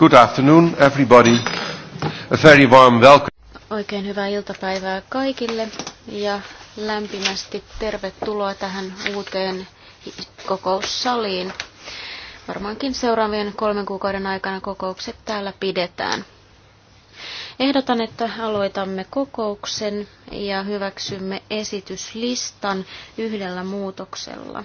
Good afternoon, everybody. A very warm welcome. Oikein hyvää iltapäivää kaikille ja lämpimästi tervetuloa tähän uuteen kokoussaliin. Varmaankin seuraavien kolmen kuukauden aikana kokoukset täällä pidetään. Ehdotan, että aloitamme kokouksen ja hyväksymme esityslistan yhdellä muutoksella.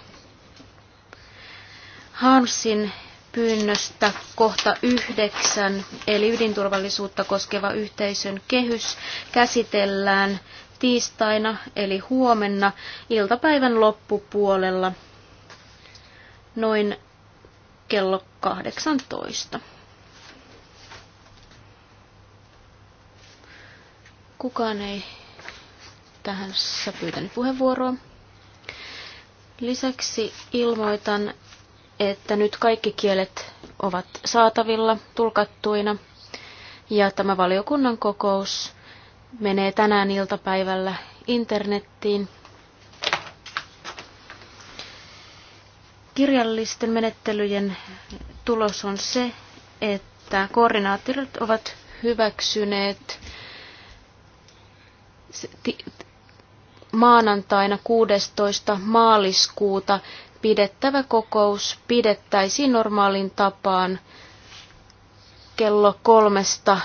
Hansin pyynnöstä kohta yhdeksän, eli ydinturvallisuutta koskeva yhteisön kehys, käsitellään tiistaina, eli huomenna, iltapäivän loppupuolella, noin kello 18. Kukaan ei tähän pyytänyt puheenvuoroa. Lisäksi ilmoitan, että nyt kaikki kielet ovat saatavilla, tulkattuina. Ja tämä valiokunnan kokous menee tänään iltapäivällä internettiin. Kirjallisten menettelyjen tulos on se, että koordinaattorit ovat hyväksyneet maanantaina 16. maaliskuuta pidettävä kokous pidettäisiin normaalin tapaan kello kolmesta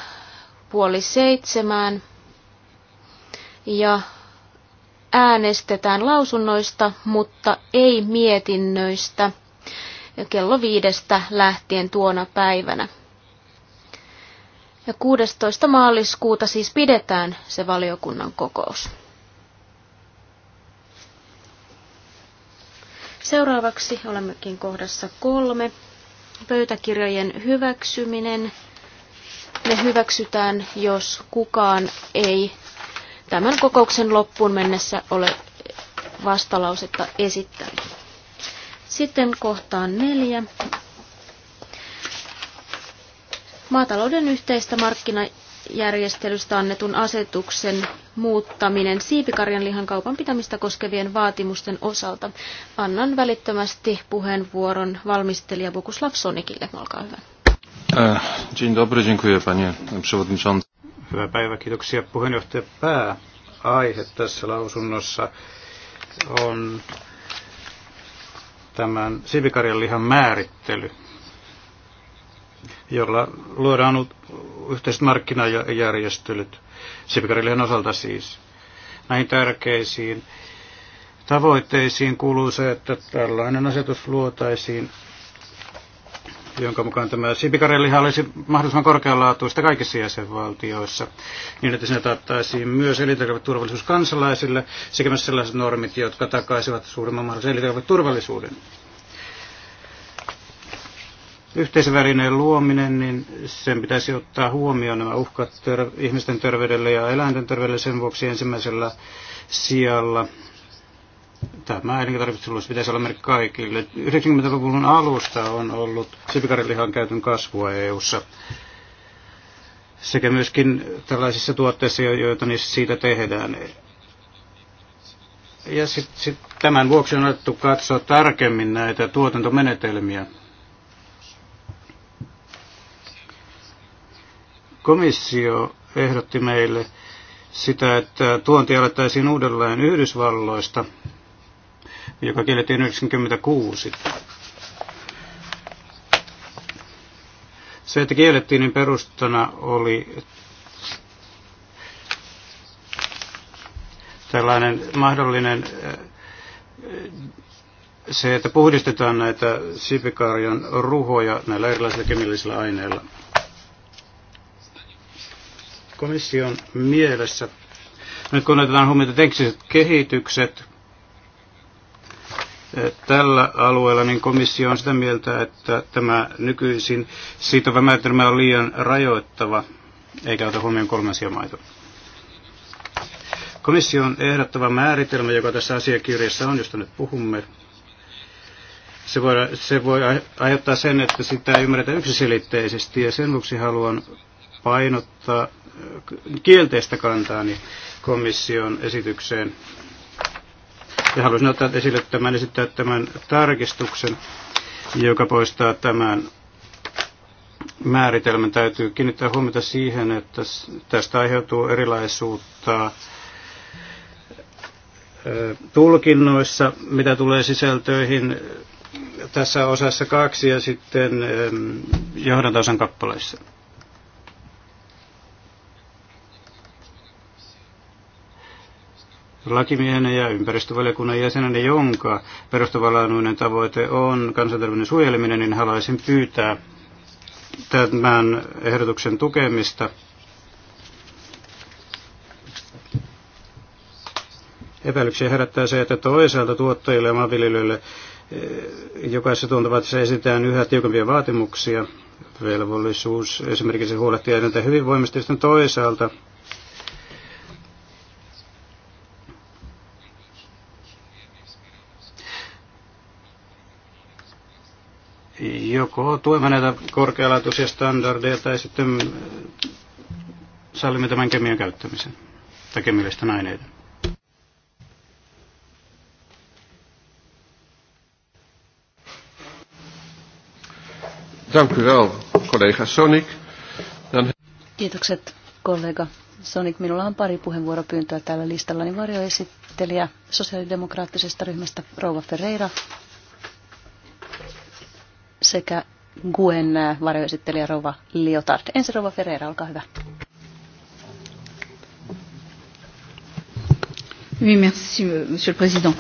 puoli seitsemään ja äänestetään lausunnoista, mutta ei mietinnöistä kello viidestä lähtien tuona päivänä. Ja 16. maaliskuuta siis pidetään se valiokunnan kokous. Seuraavaksi olemmekin kohdassa kolme. Pöytäkirjojen hyväksyminen. Ne hyväksytään, jos kukaan ei tämän kokouksen loppuun mennessä ole vastalausetta esittänyt. Sitten kohtaan neljä. Maatalouden yhteistä markkina- järjestelystä annetun asetuksen muuttaminen siipikarjan lihan kaupan pitämistä koskevien vaatimusten osalta. Annan välittömästi puheenvuoron valmistelija Bokuslav Sonikille. Olkaa hyvä. Äh, dzień dobry, dziękuję panie przewodniczący. Hyvää päivää, kiitoksia puheenjohtaja. Aihe tässä lausunnossa on tämän siipikarjan lihan määrittely jolla luodaan yhteiset markkinajärjestelyt Sipikarilien osalta siis. Näihin tärkeisiin tavoitteisiin kuuluu se, että tällainen asetus luotaisiin, jonka mukaan tämä sipikareliha olisi mahdollisimman korkealaatuista kaikissa jäsenvaltioissa, niin että sinne taattaisiin myös elintarviketurvallisuus kansalaisille sekä myös sellaiset normit, jotka takaisivat suurimman mahdollisen elintarviketurvallisuuden. turvallisuuden yhteisvälineen luominen, niin sen pitäisi ottaa huomioon nämä uhkat ter- ihmisten terveydelle ja eläinten terveydelle sen vuoksi ensimmäisellä sijalla. Tämä elintarvitsemus pitäisi olla merkki kaikille. 90-luvun alusta on ollut sipikarilihan käytön kasvua EU-ssa sekä myöskin tällaisissa tuotteissa, joita niissä siitä tehdään. Ja sit, sit tämän vuoksi on otettu katsoa tarkemmin näitä tuotantomenetelmiä Komissio ehdotti meille sitä, että tuonti alettaisiin uudelleen Yhdysvalloista, joka kiellettiin 1996. Se, että kiellettiin, niin perustana oli tällainen mahdollinen äh, se, että puhdistetaan näitä sipikarjan ruhoja näillä erilaisilla kemiallisilla aineilla komission mielessä. Nyt kun otetaan huomioon tekstiset kehitykset eh, tällä alueella, niin komissio on sitä mieltä, että tämä nykyisin siitä määritelmä on liian rajoittava, eikä ota huomioon kolmansia maita. Komission ehdottava määritelmä, joka tässä asiakirjassa on, josta nyt puhumme, se voi, se voi aiheuttaa sen, että sitä ei ymmärretä yksiselitteisesti ja sen vuoksi haluan painottaa kielteistä kantaani niin komission esitykseen. Ja haluaisin ottaa esille tämän, esittää tämän tarkistuksen, joka poistaa tämän määritelmän. Täytyy kiinnittää huomiota siihen, että tästä aiheutuu erilaisuutta tulkinnoissa, mitä tulee sisältöihin tässä osassa kaksi ja sitten johdantosan kappaleissa. lakimiehenä ja ympäristövaliokunnan jäsenenä, jonka perustavanlaatuinen tavoite on kansanterveyden suojeleminen, niin haluaisin pyytää tämän ehdotuksen tukemista. Epäilyksiä herättää se, että toisaalta tuottajille ja maanviljelijöille eh, jokaisessa tuontavaiheessa esitetään yhä tiukempia vaatimuksia, velvollisuus esimerkiksi huolehtia eläinten hyvinvoimista, toisaalta joko tuemme näitä korkealaatuisia standardeja tai sitten sallimme tämän kemian käyttämisen tai kemillisten aineiden. Dank u wel, collega Sonic. Dan... Kiitokset, kollega Sonic. Minulla on pari puheenvuoropyyntöä täällä listalla. Niin varjoesittelijä sosiaalidemokraattisesta ryhmästä Rouva Ferreira sekä Guen varjoesittelijä Rova Liotard. Ensin Rova Ferreira, olkaa hyvä. Oui, merci, monsieur le président.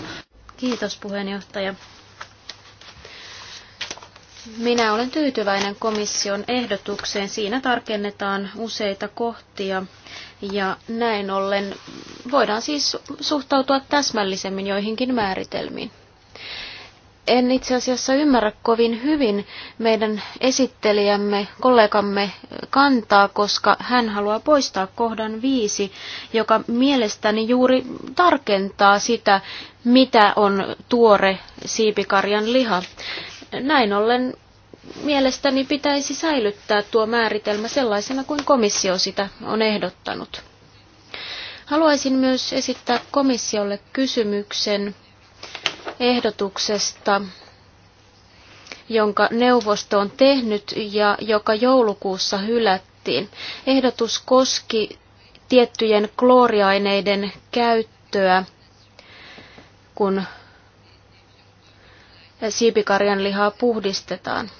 Kiitos puheenjohtaja. Minä olen tyytyväinen komission ehdotukseen. Siinä tarkennetaan useita kohtia ja näin ollen voidaan siis suhtautua täsmällisemmin joihinkin määritelmiin en itse asiassa ymmärrä kovin hyvin meidän esittelijämme, kollegamme kantaa, koska hän haluaa poistaa kohdan viisi, joka mielestäni juuri tarkentaa sitä, mitä on tuore siipikarjan liha. Näin ollen mielestäni pitäisi säilyttää tuo määritelmä sellaisena kuin komissio sitä on ehdottanut. Haluaisin myös esittää komissiolle kysymyksen ehdotuksesta, jonka neuvosto on tehnyt ja joka joulukuussa hylättiin. Ehdotus koski tiettyjen klooriaineiden käyttöä, kun siipikarjan lihaa puhdistetaan.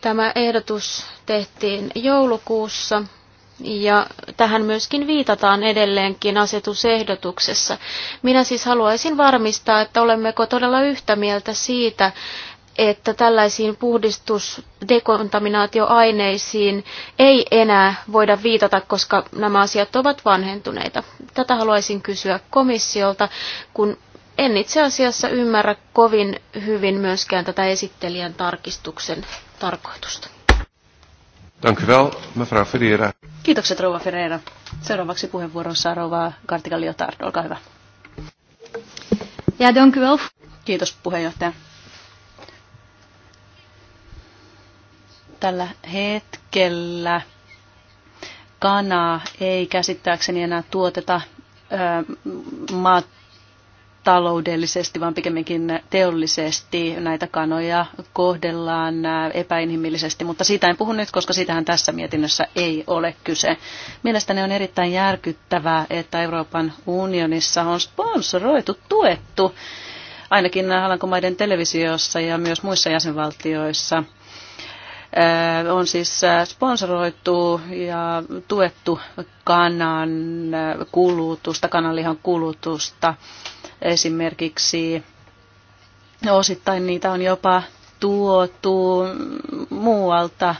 Tämä ehdotus tehtiin joulukuussa ja tähän myöskin viitataan edelleenkin asetusehdotuksessa. Minä siis haluaisin varmistaa, että olemmeko todella yhtä mieltä siitä, että tällaisiin puhdistusdekontaminaatioaineisiin ei enää voida viitata, koska nämä asiat ovat vanhentuneita. Tätä haluaisin kysyä komissiolta, kun en itse asiassa ymmärrä kovin hyvin myöskään tätä esittelijän tarkistuksen tarkoitusta. Dank u wel, mevrouw Ferreira. Kiitokset, rouva Ferreira. Seuraavaksi puheenvuorossa rouva Kartika Liotard, olkaa hyvä. Ja, dank u wel. Kiitos, puheenjohtaja. Tällä hetkellä kanaa ei käsittääkseni enää tuoteta maat taloudellisesti, vaan pikemminkin teollisesti näitä kanoja kohdellaan epäinhimillisesti, mutta siitä en puhu nyt, koska sitähän tässä mietinnössä ei ole kyse. Mielestäni on erittäin järkyttävää, että Euroopan unionissa on sponsoroitu, tuettu, ainakin Alankomaiden televisiossa ja myös muissa jäsenvaltioissa, on siis sponsoroitu ja tuettu kanan kulutusta, kananlihan kulutusta esimerkiksi osittain niitä on jopa tuotu muualta.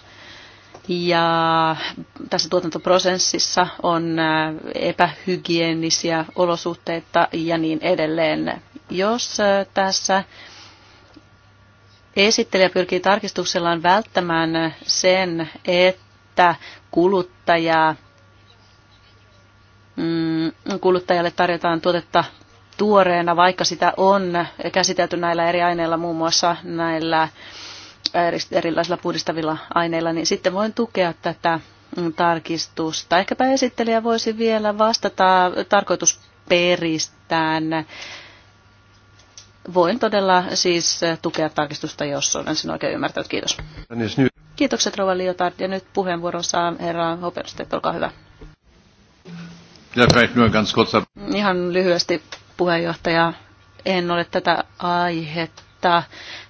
Ja tässä tuotantoprosessissa on äh, epähygienisiä olosuhteita ja niin edelleen. Jos äh, tässä esittelijä pyrkii tarkistuksellaan välttämään sen, että kuluttaja, mm, kuluttajalle tarjotaan tuotetta tuoreena, vaikka sitä on käsitelty näillä eri aineilla, muun muassa näillä erilaisilla puhdistavilla aineilla, niin sitten voin tukea tätä tarkistusta. Ehkäpä esittelijä voisi vielä vastata tarkoitusperistään. Voin todella siis tukea tarkistusta, jos olen sen oikein ymmärtänyt. Kiitos. Kiitokset Rova Liotard. Ja nyt puheenvuoron saa herra Hoperstedt. Olkaa hyvä. Ihan lyhyesti puheenjohtaja, en ole tätä aihetta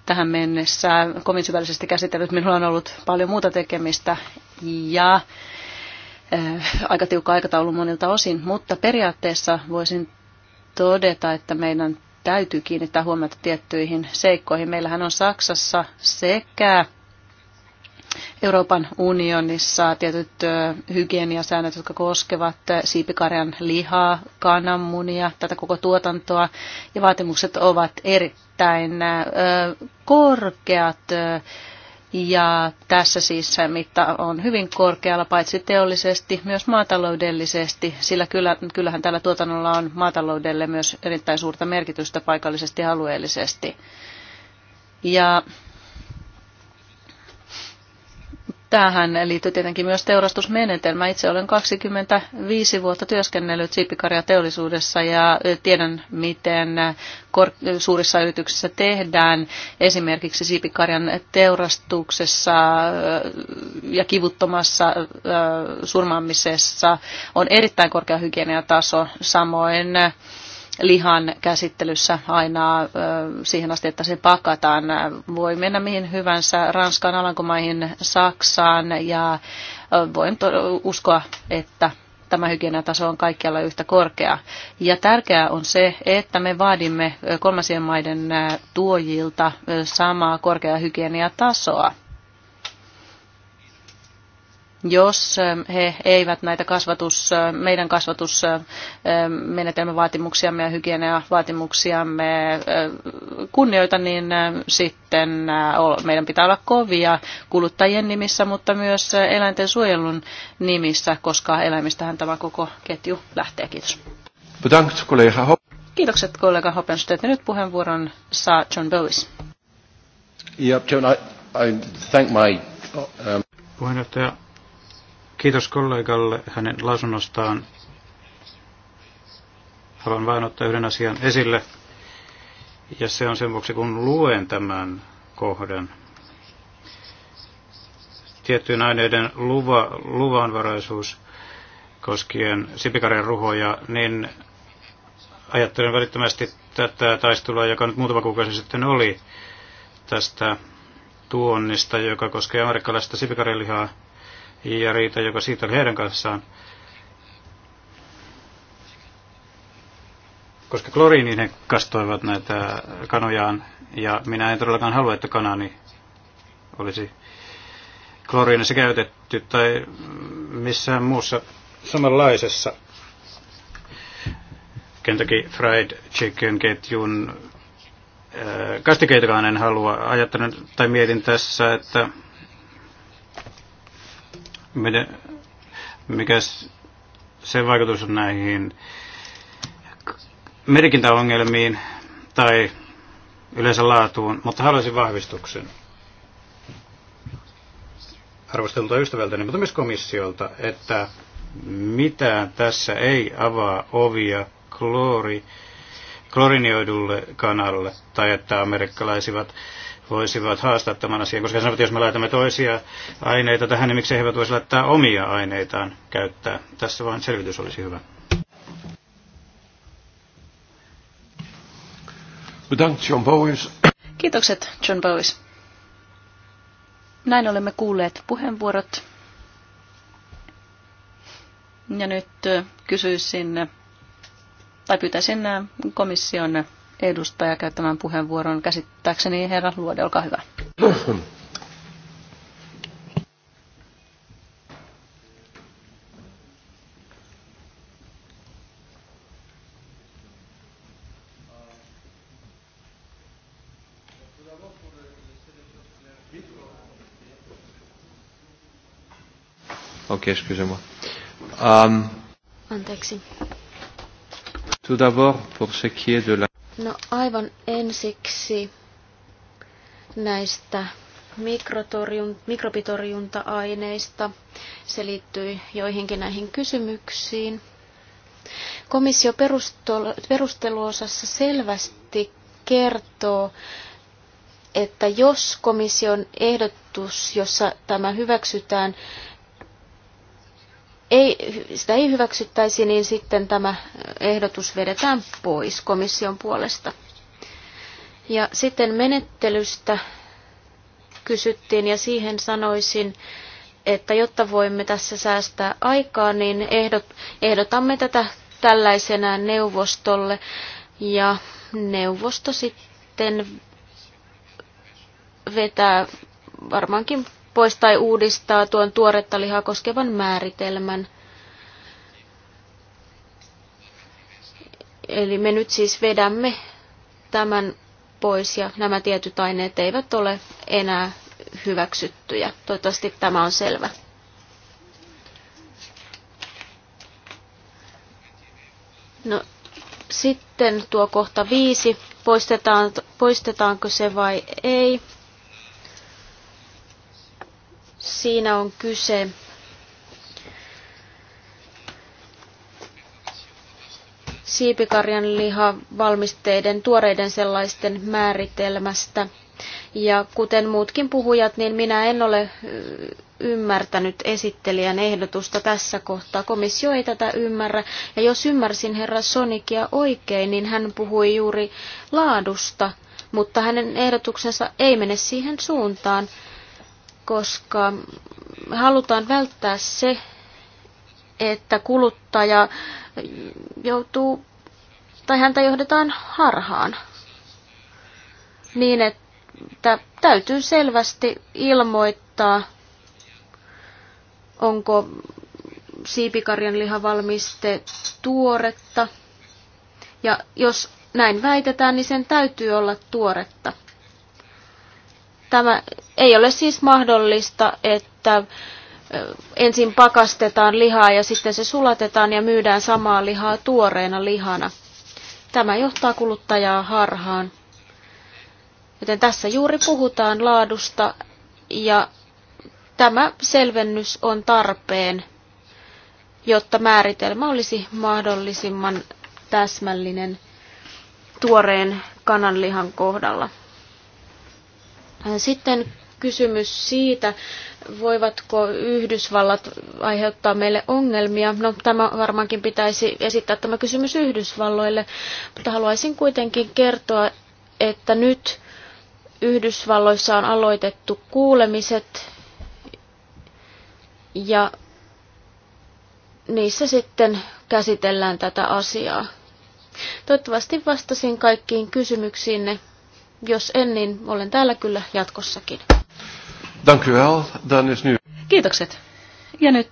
tähän mennessä kovin syvällisesti käsitellyt. Minulla on ollut paljon muuta tekemistä ja eh, aika tiukka aikataulu monilta osin, mutta periaatteessa voisin todeta, että meidän täytyy kiinnittää huomiota tiettyihin seikkoihin. Meillähän on Saksassa sekä Euroopan unionissa tietyt hygieniasäännöt, jotka koskevat siipikarjan lihaa, kananmunia, tätä koko tuotantoa. Ja vaatimukset ovat erittäin korkeat. Ja tässä siis se, mitta on hyvin korkealla paitsi teollisesti, myös maataloudellisesti, sillä kyllähän tällä tuotannolla on maataloudelle myös erittäin suurta merkitystä paikallisesti ja alueellisesti. Ja Tähän liittyy tietenkin myös teurastusmenetelmä. Itse olen 25 vuotta työskennellyt siipikarjateollisuudessa ja tiedän, miten suurissa yrityksissä tehdään esimerkiksi siipikarjan teurastuksessa ja kivuttomassa surmaamisessa on erittäin korkea hygieniataso. Samoin lihan käsittelyssä aina siihen asti, että se pakataan. Voi mennä mihin hyvänsä Ranskan Alankomaihin, Saksaan ja voin uskoa, että tämä hygieniataso on kaikkialla yhtä korkea. Ja tärkeää on se, että me vaadimme kolmansien maiden tuojilta samaa korkeaa hygieniatasoa jos ähm, he eivät näitä kasvatus, äh, meidän kasvatusmenetelmävaatimuksiamme ja hygieniavaatimuksiamme äh, kunnioita, niin äh, sitten meidän pitää olla kovia kuluttajien nimissä, mutta myös eläinten suojelun nimissä, koska eläimistähän tämä koko ketju lähtee. Kiitos. Kiitokset kollega Hoppenstedt. Nyt puheenvuoron saa John Bowis. Yep, John, I, I thank my, uh, um... Puheenjohtaja Kiitos kollegalle hänen lausunnostaan. Haluan vain ottaa yhden asian esille. Ja se on sen vuoksi, kun luen tämän kohdan. Tiettyjen aineiden luva, luvanvaraisuus koskien sipikarjan ruhoja, niin ajattelen välittömästi tätä taistelua, joka nyt muutama kuukausi sitten oli tästä tuonnista, joka koskee amerikkalaista sipikarjalihaa ja riita, joka siitä oli heidän kanssaan. Koska kloriini he kastoivat näitä kanojaan, ja minä en todellakaan halua, että kanani olisi kloriinissa käytetty tai missään muussa samanlaisessa Kentucky Fried Chicken ketjun äh, kastikeitakaan en halua. Ajattelen tai mietin tässä, että miten, mikä sen vaikutus on näihin merkintäongelmiin tai yleensä laatuun, mutta haluaisin vahvistuksen arvostelulta ystävältäni, mutta myös komissiolta, että mitään tässä ei avaa ovia kloori, klorinioidulle kanalle tai että amerikkalaisivat voisivat haastaa tämän asian, koska he sanovat, että jos me laitamme toisia aineita tähän, niin miksi he eivät voisi laittaa omia aineitaan käyttää. Tässä vain selvitys olisi hyvä. John Bowis. Kiitokset, John Bowies. Näin olemme kuulleet puheenvuorot. Ja nyt kysyisin, tai pyytäisin komission edustaja käyttämään puheenvuoron. Käsittääkseni herra Luode, olkaa hyvä. excusez-moi. Um, Anteeksi. Tout d'abord, pour ce qui est de la... No aivan ensiksi näistä mikrobitorjunta-aineista. Se liittyy joihinkin näihin kysymyksiin. Komissio perusteluosassa selvästi kertoo, että jos komission ehdotus, jossa tämä hyväksytään, ei, sitä ei hyväksyttäisi, niin sitten tämä ehdotus vedetään pois komission puolesta. Ja sitten menettelystä kysyttiin ja siihen sanoisin, että jotta voimme tässä säästää aikaa, niin ehdot, ehdotamme tätä tällaisena neuvostolle ja neuvosto sitten vetää varmaankin pois tai uudistaa tuon tuoretta lihaa koskevan määritelmän. Eli me nyt siis vedämme tämän pois ja nämä tietyt aineet eivät ole enää hyväksyttyjä. Toivottavasti tämä on selvä. No sitten tuo kohta viisi, poistetaan, poistetaanko se vai ei. Siinä on kyse siipikarjan lihavalmisteiden, tuoreiden sellaisten määritelmästä. Ja kuten muutkin puhujat, niin minä en ole ymmärtänyt esittelijän ehdotusta tässä kohtaa. Komissio ei tätä ymmärrä. Ja jos ymmärsin herra Sonikia oikein, niin hän puhui juuri laadusta, mutta hänen ehdotuksensa ei mene siihen suuntaan koska halutaan välttää se, että kuluttaja joutuu tai häntä johdetaan harhaan niin, että täytyy selvästi ilmoittaa, onko siipikarjan lihavalmiste tuoretta. Ja jos näin väitetään, niin sen täytyy olla tuoretta. Tämä ei ole siis mahdollista, että ensin pakastetaan lihaa ja sitten se sulatetaan ja myydään samaa lihaa tuoreena lihana. Tämä johtaa kuluttajaa harhaan. Joten tässä juuri puhutaan laadusta ja tämä selvennys on tarpeen, jotta määritelmä olisi mahdollisimman täsmällinen tuoreen kananlihan kohdalla. Sitten kysymys siitä, voivatko Yhdysvallat aiheuttaa meille ongelmia. No tämä varmaankin pitäisi esittää tämä kysymys Yhdysvalloille, mutta haluaisin kuitenkin kertoa, että nyt Yhdysvalloissa on aloitettu kuulemiset ja niissä sitten käsitellään tätä asiaa. Toivottavasti vastasin kaikkiin kysymyksiinne. Jos en, niin olen täällä kyllä jatkossakin. is Kiitokset. Ja nyt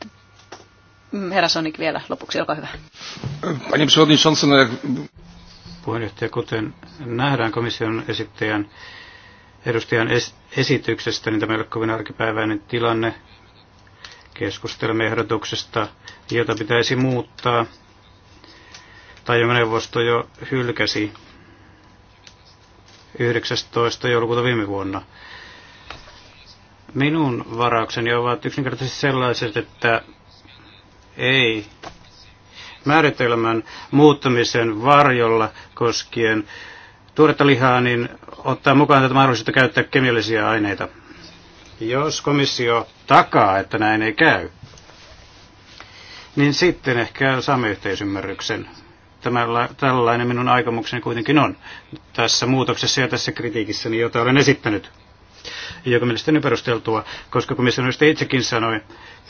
mm, herra Sonic vielä lopuksi, olkaa hyvä. No Puheenjohtaja, kuten nähdään komission esittäjän edustajan es- esityksestä, niin tämä ei ole kovin arkipäiväinen tilanne. Keskustelemme ehdotuksesta, jota pitäisi muuttaa, tai jo neuvosto jo hylkäsi 19. joulukuuta viime vuonna. Minun varaukseni ovat yksinkertaisesti sellaiset, että ei määritelmän muuttamisen varjolla koskien tuoretta lihaa, niin ottaa mukaan tätä mahdollisuutta käyttää kemiallisia aineita. Jos komissio takaa, että näin ei käy, niin sitten ehkä saamme yhteisymmärryksen Tämällä, tällainen minun aikomukseni kuitenkin on tässä muutoksessa ja tässä kritiikissäni, jota olen esittänyt joka mielestäni perusteltua, koska komissionisti itsekin sanoi,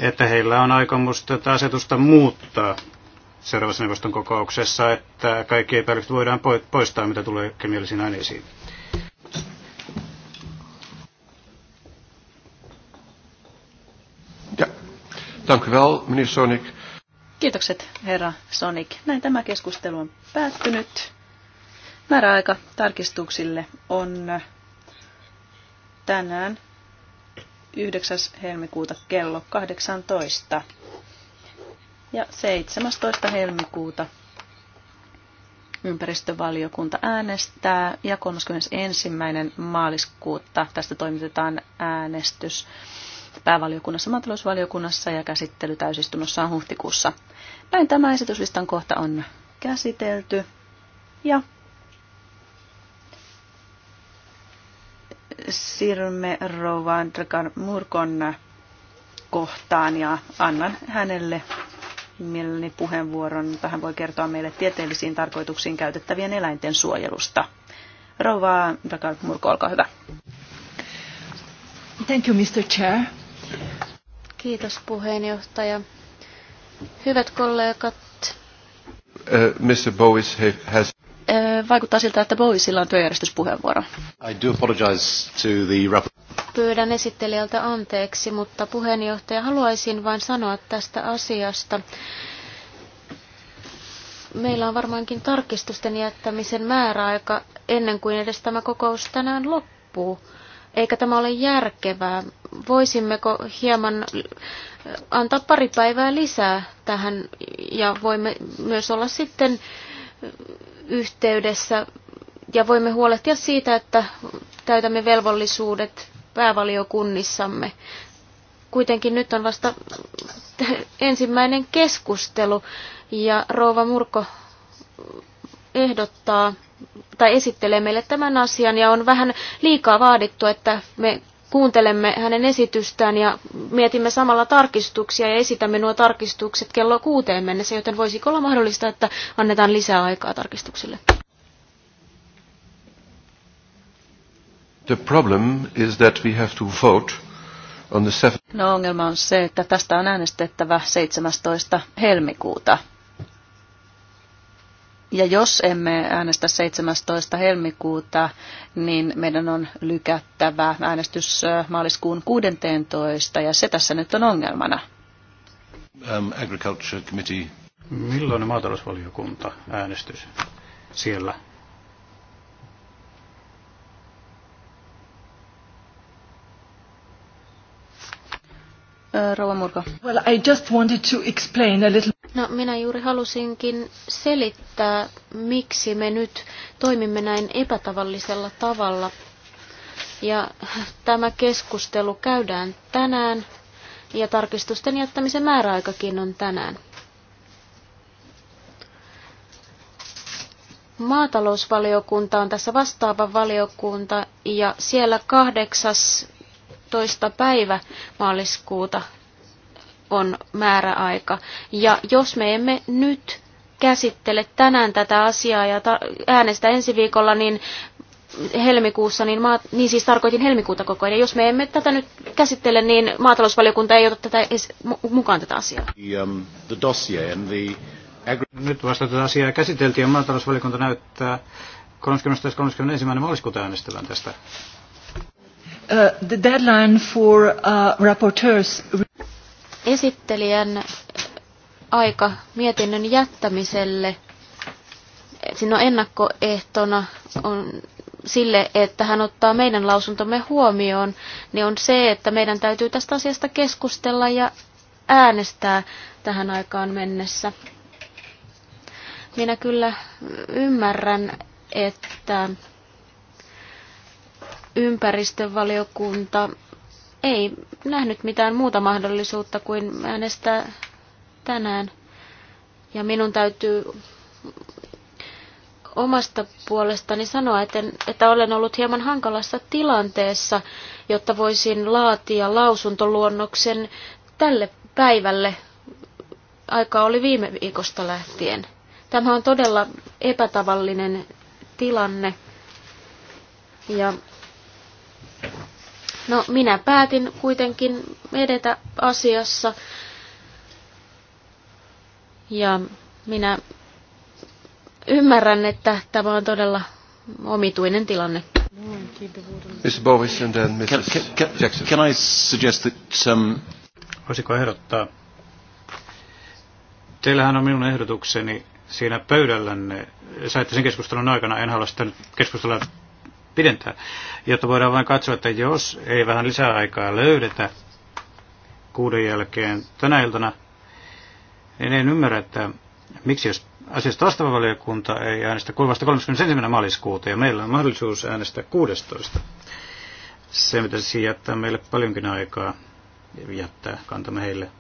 että heillä on aikomus tätä asetusta muuttaa seuraavassa neuvoston kokouksessa, että kaikki epäilykset voidaan poistaa, mitä tulee kemiallisiin aineisiin. Ja. Dank u wel, meneer Sonik. Kiitokset, herra Sonic. Näin tämä keskustelu on päättynyt. Määräaika tarkistuksille on tänään 9. helmikuuta kello 18 ja 17. helmikuuta ympäristövaliokunta äänestää ja 31. maaliskuuta tästä toimitetaan äänestys päävaliokunnassa maatalousvaliokunnassa ja käsittely täysistunnossa on huhtikuussa. Näin tämä esityslistan kohta on käsitelty ja siirrymme Rovan Murkon kohtaan ja annan hänelle mielelläni puheenvuoron, mutta hän voi kertoa meille tieteellisiin tarkoituksiin käytettävien eläinten suojelusta. Rova Rakal Murko, olkaa hyvä. Thank you, Mr. Chair. Kiitos puheenjohtaja. Hyvät kollegat. Uh, Mr. Bowis has... Uh, vaikuttaa siltä, että Bowisilla on työjärjestyspuheenvuoro. I do to the Pyydän esittelijältä anteeksi, mutta puheenjohtaja, haluaisin vain sanoa tästä asiasta. Meillä on varmaankin tarkistusten jättämisen määräaika ennen kuin edes tämä kokous tänään loppuu eikä tämä ole järkevää. Voisimmeko hieman äh, antaa pari päivää lisää tähän ja voimme myös olla sitten äh, yhteydessä ja voimme huolehtia siitä, että täytämme velvollisuudet päävaliokunnissamme. Kuitenkin nyt on vasta äh, ensimmäinen keskustelu ja Rouva Murko ehdottaa tai esittelee meille tämän asian ja on vähän liikaa vaadittu, että me kuuntelemme hänen esitystään ja mietimme samalla tarkistuksia ja esitämme nuo tarkistukset kello kuuteen mennessä, joten voisiko olla mahdollista, että annetaan lisää aikaa tarkistuksille? The problem is that we have to vote on the seven... No ongelma on se, että tästä on äänestettävä 17. helmikuuta. Ja jos emme äänestä 17. helmikuuta, niin meidän on lykättävä äänestys maaliskuun 16. ja se tässä nyt on ongelmana. Um, agriculture committee. Milloin maatalousvaliokunta äänestys siellä? Rouva Murko. Well, I just wanted to explain a little No, minä juuri halusinkin selittää, miksi me nyt toimimme näin epätavallisella tavalla. Ja tämä keskustelu käydään tänään ja tarkistusten jättämisen määräaikakin on tänään. Maatalousvaliokunta on tässä vastaava valiokunta ja siellä 18. päivä maaliskuuta on määräaika. Ja jos me emme nyt käsittele tänään tätä asiaa ja äänestä ensi viikolla, niin helmikuussa, niin, maa, niin siis tarkoitin helmikuuta koko ajan. Jos me emme tätä nyt käsittele, niin maatalousvaliokunta ei ota tätä mukaan tätä asiaa. The um, the Nyt vasta tätä asiaa käsiteltiin ja maatalousvaliokunta näyttää 30.31. maaliskuuta äänestävän tästä. Uh, the deadline for uh, rapporteurs esittelijän äh, aika mietinnön jättämiselle. Siinä on ennakkoehtona on sille, että hän ottaa meidän lausuntomme huomioon, niin on se, että meidän täytyy tästä asiasta keskustella ja äänestää tähän aikaan mennessä. Minä kyllä ymmärrän, että ympäristövaliokunta ei nähnyt mitään muuta mahdollisuutta kuin äänestää tänään. Ja minun täytyy omasta puolestani sanoa, että, että olen ollut hieman hankalassa tilanteessa, jotta voisin laatia lausuntoluonnoksen tälle päivälle. Aika oli viime viikosta lähtien. Tämä on todella epätavallinen tilanne. Ja No, minä päätin kuitenkin edetä asiassa. Ja minä ymmärrän, että tämä on todella omituinen tilanne. Mr. Boris and then Mrs. Can, can, Jackson. Can I suggest that, um, Voisiko ehdottaa? Teillähän on minun ehdotukseni siinä pöydällänne. Saitte sen keskustelun aikana. En halua sitä keskustella pidentää, jotta voidaan vain katsoa, että jos ei vähän lisää aikaa löydetä kuuden jälkeen tänä iltana, niin en ymmärrä, että miksi jos asiasta vastaava valiokunta ei äänestä kulvasta 31. maaliskuuta ja meillä on mahdollisuus äänestää 16. Se, mitä se jättää meille paljonkin aikaa, jättää kantamme heille.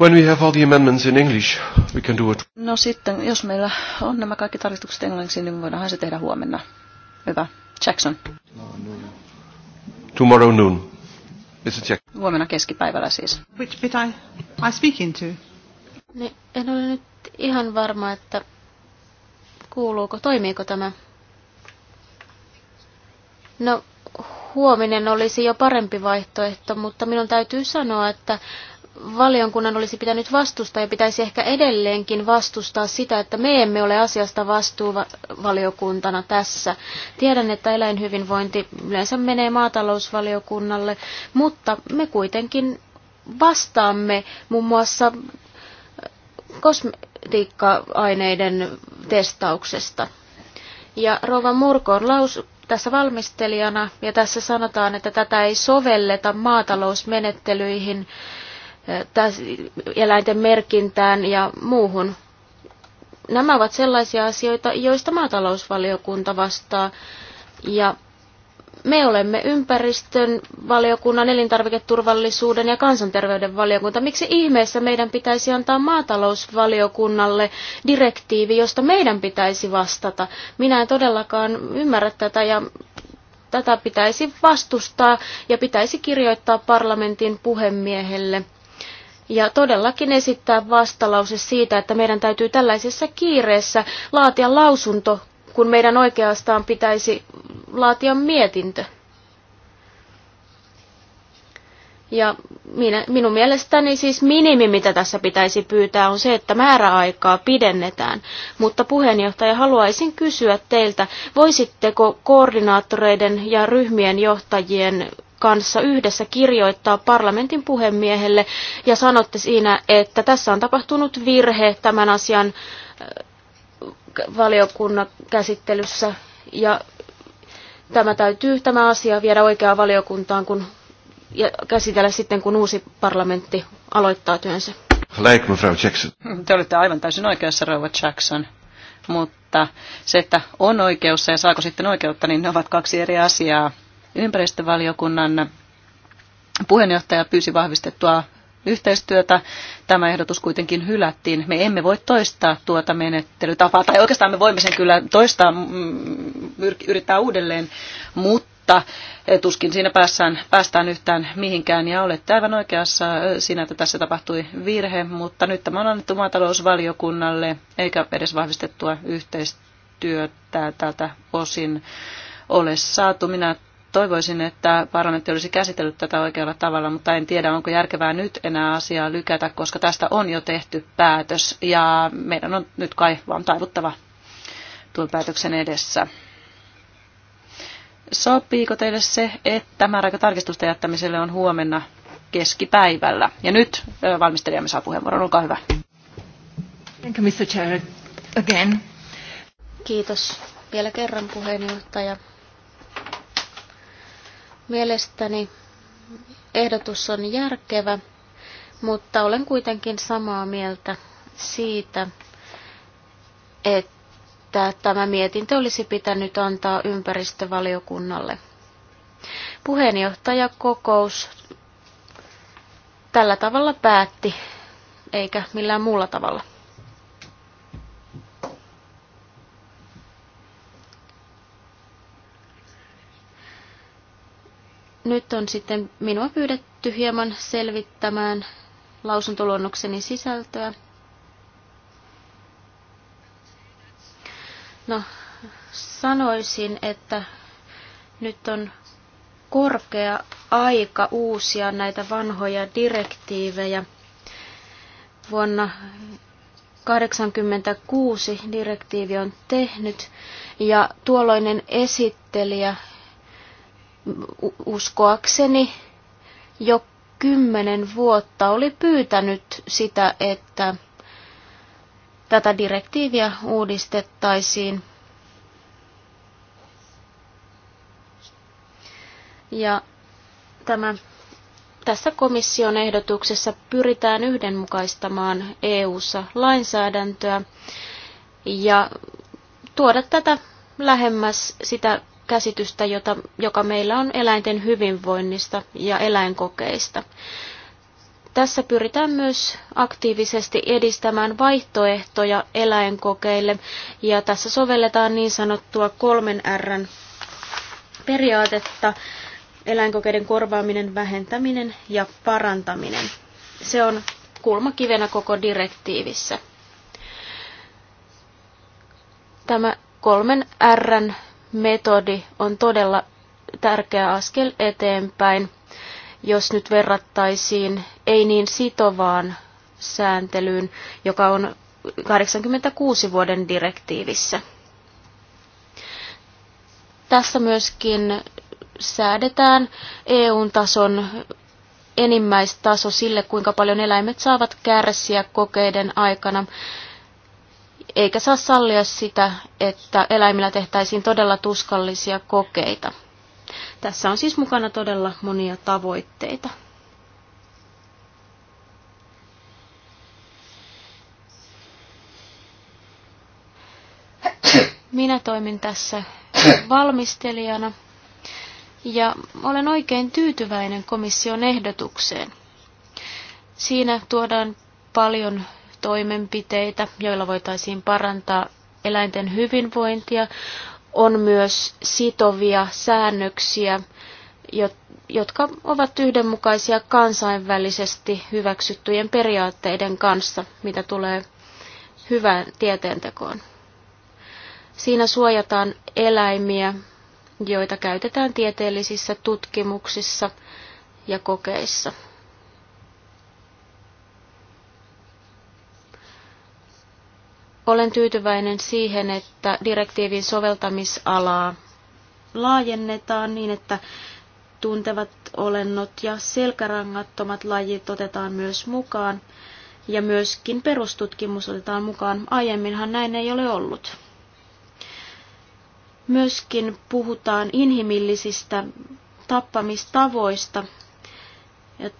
When we have all the amendments in English, we can do it. No sitten, jos meillä on nämä kaikki tarkistukset englanniksi, niin voidaanhan se tehdä huomenna. Hyvä. Jackson. Tomorrow noon. Is it Jackson? Huomenna keskipäivällä siis. Which bit I, I speak into? Niin, en ole nyt ihan varma, että kuuluuko, toimiiko tämä. No, huominen olisi jo parempi vaihtoehto, mutta minun täytyy sanoa, että valiokunnan olisi pitänyt vastustaa ja pitäisi ehkä edelleenkin vastustaa sitä, että me emme ole asiasta vastuuvaliokuntana tässä. Tiedän, että eläinhyvinvointi yleensä menee maatalousvaliokunnalle, mutta me kuitenkin vastaamme muun muassa äh, kosmetiikka-aineiden testauksesta. Ja Rova on laus, tässä valmistelijana, ja tässä sanotaan, että tätä ei sovelleta maatalousmenettelyihin, eläinten merkintään ja muuhun. Nämä ovat sellaisia asioita, joista maatalousvaliokunta vastaa. Ja me olemme ympäristön valiokunnan, elintarviketurvallisuuden ja kansanterveyden valiokunta. Miksi ihmeessä meidän pitäisi antaa maatalousvaliokunnalle direktiivi, josta meidän pitäisi vastata? Minä en todellakaan ymmärrä tätä ja tätä pitäisi vastustaa ja pitäisi kirjoittaa parlamentin puhemiehelle ja todellakin esittää vastalause siitä, että meidän täytyy tällaisessa kiireessä laatia lausunto, kun meidän oikeastaan pitäisi laatia mietintö. Ja minä, minun mielestäni siis minimi, mitä tässä pitäisi pyytää, on se, että määräaikaa pidennetään. Mutta puheenjohtaja, haluaisin kysyä teiltä, voisitteko koordinaattoreiden ja ryhmien johtajien kanssa yhdessä kirjoittaa parlamentin puhemiehelle ja sanotte siinä, että tässä on tapahtunut virhe tämän asian äh, valiokunnan käsittelyssä ja tämä täytyy tämä asia viedä oikeaan valiokuntaan kun, ja käsitellä sitten, kun uusi parlamentti aloittaa työnsä. Lake, Frau Jackson. Te olette aivan täysin oikeassa, Rouva Jackson. Mutta se, että on oikeus ja saako sitten oikeutta, niin ne ovat kaksi eri asiaa. Ympäristövaliokunnan puheenjohtaja pyysi vahvistettua yhteistyötä. Tämä ehdotus kuitenkin hylättiin. Me emme voi toistaa tuota menettelytapaa, tai oikeastaan me voimme sen kyllä toistaa, mm, yrittää uudelleen, mutta eh, tuskin siinä päässään, päästään yhtään mihinkään. Ja olet aivan oikeassa eh, siinä, että tässä tapahtui virhe, mutta nyt tämä on annettu maatalousvaliokunnalle, eikä edes vahvistettua yhteistyötä tältä osin ole saatu. Minä toivoisin, että parlamentti olisi käsitellyt tätä oikealla tavalla, mutta en tiedä, onko järkevää nyt enää asiaa lykätä, koska tästä on jo tehty päätös ja meidän on nyt kai vaan taivuttava tuon päätöksen edessä. Sopiiko teille se, että määräaikatarkistusten jättämiselle on huomenna keskipäivällä? Ja nyt valmistelijamme saa puheenvuoron, olkaa hyvä. Thank you, Mr. Chair. Again. Kiitos vielä kerran puheenjohtaja. Mielestäni ehdotus on järkevä, mutta olen kuitenkin samaa mieltä siitä, että tämä mietintö olisi pitänyt antaa ympäristövaliokunnalle. Puheenjohtajakokous tällä tavalla päätti, eikä millään muulla tavalla. nyt on sitten minua pyydetty hieman selvittämään lausuntoluonnokseni sisältöä. No, sanoisin, että nyt on korkea aika uusia näitä vanhoja direktiivejä. Vuonna 1986 direktiivi on tehnyt ja tuolloinen esittelijä uskoakseni jo kymmenen vuotta oli pyytänyt sitä, että tätä direktiiviä uudistettaisiin. Ja tämä, tässä komission ehdotuksessa pyritään yhdenmukaistamaan EU-ssa lainsäädäntöä ja tuoda tätä lähemmäs sitä käsitystä, jota, joka meillä on eläinten hyvinvoinnista ja eläinkokeista. Tässä pyritään myös aktiivisesti edistämään vaihtoehtoja eläinkokeille ja tässä sovelletaan niin sanottua kolmen Rn periaatetta, eläinkokeiden korvaaminen, vähentäminen ja parantaminen. Se on kulmakivenä koko direktiivissä. Tämä kolmen Rn metodi on todella tärkeä askel eteenpäin, jos nyt verrattaisiin ei niin sitovaan sääntelyyn, joka on 86 vuoden direktiivissä. Tässä myöskin säädetään EU-tason enimmäistaso sille, kuinka paljon eläimet saavat kärsiä kokeiden aikana eikä saa sallia sitä, että eläimillä tehtäisiin todella tuskallisia kokeita. Tässä on siis mukana todella monia tavoitteita. Minä toimin tässä valmistelijana ja olen oikein tyytyväinen komission ehdotukseen. Siinä tuodaan paljon toimenpiteitä, joilla voitaisiin parantaa eläinten hyvinvointia. On myös sitovia säännöksiä, jotka ovat yhdenmukaisia kansainvälisesti hyväksyttyjen periaatteiden kanssa, mitä tulee hyvään tieteentekoon. Siinä suojataan eläimiä, joita käytetään tieteellisissä tutkimuksissa ja kokeissa. Olen tyytyväinen siihen, että direktiivin soveltamisalaa laajennetaan niin, että tuntevat olennot ja selkärangattomat lajit otetaan myös mukaan ja myöskin perustutkimus otetaan mukaan. Aiemminhan näin ei ole ollut. Myöskin puhutaan inhimillisistä tappamistavoista ja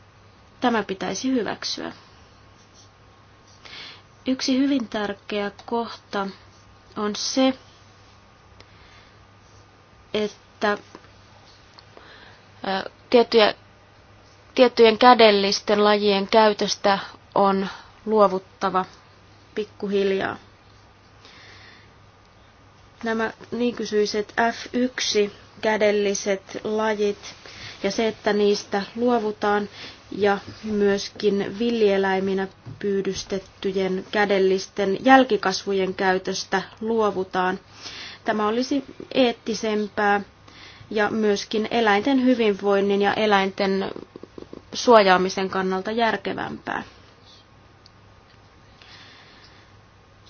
tämä pitäisi hyväksyä. Yksi hyvin tärkeä kohta on se, että tiettyjä, tiettyjen kädellisten lajien käytöstä on luovuttava pikkuhiljaa. Nämä niin kysyiset F1 kädelliset lajit ja se, että niistä luovutaan ja myöskin villieläiminä pyydystettyjen kädellisten jälkikasvujen käytöstä luovutaan. Tämä olisi eettisempää ja myöskin eläinten hyvinvoinnin ja eläinten suojaamisen kannalta järkevämpää.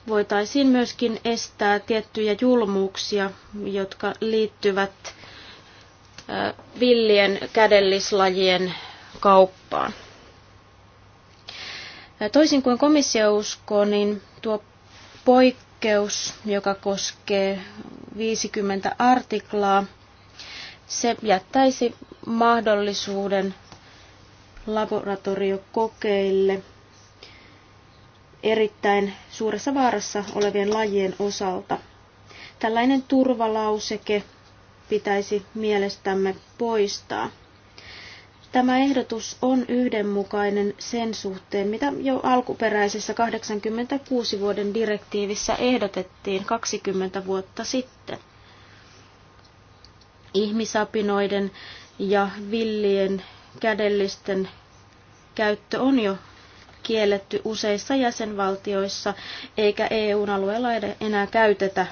Voitaisiin myöskin estää tiettyjä julmuuksia, jotka liittyvät villien kädellislajien kauppaan. Toisin kuin komissio uskoo, niin tuo poikkeus, joka koskee 50 artiklaa, se jättäisi mahdollisuuden laboratoriokokeille erittäin suuressa vaarassa olevien lajien osalta. Tällainen turvalauseke pitäisi mielestämme poistaa. Tämä ehdotus on yhdenmukainen sen suhteen, mitä jo alkuperäisessä 86 vuoden direktiivissä ehdotettiin 20 vuotta sitten. Ihmisapinoiden ja villien kädellisten käyttö on jo kielletty useissa jäsenvaltioissa, eikä EUn alueella enää käytetä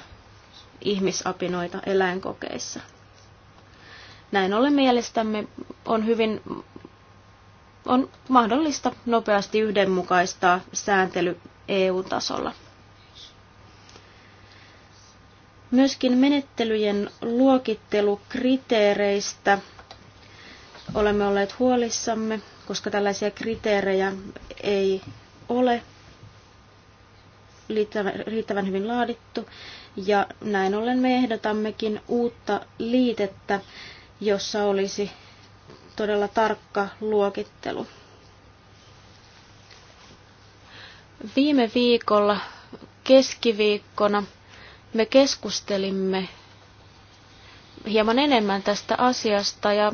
ihmisapinoita eläinkokeissa. Näin ollen mielestämme on hyvin on mahdollista nopeasti yhdenmukaistaa sääntely EU-tasolla. Myöskin menettelyjen luokittelukriteereistä olemme olleet huolissamme, koska tällaisia kriteerejä ei ole riittävän hyvin laadittu. Ja näin ollen me ehdotammekin uutta liitettä, jossa olisi todella tarkka luokittelu. Viime viikolla keskiviikkona me keskustelimme hieman enemmän tästä asiasta ja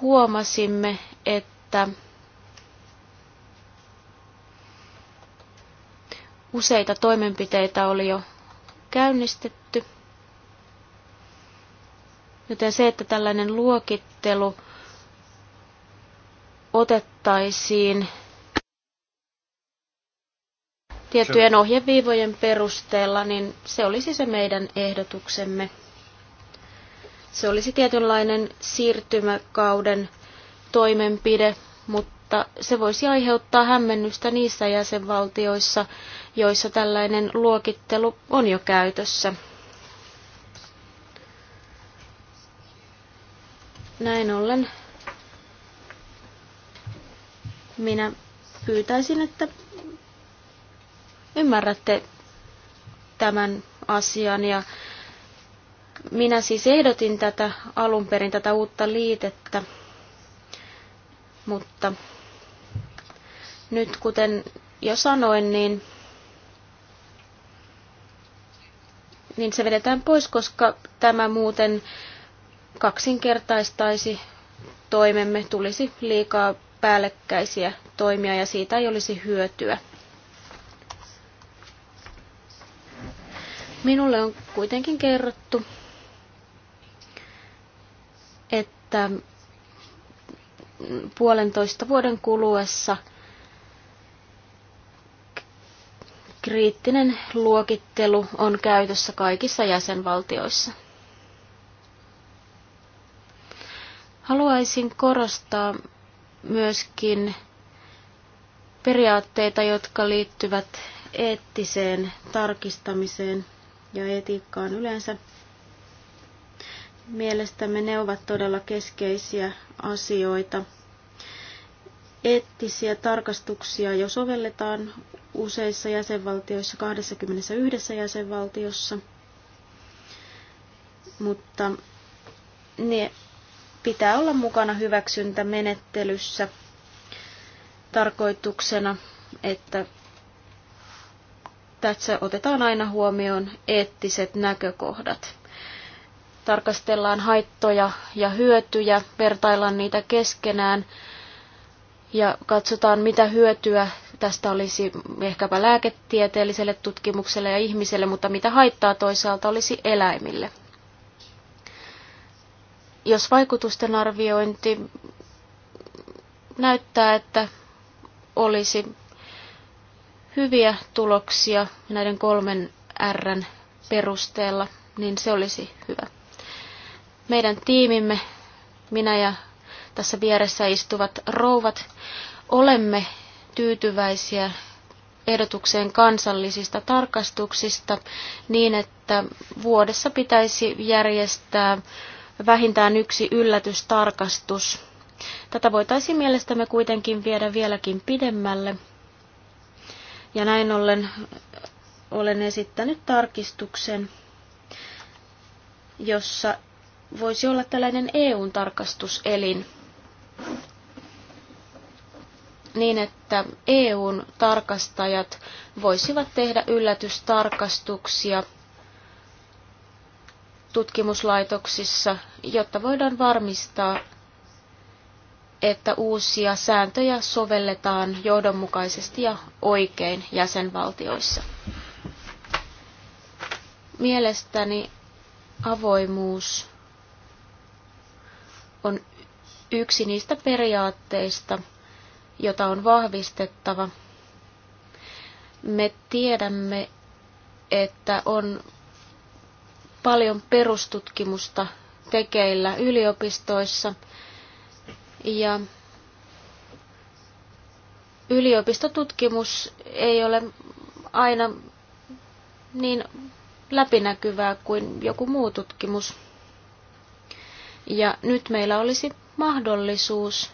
huomasimme, että useita toimenpiteitä oli jo käynnistetty – Joten se, että tällainen luokittelu otettaisiin tiettyjen ohjeviivojen perusteella, niin se olisi se meidän ehdotuksemme. Se olisi tietynlainen siirtymäkauden toimenpide, mutta se voisi aiheuttaa hämmennystä niissä jäsenvaltioissa, joissa tällainen luokittelu on jo käytössä. Näin ollen minä pyytäisin, että ymmärrätte tämän asian ja minä siis ehdotin tätä alun perin, tätä uutta liitettä, mutta nyt kuten jo sanoin, niin, niin se vedetään pois, koska tämä muuten kaksinkertaistaisi toimemme, tulisi liikaa päällekkäisiä toimia ja siitä ei olisi hyötyä. Minulle on kuitenkin kerrottu, että puolentoista vuoden kuluessa kriittinen luokittelu on käytössä kaikissa jäsenvaltioissa. Haluaisin korostaa myöskin periaatteita, jotka liittyvät eettiseen tarkistamiseen ja etiikkaan yleensä. Mielestämme ne ovat todella keskeisiä asioita. Eettisiä tarkastuksia jo sovelletaan useissa jäsenvaltioissa, 21 jäsenvaltiossa, mutta ne pitää olla mukana hyväksyntämenettelyssä tarkoituksena, että tässä otetaan aina huomioon eettiset näkökohdat. Tarkastellaan haittoja ja hyötyjä, vertaillaan niitä keskenään ja katsotaan, mitä hyötyä tästä olisi ehkäpä lääketieteelliselle tutkimukselle ja ihmiselle, mutta mitä haittaa toisaalta olisi eläimille jos vaikutusten arviointi näyttää, että olisi hyviä tuloksia näiden kolmen Rn perusteella, niin se olisi hyvä. Meidän tiimimme, minä ja tässä vieressä istuvat rouvat, olemme tyytyväisiä ehdotukseen kansallisista tarkastuksista niin, että vuodessa pitäisi järjestää vähintään yksi yllätystarkastus. Tätä voitaisiin mielestämme kuitenkin viedä vieläkin pidemmälle. Ja näin ollen olen esittänyt tarkistuksen, jossa voisi olla tällainen eu tarkastuselin niin, että eu tarkastajat voisivat tehdä yllätystarkastuksia tutkimuslaitoksissa, jotta voidaan varmistaa, että uusia sääntöjä sovelletaan johdonmukaisesti ja oikein jäsenvaltioissa. Mielestäni avoimuus on yksi niistä periaatteista, jota on vahvistettava. Me tiedämme, että on paljon perustutkimusta tekeillä yliopistoissa. Ja yliopistotutkimus ei ole aina niin läpinäkyvää kuin joku muu tutkimus. Ja nyt meillä olisi mahdollisuus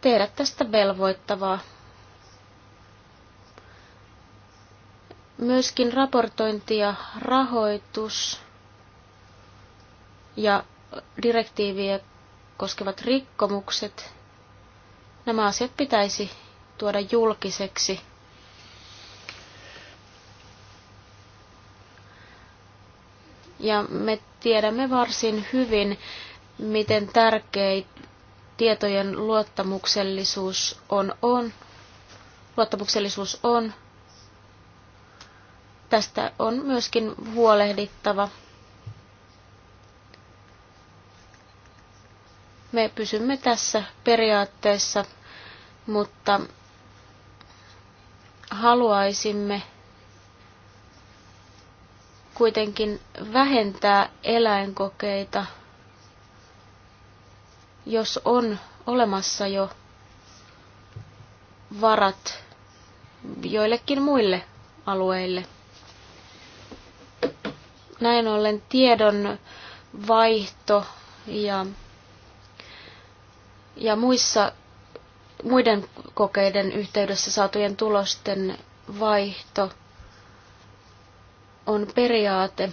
tehdä tästä velvoittavaa Myöskin raportointi ja rahoitus ja direktiiviä koskevat rikkomukset, nämä asiat pitäisi tuoda julkiseksi. Ja me tiedämme varsin hyvin, miten tärkeä tietojen luottamuksellisuus on, on, luottamuksellisuus on Tästä on myöskin huolehdittava. Me pysymme tässä periaatteessa, mutta haluaisimme kuitenkin vähentää eläinkokeita, jos on olemassa jo varat joillekin muille alueille näin ollen tiedon vaihto ja, ja muissa, muiden kokeiden yhteydessä saatujen tulosten vaihto on periaate,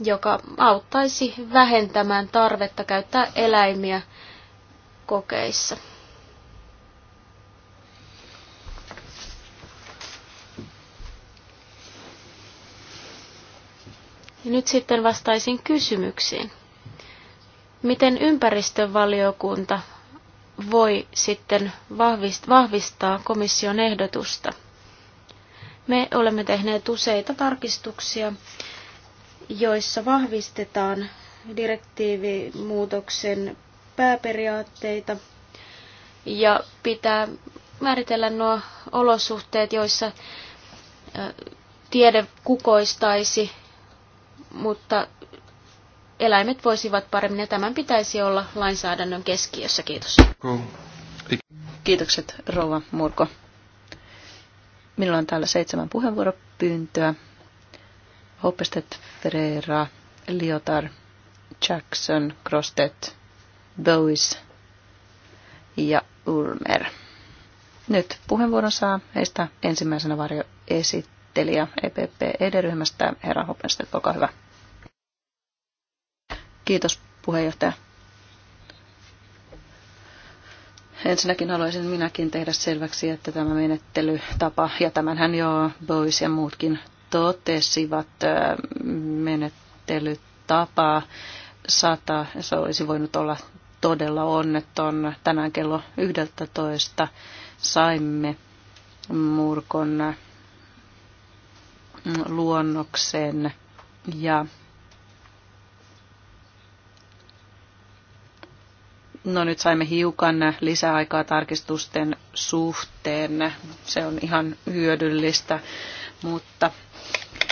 joka auttaisi vähentämään tarvetta käyttää eläimiä kokeissa. Ja nyt sitten vastaisin kysymyksiin. Miten ympäristövaliokunta voi sitten vahvistaa komission ehdotusta? Me olemme tehneet useita tarkistuksia, joissa vahvistetaan direktiivimuutoksen pääperiaatteita ja pitää määritellä nuo olosuhteet, joissa tiede kukoistaisi mutta eläimet voisivat paremmin ja tämän pitäisi olla lainsäädännön keskiössä. Kiitos. Kiitokset Rova Murko. Minulla on täällä seitsemän puheenvuoropyyntöä. Hoppestet, Ferreira, Liotar, Jackson, Crosted, Bowis ja Ulmer. Nyt puheenvuoron saa heistä ensimmäisenä esittelijä EPP-ED-ryhmästä, herra Hoppestet, olkaa hyvä. Kiitos puheenjohtaja. Ensinnäkin haluaisin minäkin tehdä selväksi, että tämä menettelytapa, ja tämänhän jo Bois ja muutkin totesivat, menettelytapa ja se olisi voinut olla todella onneton. Tänään kello 11 saimme Murkon luonnoksen ja No nyt saimme hiukan lisäaikaa tarkistusten suhteen. Se on ihan hyödyllistä, mutta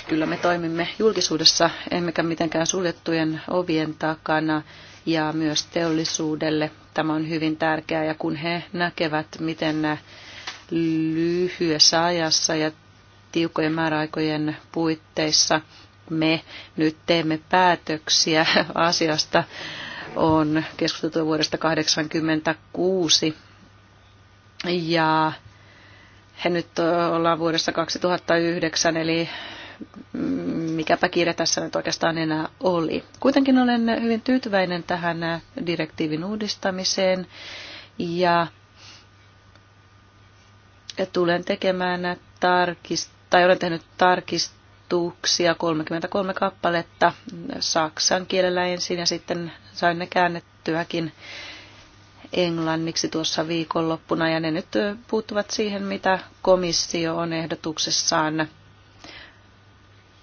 kyllä me toimimme julkisuudessa, emmekä mitenkään suljettujen ovien takana ja myös teollisuudelle. Tämä on hyvin tärkeää ja kun he näkevät, miten lyhyessä ajassa ja tiukkojen määräaikojen puitteissa me nyt teemme päätöksiä asiasta, on keskusteltu vuodesta 1986 ja he nyt ollaan vuodessa 2009, eli mikäpä kiire tässä nyt oikeastaan enää oli. Kuitenkin olen hyvin tyytyväinen tähän direktiivin uudistamiseen ja tulen tekemään tarkist- tai olen tehnyt tarkist- tarkistuksia, 33 kappaletta saksan kielellä ensin ja sitten sain ne käännettyäkin englanniksi tuossa viikonloppuna ja ne nyt puuttuvat siihen, mitä komissio on ehdotuksessaan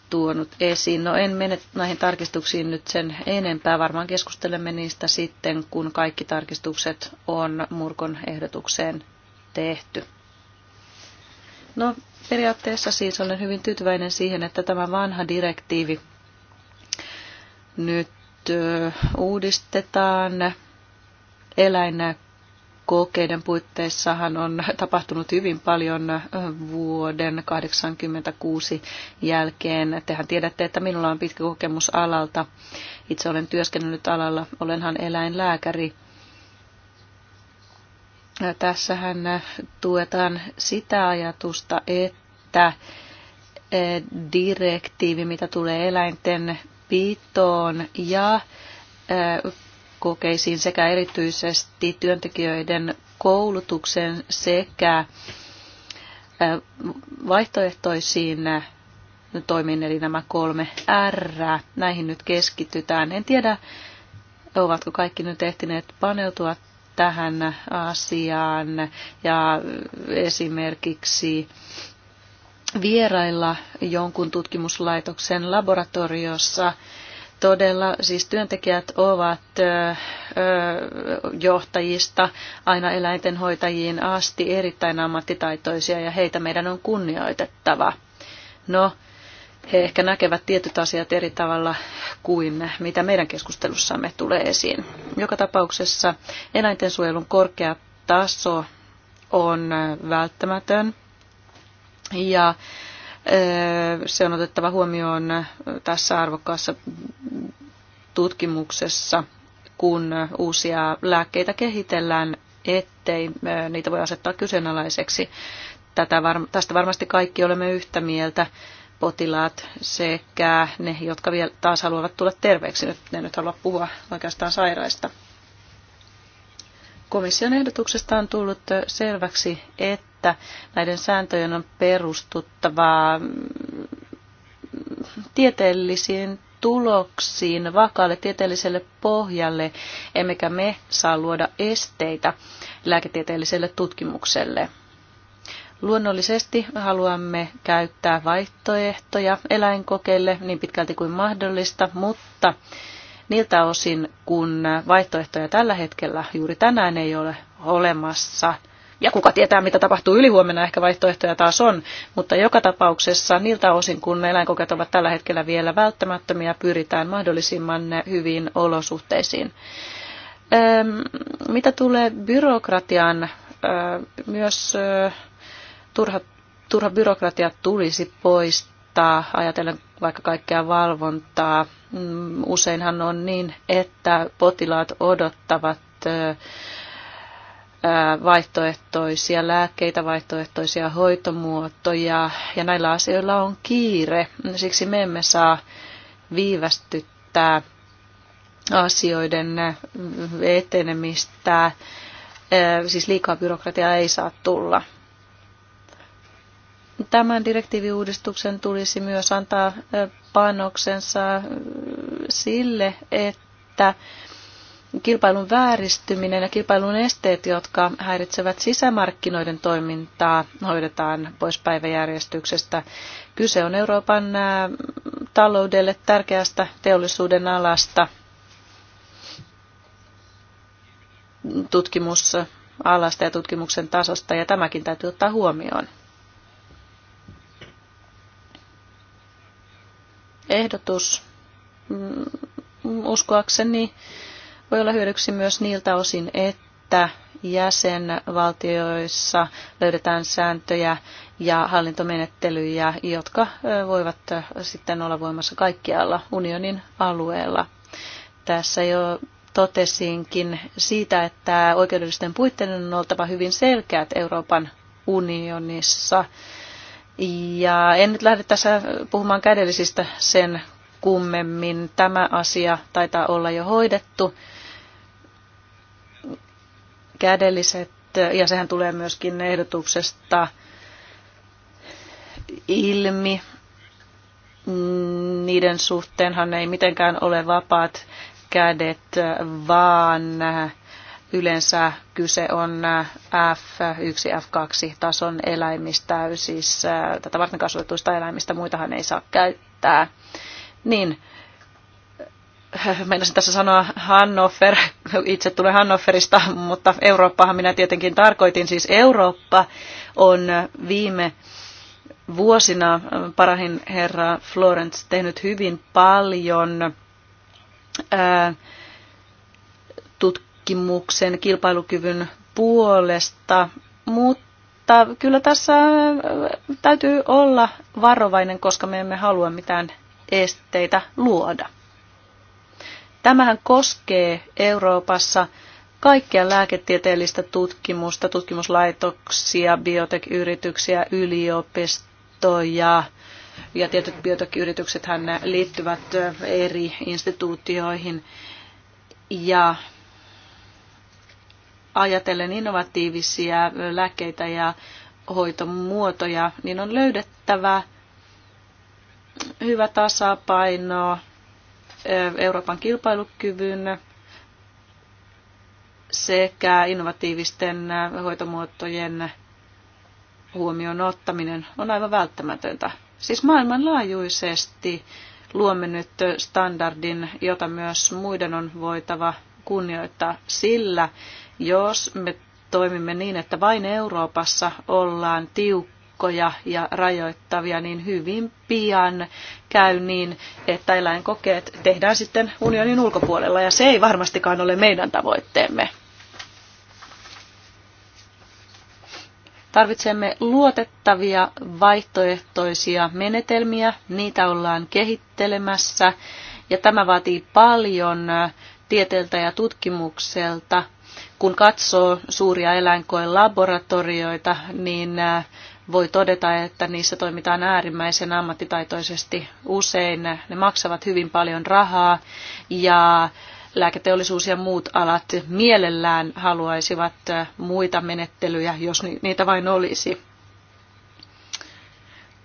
tuonut esiin. No en mene näihin tarkistuksiin nyt sen enempää. Varmaan keskustelemme niistä sitten, kun kaikki tarkistukset on Murkon ehdotukseen tehty. No, periaatteessa siis olen hyvin tyytyväinen siihen, että tämä vanha direktiivi nyt uudistetaan. Eläinkokeiden puitteissahan on tapahtunut hyvin paljon vuoden 1986 jälkeen. Tehän tiedätte, että minulla on pitkä kokemus alalta. Itse olen työskennellyt alalla, olenhan eläinlääkäri. Tässähän tuetaan sitä ajatusta, että eh, direktiivi, mitä tulee eläinten pitoon ja eh, kokeisiin sekä erityisesti työntekijöiden koulutuksen sekä eh, vaihtoehtoisiin toimiin, eli nämä kolme R, näihin nyt keskitytään. En tiedä, ovatko kaikki nyt ehtineet paneutua tähän asiaan ja esimerkiksi vierailla jonkun tutkimuslaitoksen laboratoriossa todella, siis työntekijät ovat ö, johtajista aina eläintenhoitajiin asti erittäin ammattitaitoisia ja heitä meidän on kunnioitettava. No, he ehkä näkevät tietyt asiat eri tavalla kuin mitä meidän keskustelussamme tulee esiin. Joka tapauksessa eläintensuojelun korkea taso on välttämätön ja se on otettava huomioon tässä arvokkaassa tutkimuksessa, kun uusia lääkkeitä kehitellään, ettei niitä voi asettaa kyseenalaiseksi. Tätä tästä varmasti kaikki olemme yhtä mieltä potilaat sekä ne, jotka vielä taas haluavat tulla terveeksi. Nyt, ne nyt halua puhua oikeastaan sairaista. Komission ehdotuksesta on tullut selväksi, että näiden sääntöjen on perustuttava tieteellisiin tuloksiin, vakaalle tieteelliselle pohjalle, emmekä me saa luoda esteitä lääketieteelliselle tutkimukselle. Luonnollisesti haluamme käyttää vaihtoehtoja eläinkokeille niin pitkälti kuin mahdollista, mutta niiltä osin, kun vaihtoehtoja tällä hetkellä juuri tänään ei ole olemassa, ja kuka tietää, mitä tapahtuu ylihuomenna, ehkä vaihtoehtoja taas on, mutta joka tapauksessa niiltä osin, kun eläinkokeet ovat tällä hetkellä vielä välttämättömiä, pyritään mahdollisimman hyviin olosuhteisiin. Öö, mitä tulee byrokratian, öö, myös öö, turha, turha byrokratia tulisi poistaa, ajatellen vaikka kaikkea valvontaa. Mm, useinhan on niin, että potilaat odottavat vaihtoehtoisia lääkkeitä, vaihtoehtoisia hoitomuotoja ja näillä asioilla on kiire. Siksi me emme saa viivästyttää asioiden etenemistä, siis liikaa byrokratiaa ei saa tulla. Tämän direktiiviuudistuksen tulisi myös antaa panoksensa sille, että kilpailun vääristyminen ja kilpailun esteet, jotka häiritsevät sisämarkkinoiden toimintaa, hoidetaan pois päiväjärjestyksestä. Kyse on Euroopan taloudelle tärkeästä teollisuuden alasta, tutkimusalasta ja tutkimuksen tasosta, ja tämäkin täytyy ottaa huomioon. ehdotus mm, uskoakseni voi olla hyödyksi myös niiltä osin, että jäsenvaltioissa löydetään sääntöjä ja hallintomenettelyjä, jotka voivat sitten olla voimassa kaikkialla unionin alueella. Tässä jo totesinkin siitä, että oikeudellisten puitteiden on oltava hyvin selkeät Euroopan unionissa ja en nyt lähde tässä puhumaan kädellisistä sen kummemmin. Tämä asia taitaa olla jo hoidettu. Kädelliset, ja sehän tulee myöskin ehdotuksesta ilmi. Niiden suhteenhan ei mitenkään ole vapaat kädet, vaan Yleensä kyse on F1, äh, F2-tason eläimistä, siis äh, tätä varten kasvatetuista eläimistä, muitahan ei saa käyttää. Niin, äh, meinasin tässä sanoa Hannover, itse tulee Hannoverista, mutta Eurooppahan minä tietenkin tarkoitin, siis Eurooppa on viime vuosina parahin herra Florence tehnyt hyvin paljon ää, tutkimuksen kilpailukyvyn puolesta, mutta kyllä tässä äh, täytyy olla varovainen, koska me emme halua mitään esteitä luoda. Tämähän koskee Euroopassa kaikkia lääketieteellistä tutkimusta, tutkimuslaitoksia, biotekyrityksiä, yliopistoja, ja tietyt biotekyrityksethän liittyvät äh, eri instituutioihin. Ja ajatellen innovatiivisia lääkkeitä ja hoitomuotoja, niin on löydettävä hyvä tasapaino Euroopan kilpailukyvyn sekä innovatiivisten hoitomuotojen huomioon ottaminen on aivan välttämätöntä. Siis maailmanlaajuisesti luomme nyt standardin, jota myös muiden on voitava kunnioittaa, sillä jos me toimimme niin, että vain Euroopassa ollaan tiukkoja ja rajoittavia, niin hyvin pian käy niin, että eläinkokeet tehdään sitten unionin ulkopuolella, ja se ei varmastikaan ole meidän tavoitteemme. Tarvitsemme luotettavia vaihtoehtoisia menetelmiä, niitä ollaan kehittelemässä ja tämä vaatii paljon tieteeltä ja tutkimukselta, kun katsoo suuria eläinkoen laboratorioita, niin äh, voi todeta, että niissä toimitaan äärimmäisen ammattitaitoisesti usein. Ne maksavat hyvin paljon rahaa ja lääketeollisuus ja muut alat mielellään haluaisivat äh, muita menettelyjä, jos niitä vain olisi.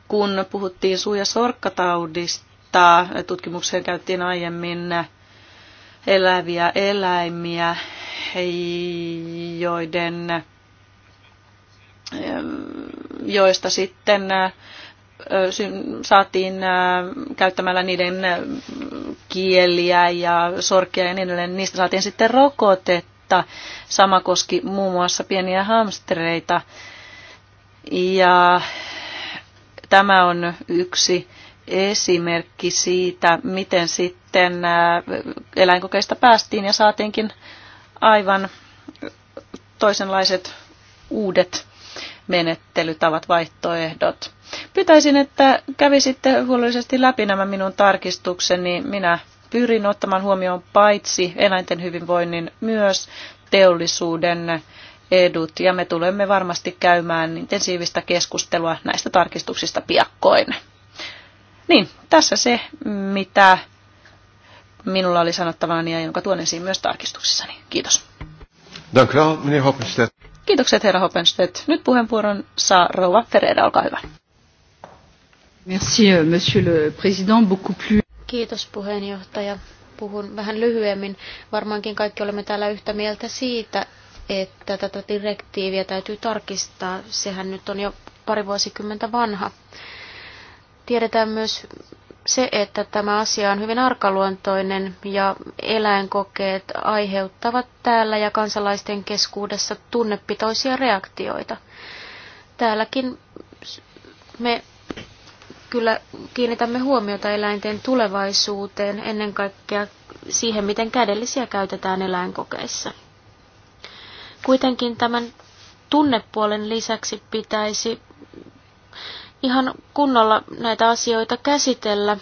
Kun puhuttiin suu- ja sorkkataudista, tutkimukseen käyttiin aiemmin eläviä eläimiä, joiden, joista sitten saatiin käyttämällä niiden kieliä ja sorkia ja niin edelleen, niistä saatiin sitten rokotetta. Sama koski muun muassa pieniä hamstereita. Ja tämä on yksi esimerkki siitä, miten sitten eläinkokeista päästiin ja saatiinkin aivan toisenlaiset uudet menettelytavat, vaihtoehdot. Pyytäisin, että kävisitte huolellisesti läpi nämä minun tarkistukseni. Minä pyrin ottamaan huomioon paitsi eläinten hyvinvoinnin myös teollisuuden edut ja me tulemme varmasti käymään intensiivistä keskustelua näistä tarkistuksista piakkoin. Niin, tässä se, mitä minulla oli sanottavana ja jonka tuon esiin myös tarkistuksissani. Kiitos. Kiitokset, herra Hoppenstedt. Nyt puheenvuoron saa rouva Ferreira, olkaa hyvä. Merci, euh, monsieur le président, beaucoup plus... Kiitos puheenjohtaja. Puhun vähän lyhyemmin. Varmaankin kaikki olemme täällä yhtä mieltä siitä, että tätä direktiiviä täytyy tarkistaa. Sehän nyt on jo pari vuosikymmentä vanha. Tiedetään myös, se, että tämä asia on hyvin arkaluontoinen ja eläinkokeet aiheuttavat täällä ja kansalaisten keskuudessa tunnepitoisia reaktioita. Täälläkin me kyllä kiinnitämme huomiota eläinten tulevaisuuteen, ennen kaikkea siihen, miten kädellisiä käytetään eläinkokeissa. Kuitenkin tämän tunnepuolen lisäksi pitäisi ihan kunnolla näitä asioita käsitellä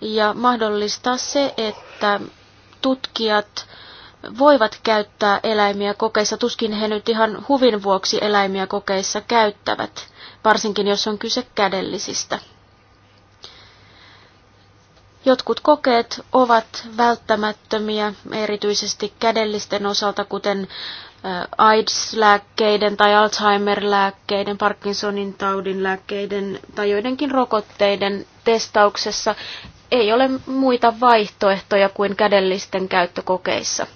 ja mahdollistaa se, että tutkijat voivat käyttää eläimiä kokeissa. Tuskin he nyt ihan huvin vuoksi eläimiä kokeissa käyttävät, varsinkin jos on kyse kädellisistä. Jotkut kokeet ovat välttämättömiä, erityisesti kädellisten osalta, kuten AIDS-lääkkeiden tai Alzheimer-lääkkeiden, Parkinsonin taudin lääkkeiden tai joidenkin rokotteiden testauksessa ei ole muita vaihtoehtoja kuin kädellisten käyttökokeissa.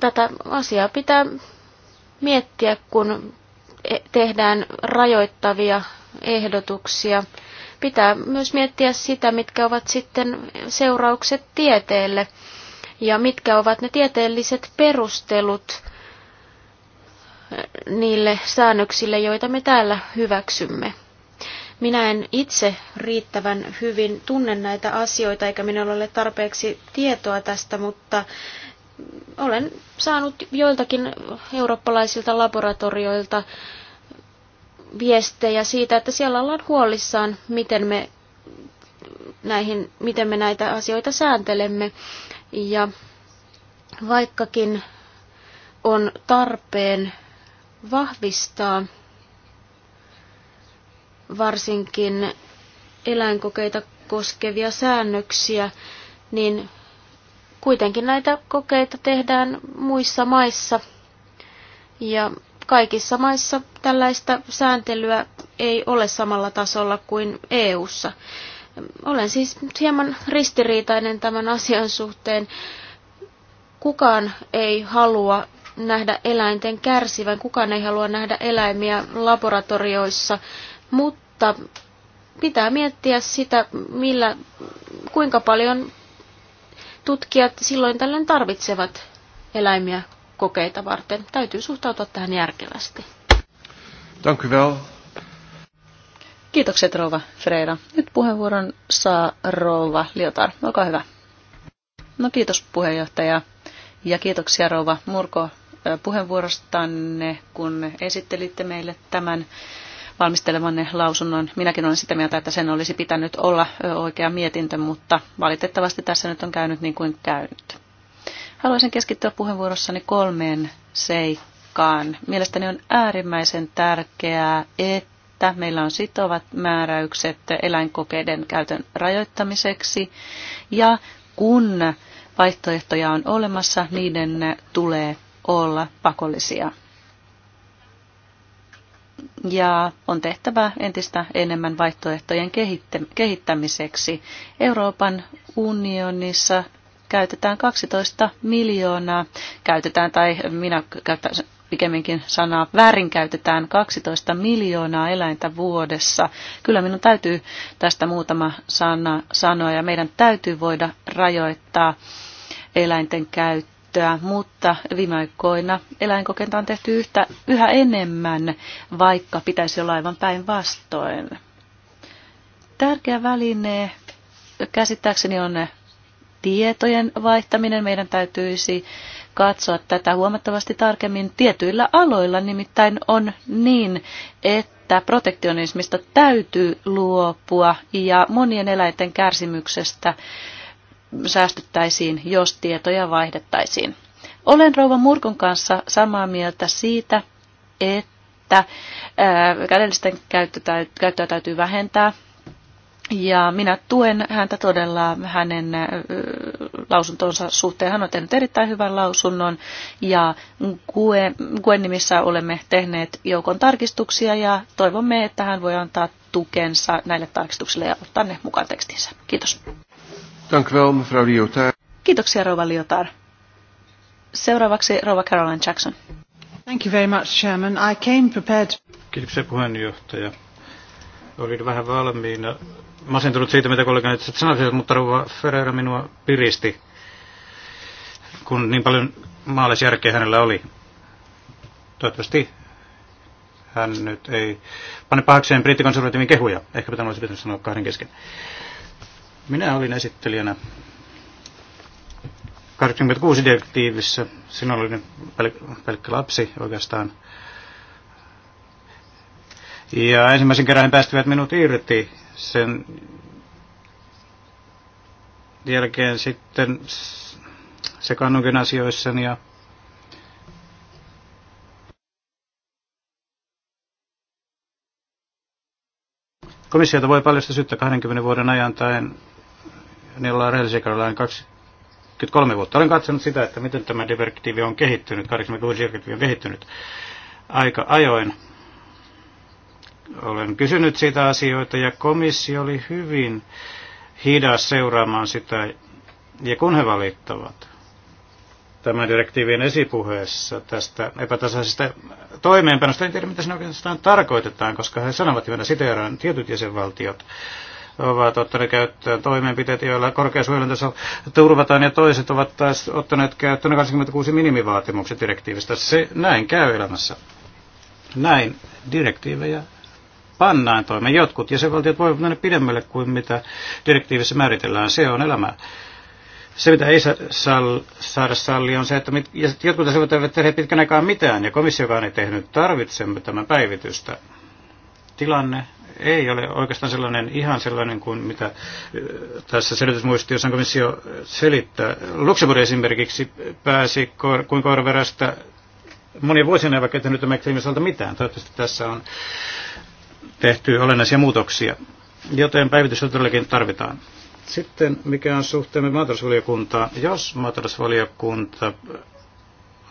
Tätä asiaa pitää miettiä, kun e- tehdään rajoittavia ehdotuksia. Pitää myös miettiä sitä, mitkä ovat sitten seuraukset tieteelle ja mitkä ovat ne tieteelliset perustelut niille säännöksille, joita me täällä hyväksymme. Minä en itse riittävän hyvin tunne näitä asioita, eikä minulla ole tarpeeksi tietoa tästä, mutta olen saanut joiltakin eurooppalaisilta laboratorioilta viestejä siitä, että siellä ollaan huolissaan, miten me, näihin, miten me näitä asioita sääntelemme. Ja vaikkakin on tarpeen vahvistaa varsinkin eläinkokeita koskevia säännöksiä, niin kuitenkin näitä kokeita tehdään muissa maissa. Ja kaikissa maissa tällaista sääntelyä ei ole samalla tasolla kuin EU:ssa. Olen siis hieman ristiriitainen tämän asian suhteen. Kukaan ei halua nähdä eläinten kärsivän, kukaan ei halua nähdä eläimiä laboratorioissa, mutta pitää miettiä sitä, millä, kuinka paljon tutkijat silloin tällöin tarvitsevat eläimiä kokeita varten. Täytyy suhtautua tähän järkevästi. Dank u wel. Kiitokset Rova Freira. Nyt puheenvuoron saa Rova Liotar. Olkaa hyvä. No kiitos puheenjohtaja ja kiitoksia Rova Murko puheenvuorostanne, kun esittelitte meille tämän valmistelemanne lausunnon. Minäkin olen sitä mieltä, että sen olisi pitänyt olla oikea mietintö, mutta valitettavasti tässä nyt on käynyt niin kuin käynyt. Haluaisin keskittyä puheenvuorossani kolmeen seikkaan. Mielestäni on äärimmäisen tärkeää, että että meillä on sitovat määräykset eläinkokeiden käytön rajoittamiseksi ja kun vaihtoehtoja on olemassa, niiden tulee olla pakollisia. Ja on tehtävä entistä enemmän vaihtoehtojen kehittämiseksi. Euroopan unionissa käytetään 12 miljoonaa, käytetään tai minä käytän pikemminkin sanaa väärinkäytetään 12 miljoonaa eläintä vuodessa. Kyllä minun täytyy tästä muutama sana sanoa ja meidän täytyy voida rajoittaa eläinten käyttöä, mutta viime aikoina eläinkokenta on tehty yhtä, yhä enemmän, vaikka pitäisi olla aivan päinvastoin. Tärkeä väline käsittääkseni on tietojen vaihtaminen. Meidän täytyisi katsoa tätä huomattavasti tarkemmin. Tietyillä aloilla nimittäin on niin, että protektionismista täytyy luopua ja monien eläinten kärsimyksestä säästyttäisiin, jos tietoja vaihdettaisiin. Olen rouva Murkon kanssa samaa mieltä siitä, että kädellisten käyttöä täytyy vähentää ja minä tuen häntä todella hänen lausuntonsa suhteen. Hän on tehnyt erittäin hyvän lausunnon ja Guen nimissä olemme tehneet joukon tarkistuksia ja toivomme, että hän voi antaa tukensa näille tarkistuksille ja ottaa ne mukaan tekstinsä. Kiitos. Kiitoksia, Rova Liotar. Seuraavaksi rouva Caroline Jackson. Thank you very much, Chairman. I came prepared... Kiitoksia puheenjohtaja. Olin vähän valmiina masentunut siitä, mitä nyt sanoi, mutta Rova Ferreira minua piristi, kun niin paljon maalaisjärkeä hänellä oli. Toivottavasti hän nyt ei pane pahakseen brittikonservatiivin kehuja. Ehkä tämä olisi pitänyt sanoa kahden kesken. Minä olin esittelijänä 86 direktiivissä. sinä oli pel- pelkkä lapsi oikeastaan. Ja ensimmäisen kerran he päästivät minut irti sen jälkeen sitten sekaannunkin asioissa ja Komissiota voi paljasta syyttä 20 vuoden ajan tai niillä on rehellisiä 23 vuotta. Olen katsonut sitä, että miten tämä direktiivi on kehittynyt, 86 direktiivi on kehittynyt aika ajoin. Olen kysynyt siitä asioita ja komissio oli hyvin hidas seuraamaan sitä, ja kun he valittavat tämän direktiivin esipuheessa tästä epätasaisesta toimeenpanosta, en tiedä mitä siinä oikeastaan tarkoitetaan, koska he sanovat, että siteeraan tietyt jäsenvaltiot ovat ottaneet käyttöön toimenpiteet, joilla korkeasuojelun turvataan, ja toiset ovat taas ottaneet käyttöön 26 minimivaatimukset direktiivistä. Se näin käy elämässä. Näin direktiivejä pannaan toimeen. Jotkut jäsenvaltiot voivat mennä pidemmälle kuin mitä direktiivissä määritellään. Se on elämää. Se, mitä ei sal, saada sallia, on se, että mit, jotkut jäsenvaltiot eivät tehdä pitkän aikaa mitään, ja komissiokaan ei tehnyt. Tarvitsemme tämän päivitystä. Tilanne ei ole oikeastaan sellainen ihan sellainen kuin mitä tässä selitysmuistiossa komissio selittää. Luxemburg esimerkiksi pääsi kor, kuin korverästä monia vuosina ei vaikka tehnyt osalta mitään. Toivottavasti tässä on tehty olennaisia muutoksia, joten päivitystä todellakin tarvitaan. Sitten mikä on suhteemme maatalousvaliokuntaan? Jos maatalousvaliokunta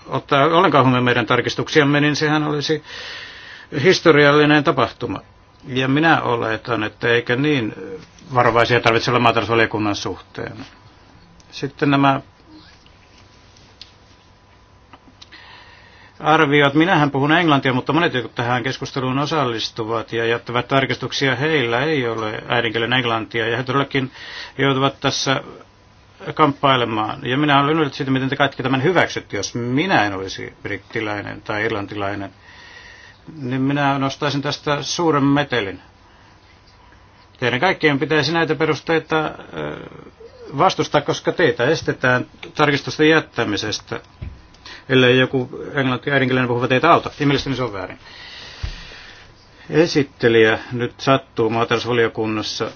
ottaa ollenkaan huomioon meidän tarkistuksiamme, niin sehän olisi historiallinen tapahtuma. Ja minä oletan, että eikä niin varovaisia tarvitse olla maatalousvaliokunnan suhteen. Sitten nämä arviot. Minähän puhun englantia, mutta monet, jotka tähän keskusteluun osallistuvat ja jättävät tarkistuksia, heillä ei ole äidinkielen englantia. Ja he todellakin joutuvat tässä kamppailemaan. Ja minä olen yllättynyt siitä, miten te kaikki tämän hyväksytte, jos minä en olisi brittiläinen tai irlantilainen. Niin minä nostaisin tästä suuren metelin. Teidän kaikkien pitäisi näitä perusteita vastustaa, koska teitä estetään tarkistusten jättämisestä ellei joku englanti äidinkielinen puhuva teitä auta. Ja mielestäni se on väärin. Esittelijä nyt sattuu maatalousvaliokunnassa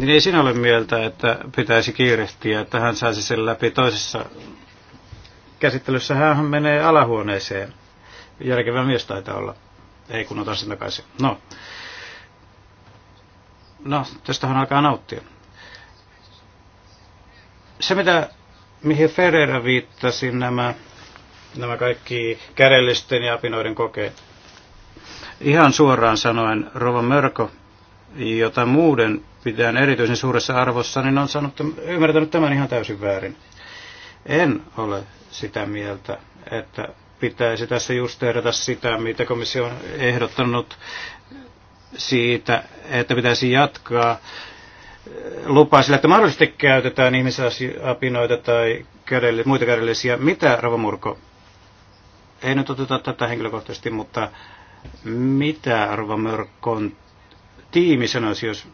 Niin ei sinä ole mieltä, että pitäisi kiirehtiä, että hän saisi sen läpi toisessa käsittelyssä. Hän menee alahuoneeseen. Järkevä mies taitaa olla. Ei kun otan sen takaisin. No, No, tästähän alkaa nauttia. Se, mitä, mihin Ferreira viittasi, nämä, nämä kaikki kädellisten ja apinoiden kokeet. Ihan suoraan sanoen, Rova Mörko, jota muuden pidän erityisen suuressa arvossa, niin on sanottu, ymmärtänyt tämän ihan täysin väärin. En ole sitä mieltä, että pitäisi tässä tehdä sitä, mitä komissio on ehdottanut siitä, että pitäisi jatkaa lupaa sillä, että mahdollisesti käytetään ihmisapinoita tai kädelle, muita kädellisiä. Mitä, Murko, Ei nyt oteta tätä henkilökohtaisesti, mutta mitä Murkon tiimi sanoisi, jos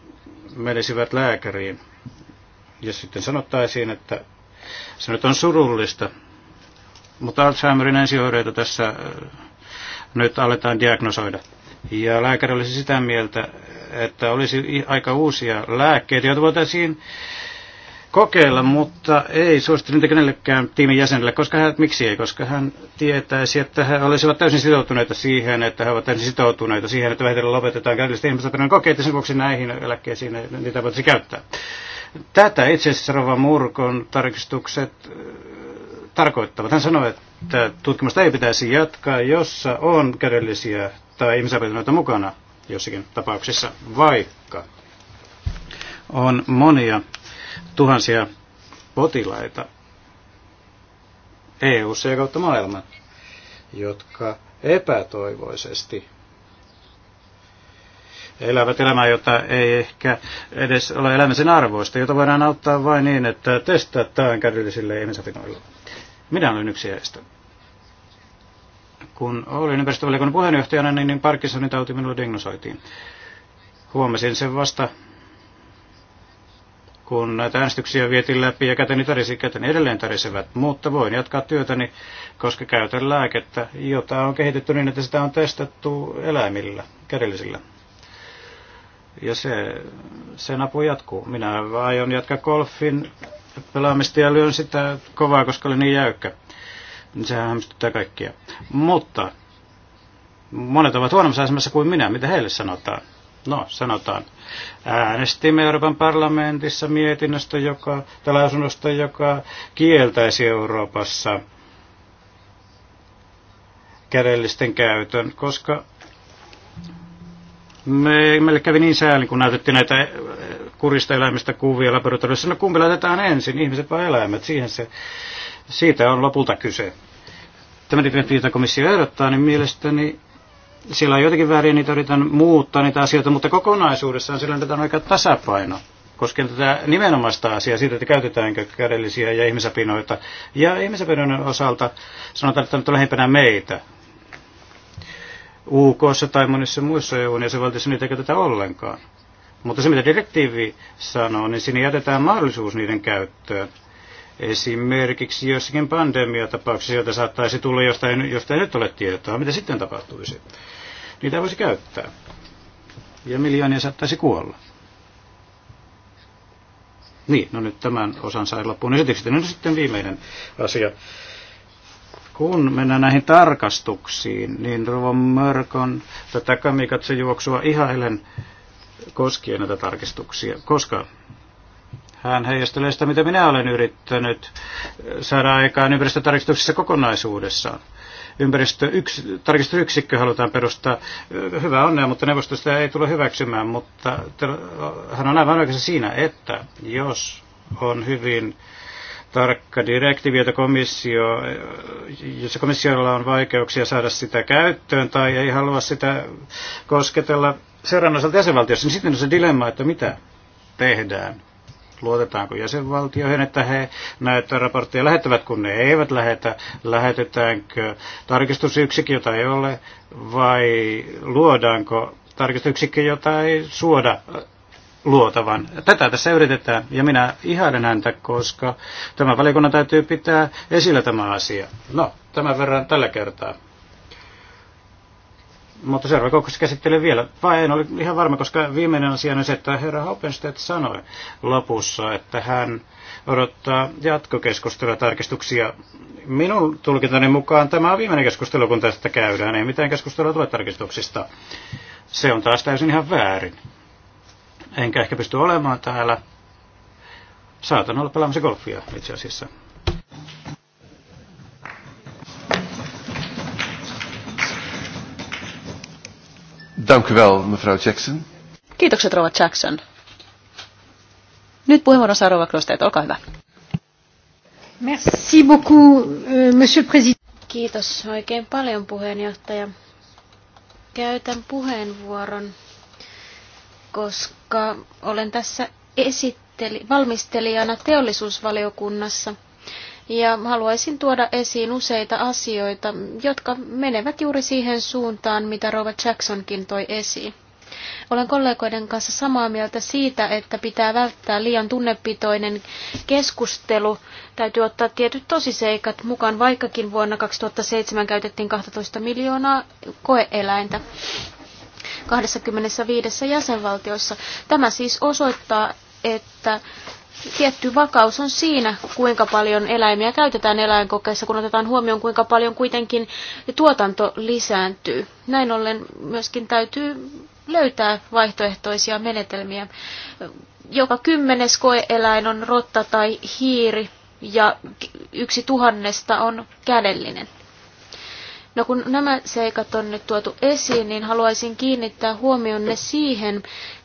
menisivät lääkäriin? Jos sitten sanottaisiin, että se nyt on surullista, mutta Alzheimerin ensioireita tässä nyt aletaan diagnosoida. Ja lääkäri olisi sitä mieltä, että olisi aika uusia lääkkeitä, joita voitaisiin kokeilla, mutta ei suosittelen niitä kenellekään tiimin jäsenelle, koska hän, miksi ei, koska hän tietäisi, että he olisivat täysin sitoutuneita siihen, että he ovat täysin sitoutuneita siihen, että vähitellen lopetetaan käytöllistä ihmistä kokeita, sen vuoksi näihin eläkkeisiin niitä voitaisiin käyttää. Tätä itse asiassa Rova Murkon tarkistukset tarkoittavat. Hän sanoi, että tutkimusta ei pitäisi jatkaa, jossa on kädellisiä ottaa ihmisoikeusnoita mukana jossakin tapauksessa, vaikka on monia tuhansia potilaita EU-ssa ja kautta maailman, jotka epätoivoisesti elävät elämää, jota ei ehkä edes ole elämisen arvoista, jota voidaan auttaa vain niin, että testataan kädellisille ihmisapinoilla. Minä olen yksi heistä. Kun olin ympäristövaliokunnan puheenjohtajana, niin, niin Parkinsonin tauti minulle diagnosoitiin. Huomasin sen vasta, kun näitä äänestyksiä vietin läpi ja käteni tarisi, käteni edelleen tarisevät, mutta voin jatkaa työtäni, koska käytän lääkettä, jota on kehitetty niin, että sitä on testattu eläimillä, kädellisillä. Ja se, sen apu jatkuu. Minä aion jatkaa golfin pelaamista ja lyön sitä kovaa, koska olen niin jäykkä. Sehän hämmästyttää kaikkia. Mutta monet ovat huonommassa asemassa kuin minä. Mitä heille sanotaan? No, sanotaan. Äänestimme Euroopan parlamentissa mietinnöstä joka, tai lausunnosta, joka kieltäisi Euroopassa kädellisten käytön, koska me, meille kävi niin sääli, kun näytettiin näitä kurista eläimistä kuvia laboratoriossa. No kumpi laitetaan ensin, ihmiset vai eläimet? Siihen se siitä on lopulta kyse. Tämä direktiivi, jota komissio ehdottaa, niin mielestäni siellä on jotenkin väärin, niitä yritän muuttaa niitä asioita, mutta kokonaisuudessaan sillä on oikea tasapaino koskien tätä nimenomaista asiaa siitä, että käytetäänkö kädellisiä ja ihmisapinoita. Ja ihmisapinoiden osalta sanotaan, että nyt on lähimpänä meitä. UK tai monissa muissa EUn jäsenvaltioissa niitä ei käytetä ollenkaan. Mutta se, mitä direktiivi sanoo, niin sinne jätetään mahdollisuus niiden käyttöön. Esimerkiksi jossakin pandemiatapauksessa, joita saattaisi tulla, josta ei, josta ei nyt ole tietoa, mitä sitten tapahtuisi. Niitä voisi käyttää. Ja miljoonia saattaisi kuolla. Niin, no nyt tämän osan sai loppuun esityksestä. Nyt sitten viimeinen asia. Kun mennään näihin tarkastuksiin, niin Rovo Mörkon tätä kamikatsejuoksua ihailen koskien näitä tarkistuksia, koska hän heijastelee sitä, mitä minä olen yrittänyt saada aikaan ympäristötarkistuksessa kokonaisuudessaan. Ympäristötarkistusyksikkö halutaan perustaa. Hyvä onnea, mutta neuvostosta ei tule hyväksymään, mutta hän on aivan oikeassa siinä, että jos on hyvin tarkka direktiivi, jota komissio, jossa komissiolla on vaikeuksia saada sitä käyttöön tai ei halua sitä kosketella seuraavan osalta jäsenvaltiossa, niin sitten on se dilemma, että mitä tehdään luotetaanko jäsenvaltioihin, että he näitä raportteja lähettävät, kun ne eivät lähetä, lähetetäänkö tarkistusyksikkö, jota ei ole, vai luodaanko tarkistusyksikkö, jota ei suoda luotavan. Tätä tässä yritetään, ja minä ihailen häntä, koska tämä valiokunnan täytyy pitää esillä tämä asia. No, tämän verran tällä kertaa. Mutta seuraava kokous käsittelee vielä. Vai en ole ihan varma, koska viimeinen asia on se, että herra Hoppenstedt sanoi lopussa, että hän odottaa jatkokeskustelua tarkistuksia. Minun tulkintani mukaan tämä on viimeinen keskustelu, kun tästä käydään. Ei mitään keskustelua tule tarkistuksista. Se on taas täysin ihan väärin. Enkä ehkä pysty olemaan täällä. Saatan olla pelaamassa golfia itse asiassa. Dank u wel, mevrouw Jackson. Kiitokset, rouva Jackson. Nyt puheenvuoron saa rouva Klosteet, olkaa hyvä. Merci beaucoup, euh, monsieur président. Kiitos oikein paljon, puheenjohtaja. Käytän puheenvuoron, koska olen tässä esitteli, valmistelijana teollisuusvaliokunnassa – ja haluaisin tuoda esiin useita asioita, jotka menevät juuri siihen suuntaan, mitä Robert Jacksonkin toi esiin. Olen kollegoiden kanssa samaa mieltä siitä, että pitää välttää liian tunnepitoinen keskustelu. Täytyy ottaa tietyt tosiseikat mukaan, vaikkakin vuonna 2007 käytettiin 12 miljoonaa koeeläintä. 25 jäsenvaltiossa. Tämä siis osoittaa, että tietty vakaus on siinä, kuinka paljon eläimiä käytetään eläinkokeissa, kun otetaan huomioon, kuinka paljon kuitenkin tuotanto lisääntyy. Näin ollen myöskin täytyy löytää vaihtoehtoisia menetelmiä. Joka kymmenes koeeläin on rotta tai hiiri ja yksi tuhannesta on kädellinen. No kun nämä seikat on nyt tuotu esiin, niin haluaisin kiinnittää huomionne siihen,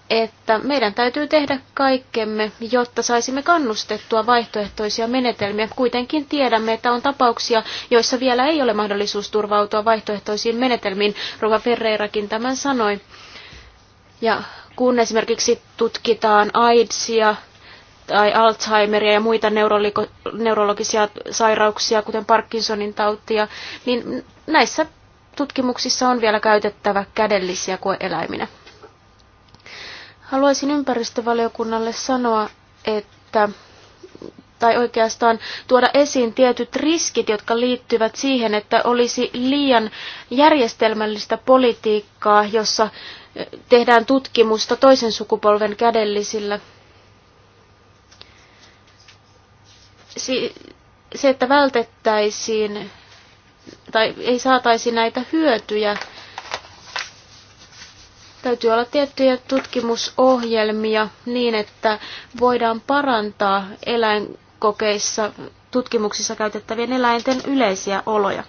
että meidän täytyy tehdä kaikkemme, jotta saisimme kannustettua vaihtoehtoisia menetelmiä. Kuitenkin tiedämme, että on tapauksia, joissa vielä ei ole mahdollisuus turvautua vaihtoehtoisiin menetelmiin. Rova Ferreirakin tämän sanoi. Ja kun esimerkiksi tutkitaan AIDSia tai Alzheimeria ja muita neurologisia sairauksia, kuten Parkinsonin tautia, niin näissä tutkimuksissa on vielä käytettävä kädellisiä koeeläiminä. Haluaisin ympäristövaliokunnalle sanoa, että tai oikeastaan tuoda esiin tietyt riskit, jotka liittyvät siihen, että olisi liian järjestelmällistä politiikkaa, jossa eh, tehdään tutkimusta toisen sukupolven kädellisillä. Se, että vältettäisiin tai ei saataisi näitä hyötyjä, Täytyy olla tiettyjä tutkimusohjelmia niin, että voidaan parantaa eläinkokeissa tutkimuksissa käytettävien eläinten yleisiä oloja.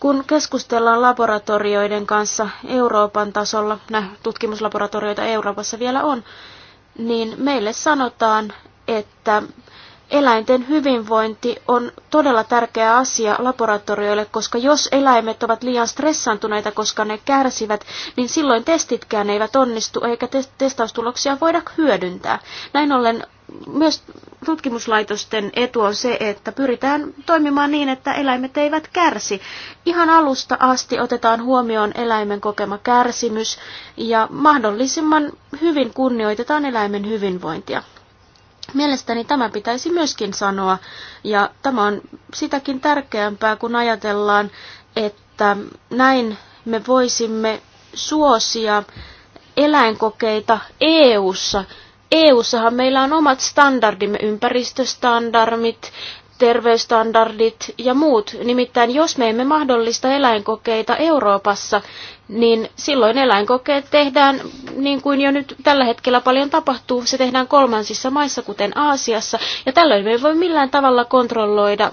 Kun keskustellaan laboratorioiden kanssa Euroopan tasolla, nämä tutkimuslaboratorioita Euroopassa vielä on, niin meille sanotaan, että Eläinten hyvinvointi on todella tärkeä asia laboratorioille, koska jos eläimet ovat liian stressantuneita, koska ne kärsivät, niin silloin testitkään eivät onnistu eikä testaustuloksia voida hyödyntää. Näin ollen myös tutkimuslaitosten etu on se, että pyritään toimimaan niin, että eläimet eivät kärsi. Ihan alusta asti otetaan huomioon eläimen kokema kärsimys ja mahdollisimman hyvin kunnioitetaan eläimen hyvinvointia. Mielestäni tämä pitäisi myöskin sanoa, ja tämä on sitäkin tärkeämpää, kun ajatellaan, että näin me voisimme suosia eläinkokeita EU-ssa. EU-ssahan meillä on omat standardimme, ympäristöstandardit, terveysstandardit ja muut. Nimittäin jos me emme mahdollista eläinkokeita Euroopassa, niin silloin eläinkokeet tehdään niin kuin jo nyt tällä hetkellä paljon tapahtuu. Se tehdään kolmansissa maissa, kuten Aasiassa, ja tällöin me ei voi millään tavalla kontrolloida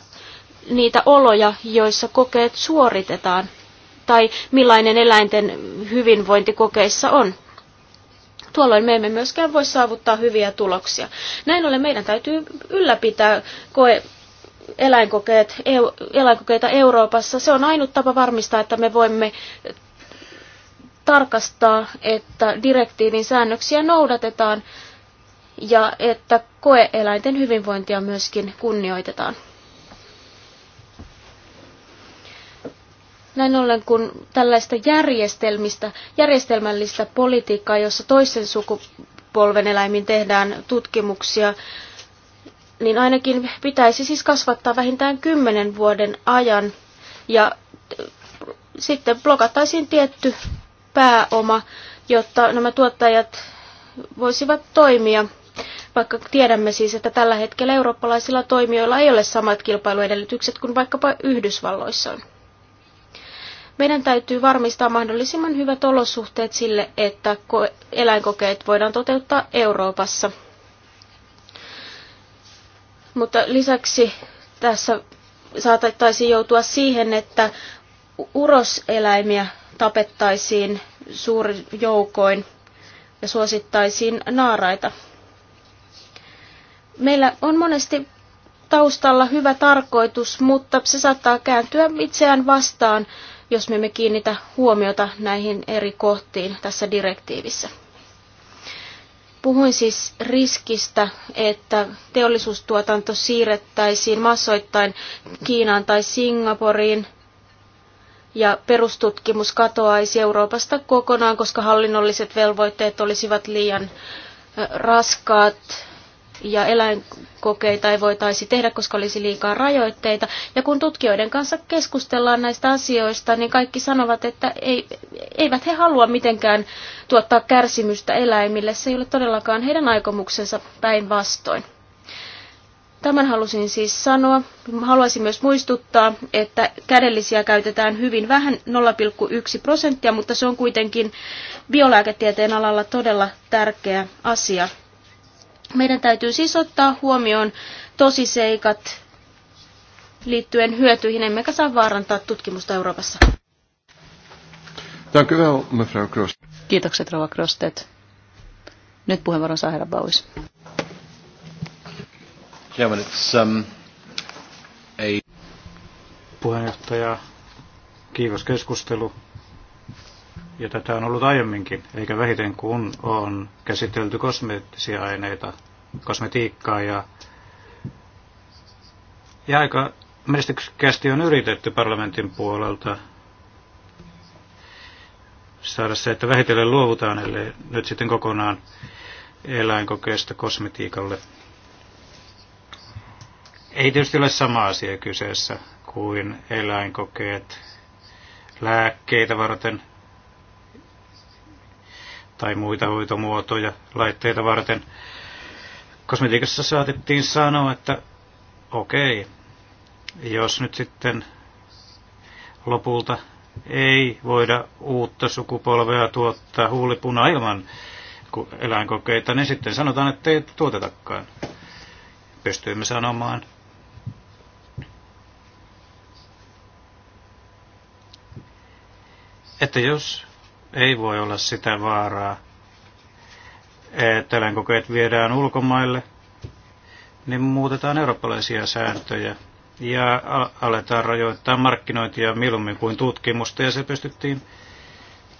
niitä oloja, joissa kokeet suoritetaan, tai millainen eläinten hyvinvointi kokeissa on. Tuolloin me emme myöskään voi saavuttaa hyviä tuloksia. Näin ollen meidän täytyy ylläpitää koe eläinkokeet, eu, eläinkokeita Euroopassa. Se on ainut tapa varmistaa, että me voimme tarkastaa, että direktiivin säännöksiä noudatetaan ja että koeeläinten hyvinvointia myöskin kunnioitetaan. Näin ollen, kun tällaista järjestelmistä, järjestelmällistä politiikkaa, jossa toisen sukupolven eläimiin tehdään tutkimuksia, niin ainakin pitäisi siis kasvattaa vähintään kymmenen vuoden ajan ja äh, sitten blokattaisiin tietty pääoma, jotta nämä tuottajat voisivat toimia, vaikka tiedämme siis, että tällä hetkellä eurooppalaisilla toimijoilla ei ole samat kilpailuedellytykset kuin vaikkapa Yhdysvalloissa on. Meidän täytyy varmistaa mahdollisimman hyvät olosuhteet sille, että eläinkokeet voidaan toteuttaa Euroopassa – mutta lisäksi tässä saatettaisiin joutua siihen, että uroseläimiä tapettaisiin suurin joukoin ja suosittaisiin naaraita. Meillä on monesti taustalla hyvä tarkoitus, mutta se saattaa kääntyä itseään vastaan, jos me emme kiinnitä huomiota näihin eri kohtiin tässä direktiivissä. Puhuin siis riskistä, että teollisuustuotanto siirrettäisiin massoittain Kiinaan tai Singaporiin ja perustutkimus katoaisi Euroopasta kokonaan, koska hallinnolliset velvoitteet olisivat liian raskaat ja eläinkokeita ei voitaisi tehdä, koska olisi liikaa rajoitteita. Ja kun tutkijoiden kanssa keskustellaan näistä asioista, niin kaikki sanovat, että ei, eivät he halua mitenkään tuottaa kärsimystä eläimille. Se ei ole todellakaan heidän aikomuksensa päinvastoin. Tämän halusin siis sanoa. Haluaisin myös muistuttaa, että kädellisiä käytetään hyvin vähän 0,1 prosenttia, mutta se on kuitenkin biolääketieteen alalla todella tärkeä asia. Meidän täytyy siis ottaa huomioon tosiseikat liittyen hyötyihin, emmekä saa vaarantaa tutkimusta Euroopassa. Kiitokset, Rova Krostet. Nyt puheenvuoron saa herra Bauis. Um, Puheenjohtaja, kiitos keskustelu ja tätä on ollut aiemminkin, eikä vähiten kun on käsitelty kosmeettisia aineita, kosmetiikkaa ja, ja aika menestyksekkäästi on yritetty parlamentin puolelta saada se, että vähitellen luovutaan, eli nyt sitten kokonaan eläinkokeesta kosmetiikalle. Ei tietysti ole sama asia kyseessä kuin eläinkokeet lääkkeitä varten, tai muita hoitomuotoja laitteita varten. Kosmetiikassa saatettiin sanoa, että okei, jos nyt sitten lopulta ei voida uutta sukupolvea tuottaa huulipuna ilman eläinkokeita, niin sitten sanotaan, että ei tuotetakaan. Pystyimme sanomaan. Että jos ei voi olla sitä vaaraa, että eläinkokeet viedään ulkomaille, niin muutetaan eurooppalaisia sääntöjä ja aletaan rajoittaa markkinointia milloin kuin tutkimusta, ja se pystyttiin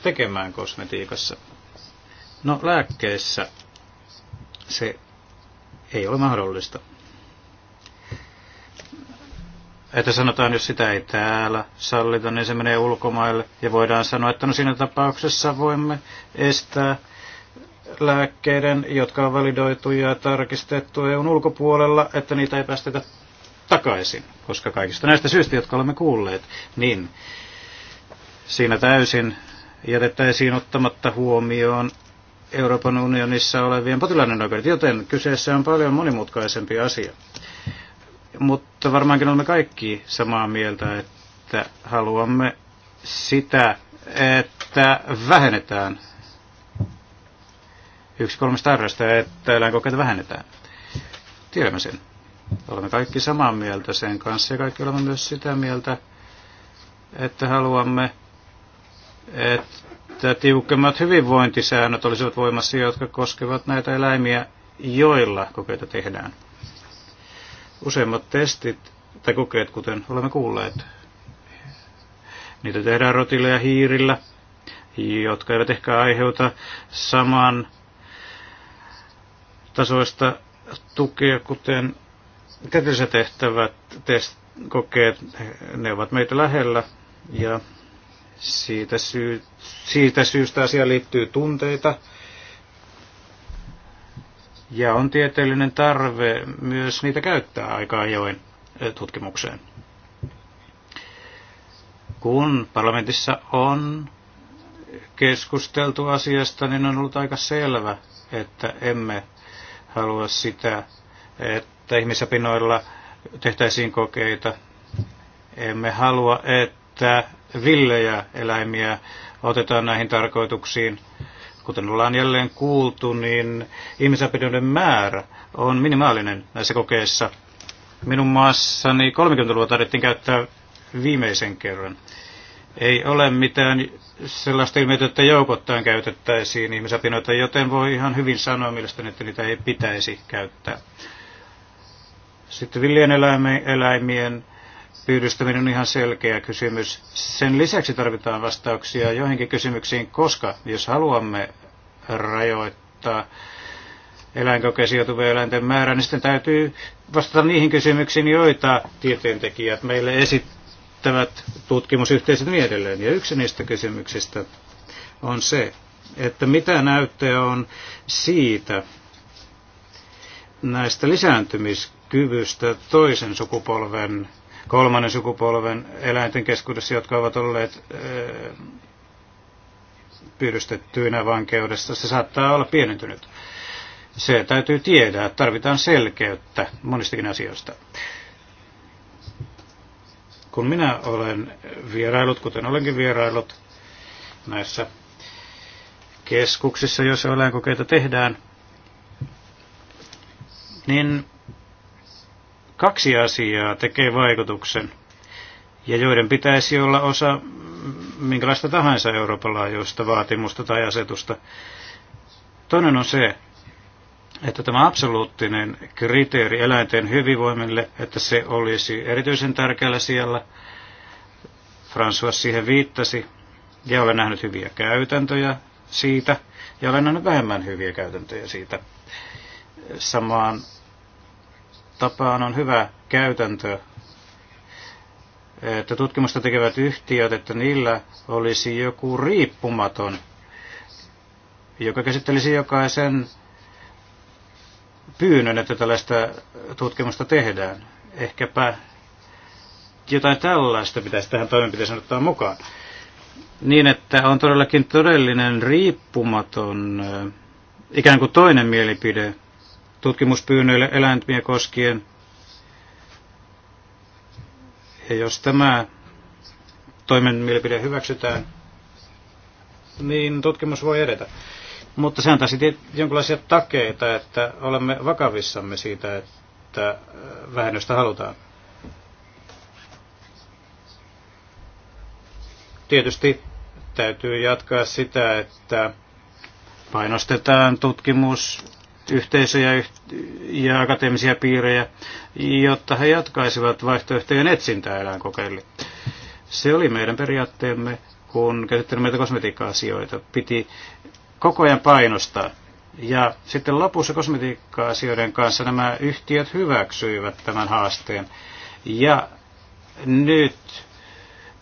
tekemään kosmetiikassa. No lääkkeissä se ei ole mahdollista että sanotaan, jos sitä ei täällä sallita, niin se menee ulkomaille. Ja voidaan sanoa, että no siinä tapauksessa voimme estää lääkkeiden, jotka on validoitu ja tarkistettu EUn ulkopuolella, että niitä ei päästetä takaisin, koska kaikista näistä syistä, jotka olemme kuulleet, niin siinä täysin jätettäisiin ottamatta huomioon Euroopan unionissa olevien potilaiden oikeudet, joten kyseessä on paljon monimutkaisempi asia. Mutta varmaankin olemme kaikki samaa mieltä, että haluamme sitä, että vähennetään yksi kolmesta arrasta, että eläinkokeita vähennetään. Tiedämme sen. Olemme kaikki samaa mieltä sen kanssa ja kaikki olemme myös sitä mieltä, että haluamme, että tiukemmat hyvinvointisäännöt olisivat voimassa, jotka koskevat näitä eläimiä, joilla kokeita tehdään. Useimmat testit tai kokeet, kuten olemme kuulleet, niitä tehdään rotilla ja hiirillä, jotka eivät ehkä aiheuta saman tasoista tukea, kuten kätensä tehtävät test- kokeet, ne ovat meitä lähellä ja siitä, syy- siitä syystä asia liittyy tunteita, ja on tieteellinen tarve myös niitä käyttää aika ajoin eh, tutkimukseen. Kun parlamentissa on keskusteltu asiasta, niin on ollut aika selvä, että emme halua sitä, että ihmisapinoilla tehtäisiin kokeita. Emme halua, että villejä eläimiä otetaan näihin tarkoituksiin – Kuten ollaan jälleen kuultu, niin ihmisenpidon määrä on minimaalinen näissä kokeissa. Minun maassani 30-luvulla tarvittiin käyttää viimeisen kerran. Ei ole mitään sellaista ilmiötä, että joukottain käytettäisiin ihmisapinoita, joten voi ihan hyvin sanoa mielestäni, että niitä ei pitäisi käyttää. Sitten villien eläimien pyydystäminen on ihan selkeä kysymys. Sen lisäksi tarvitaan vastauksia joihinkin kysymyksiin, koska jos haluamme rajoittaa eläinkokeisiin joutuvien eläinten määrää, niin sitten täytyy vastata niihin kysymyksiin, joita tieteentekijät meille esittävät tutkimusyhteisöt niin edelleen. Ja yksi niistä kysymyksistä on se, että mitä näyttöä on siitä näistä lisääntymiskyvystä toisen sukupolven kolmannen sukupolven eläinten keskuudessa, jotka ovat olleet pyydystettyinä vankeudessa. Se saattaa olla pienentynyt. Se täytyy että Tarvitaan selkeyttä monistakin asioista. Kun minä olen vierailut, kuten olenkin vierailut näissä keskuksissa, joissa eläinkokeita tehdään, niin Kaksi asiaa tekee vaikutuksen, ja joiden pitäisi olla osa minkälaista tahansa Euroopan laajuista vaatimusta tai asetusta. Toinen on se, että tämä absoluuttinen kriteeri eläinten hyvinvoimille, että se olisi erityisen tärkeällä siellä. François siihen viittasi, ja olen nähnyt hyviä käytäntöjä siitä, ja olen nähnyt vähemmän hyviä käytäntöjä siitä. Samaan tapaan on hyvä käytäntö, että tutkimusta tekevät yhtiöt, että niillä olisi joku riippumaton, joka käsittelisi jokaisen pyynnön, että tällaista tutkimusta tehdään. Ehkäpä jotain tällaista pitäisi tähän toimenpiteeseen ottaa mukaan. Niin, että on todellakin todellinen riippumaton, eh, ikään kuin toinen mielipide, tutkimuspyynnöille eläimiä koskien. Ja jos tämä toimenpide hyväksytään, niin tutkimus voi edetä. Mutta se antaisi jonkinlaisia takeita, että olemme vakavissamme siitä, että äh, vähennystä halutaan. Tietysti täytyy jatkaa sitä, että painostetaan tutkimus yhteisöjä ja akateemisia piirejä, jotta he jatkaisivat vaihtoehtojen etsintää eläinkokeille. Se oli meidän periaatteemme, kun käsittelimme meitä kosmetiikka-asioita. Piti koko ajan painostaa. Ja sitten lopussa kosmetiikka-asioiden kanssa nämä yhtiöt hyväksyivät tämän haasteen. Ja nyt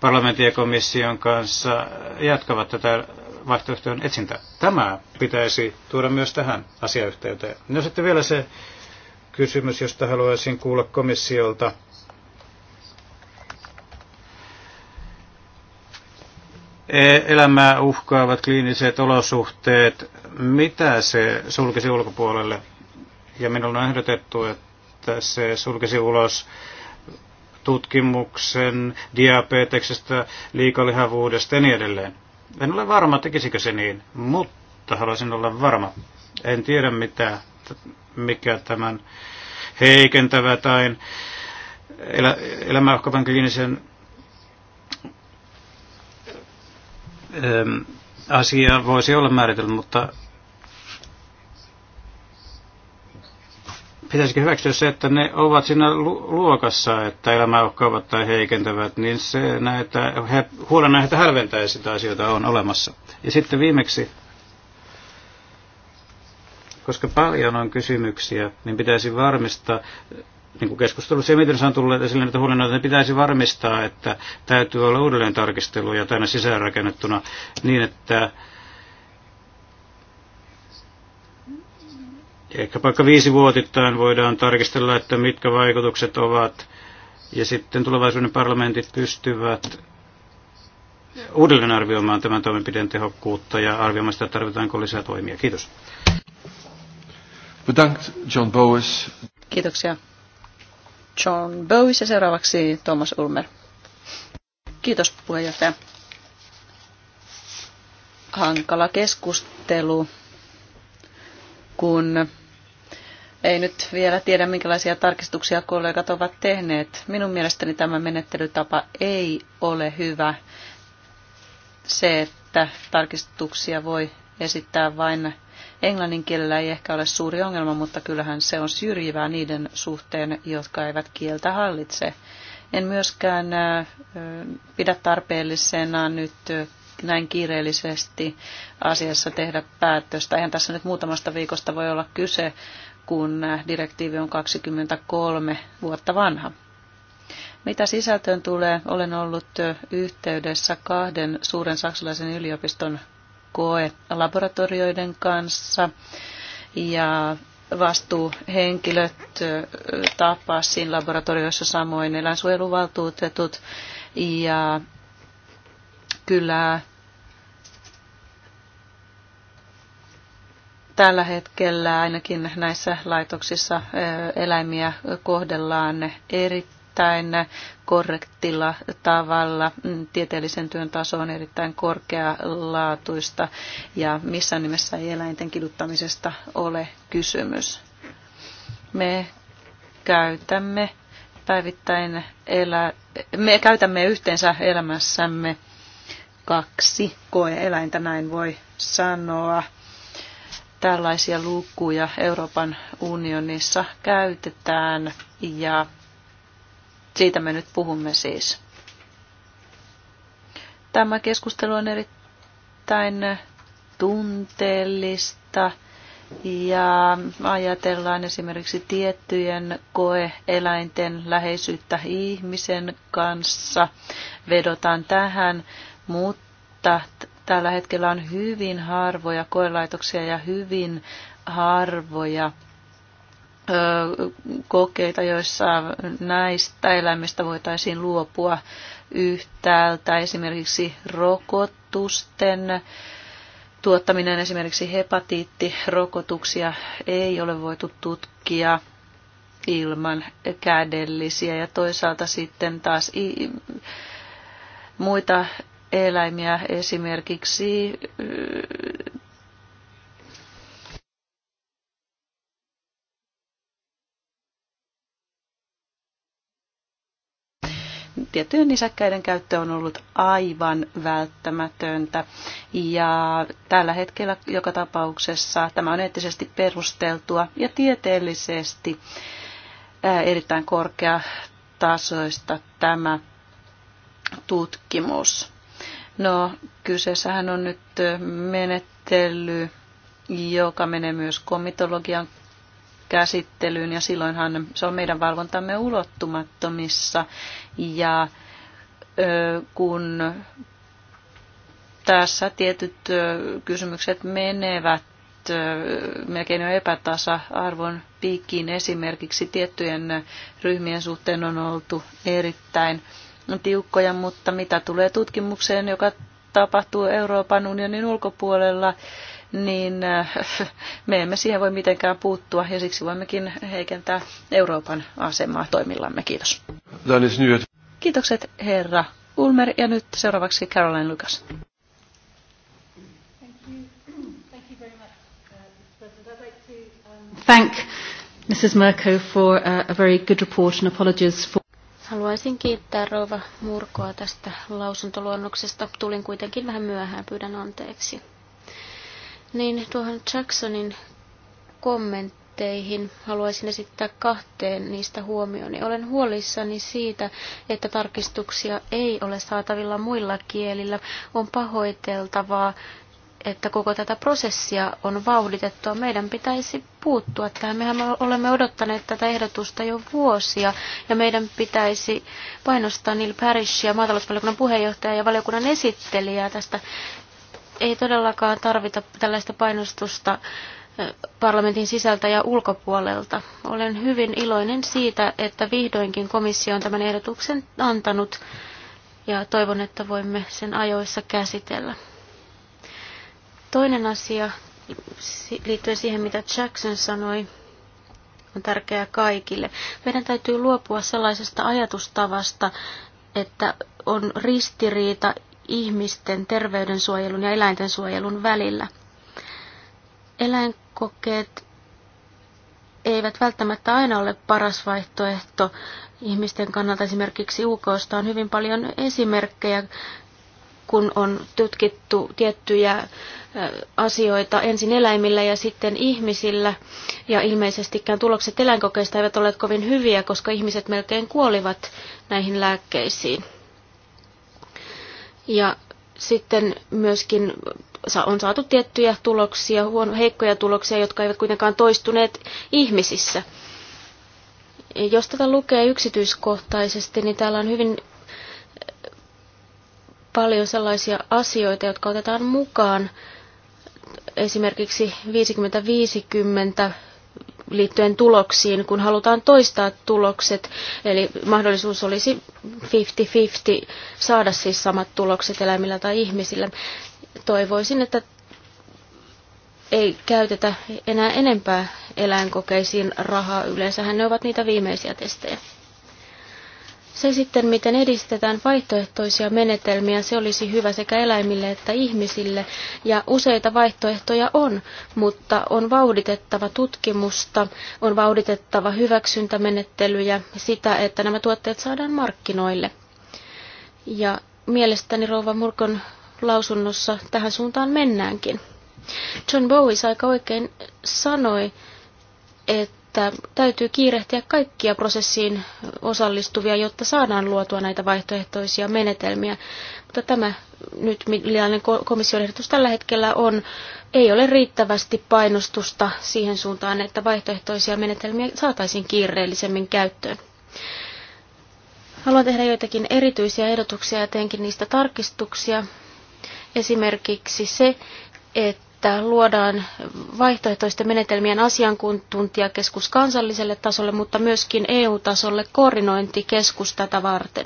parlamentin ja komission kanssa jatkavat tätä vaihtoehtojen etsintä. Tämä pitäisi tuoda myös tähän asiayhteyteen. No sitten vielä se kysymys, josta haluaisin kuulla komissiolta. Elämää uhkaavat kliiniset olosuhteet, mitä se sulkisi ulkopuolelle? Ja minulla on ehdotettu, että se sulkisi ulos tutkimuksen diabeteksestä, liikalihavuudesta ja niin edelleen. En ole varma, tekisikö se niin, mutta haluaisin olla varma. En tiedä, mitä, mikä tämän heikentävä tai elä, elämää kliinisen ähm, asia voisi olla määritelty, mutta pitäisikö hyväksyä se, että ne ovat siinä luokassa, että elämää uhkaavat tai heikentävät, niin se näitä, huolena näitä hälventäisi sitä asioita on olemassa. Ja sitten viimeksi, koska paljon on kysymyksiä, niin pitäisi varmistaa, niin kuin keskustelussa ja miten on tullut esille näitä huolenaiheita, niin pitäisi varmistaa, että täytyy olla uudelleen tarkisteluja tänne sisäänrakennettuna niin, että ehkä vaikka viisivuotittain voidaan tarkistella, että mitkä vaikutukset ovat, ja sitten tulevaisuuden parlamentit pystyvät uudelleen arvioimaan tämän toimenpiteen tehokkuutta ja arvioimaan sitä, tarvitaanko lisää toimia. Kiitos. Bedankt, John Bowes. Kiitoksia. John Bowes ja seuraavaksi Thomas Ulmer. Kiitos puheenjohtaja. Hankala keskustelu, kun ei nyt vielä tiedä, minkälaisia tarkistuksia kollegat ovat tehneet. Minun mielestäni tämä menettelytapa ei ole hyvä. Se, että tarkistuksia voi esittää vain englannin kielellä ei ehkä ole suuri ongelma, mutta kyllähän se on syrjivää niiden suhteen, jotka eivät kieltä hallitse. En myöskään pidä tarpeellisena nyt näin kiireellisesti asiassa tehdä päätöstä. Eihän tässä nyt muutamasta viikosta voi olla kyse, kun direktiivi on 23 vuotta vanha. Mitä sisältöön tulee, olen ollut yhteydessä kahden suuren saksalaisen yliopiston koelaboratorioiden kanssa ja vastuuhenkilöt tapasin laboratorioissa samoin eläinsuojeluvaltuutetut ja kyllä tällä hetkellä ainakin näissä laitoksissa eläimiä kohdellaan erittäin korrektilla tavalla. Mm, tieteellisen työn taso on erittäin korkealaatuista ja missään nimessä ei eläinten kiduttamisesta ole kysymys. Me käytämme päivittäin elä, me käytämme yhteensä elämässämme kaksi koe-eläintä, näin voi sanoa tällaisia lukuja Euroopan unionissa käytetään ja siitä me nyt puhumme siis. Tämä keskustelu on erittäin tunteellista ja ajatellaan esimerkiksi tiettyjen koeeläinten läheisyyttä ihmisen kanssa. Vedotaan tähän, mutta Tällä hetkellä on hyvin harvoja koelaitoksia ja hyvin harvoja kokeita, joissa näistä eläimistä voitaisiin luopua yhtäältä. Esimerkiksi rokotusten tuottaminen, esimerkiksi hepatiittirokotuksia ei ole voitu tutkia ilman kädellisiä ja toisaalta sitten taas muita eläimiä esimerkiksi äh, tiettyjen nisäkkäiden käyttö on ollut aivan välttämätöntä. Ja tällä hetkellä joka tapauksessa tämä on eettisesti perusteltua ja tieteellisesti äh, erittäin korkeatasoista tämä tutkimus. No, kyseessähän on nyt menettely, joka menee myös komitologian käsittelyyn ja silloinhan se on meidän valvontamme ulottumattomissa. Ja kun tässä tietyt kysymykset menevät melkein jo epätasa-arvon piikkiin, esimerkiksi tiettyjen ryhmien suhteen on oltu erittäin tiukkoja, mutta mitä tulee tutkimukseen, joka tapahtuu Euroopan unionin ulkopuolella, niin äh, me emme siihen voi mitenkään puuttua ja siksi voimmekin heikentää Euroopan asemaa toimillamme. Kiitos. Kiitokset herra Ulmer ja nyt seuraavaksi Caroline Lucas. Thank uh, um, Mrs. Merko for uh, a very good report and apologies for Haluaisin kiittää Rova Murkoa tästä lausuntoluonnoksesta. Tulin kuitenkin vähän myöhään, pyydän anteeksi. Niin tuohon Jacksonin kommentteihin haluaisin esittää kahteen niistä huomioni. Olen huolissani siitä, että tarkistuksia ei ole saatavilla muilla kielillä. On pahoiteltavaa, että koko tätä prosessia on vauhditettua. Meidän pitäisi puuttua tähän. Mehän olemme odottaneet tätä ehdotusta jo vuosia ja meidän pitäisi painostaa Neil ja maatalousvaliokunnan puheenjohtaja ja valiokunnan esittelijää tästä. Ei todellakaan tarvita tällaista painostusta parlamentin sisältä ja ulkopuolelta. Olen hyvin iloinen siitä, että vihdoinkin komissio on tämän ehdotuksen antanut ja toivon, että voimme sen ajoissa käsitellä. Toinen asia liittyen siihen, mitä Jackson sanoi, on tärkeää kaikille. Meidän täytyy luopua sellaisesta ajatustavasta, että on ristiriita ihmisten terveydensuojelun ja eläinten suojelun välillä. Eläinkokeet eivät välttämättä aina ole paras vaihtoehto ihmisten kannalta. Esimerkiksi UKsta on hyvin paljon esimerkkejä kun on tutkittu tiettyjä asioita ensin eläimillä ja sitten ihmisillä. Ja ilmeisestikään tulokset eläinkokeista eivät ole kovin hyviä, koska ihmiset melkein kuolivat näihin lääkkeisiin. Ja sitten myöskin on saatu tiettyjä tuloksia, huono, heikkoja tuloksia, jotka eivät kuitenkaan toistuneet ihmisissä. Jos tätä lukee yksityiskohtaisesti, niin täällä on hyvin paljon sellaisia asioita, jotka otetaan mukaan, esimerkiksi 50-50 liittyen tuloksiin, kun halutaan toistaa tulokset, eli mahdollisuus olisi 50-50 saada siis samat tulokset eläimillä tai ihmisillä. Toivoisin, että ei käytetä enää enempää eläinkokeisiin rahaa. Yleensähän ne ovat niitä viimeisiä testejä. Se sitten, miten edistetään vaihtoehtoisia menetelmiä, se olisi hyvä sekä eläimille että ihmisille. Ja useita vaihtoehtoja on, mutta on vauhditettava tutkimusta, on vauhditettava hyväksyntämenettelyjä, sitä, että nämä tuotteet saadaan markkinoille. Ja mielestäni Rouva Murkon lausunnossa tähän suuntaan mennäänkin. John Bowies aika oikein sanoi, että että täytyy kiirehtiä kaikkia prosessiin osallistuvia, jotta saadaan luotua näitä vaihtoehtoisia menetelmiä. Mutta tämä nyt, millainen komission ehdotus tällä hetkellä on, ei ole riittävästi painostusta siihen suuntaan, että vaihtoehtoisia menetelmiä saataisiin kiireellisemmin käyttöön. Haluan tehdä joitakin erityisiä ehdotuksia ja teenkin niistä tarkistuksia. Esimerkiksi se, että että luodaan vaihtoehtoisten menetelmien asiantuntijakeskus kansalliselle tasolle, mutta myöskin EU-tasolle koordinointikeskus tätä varten.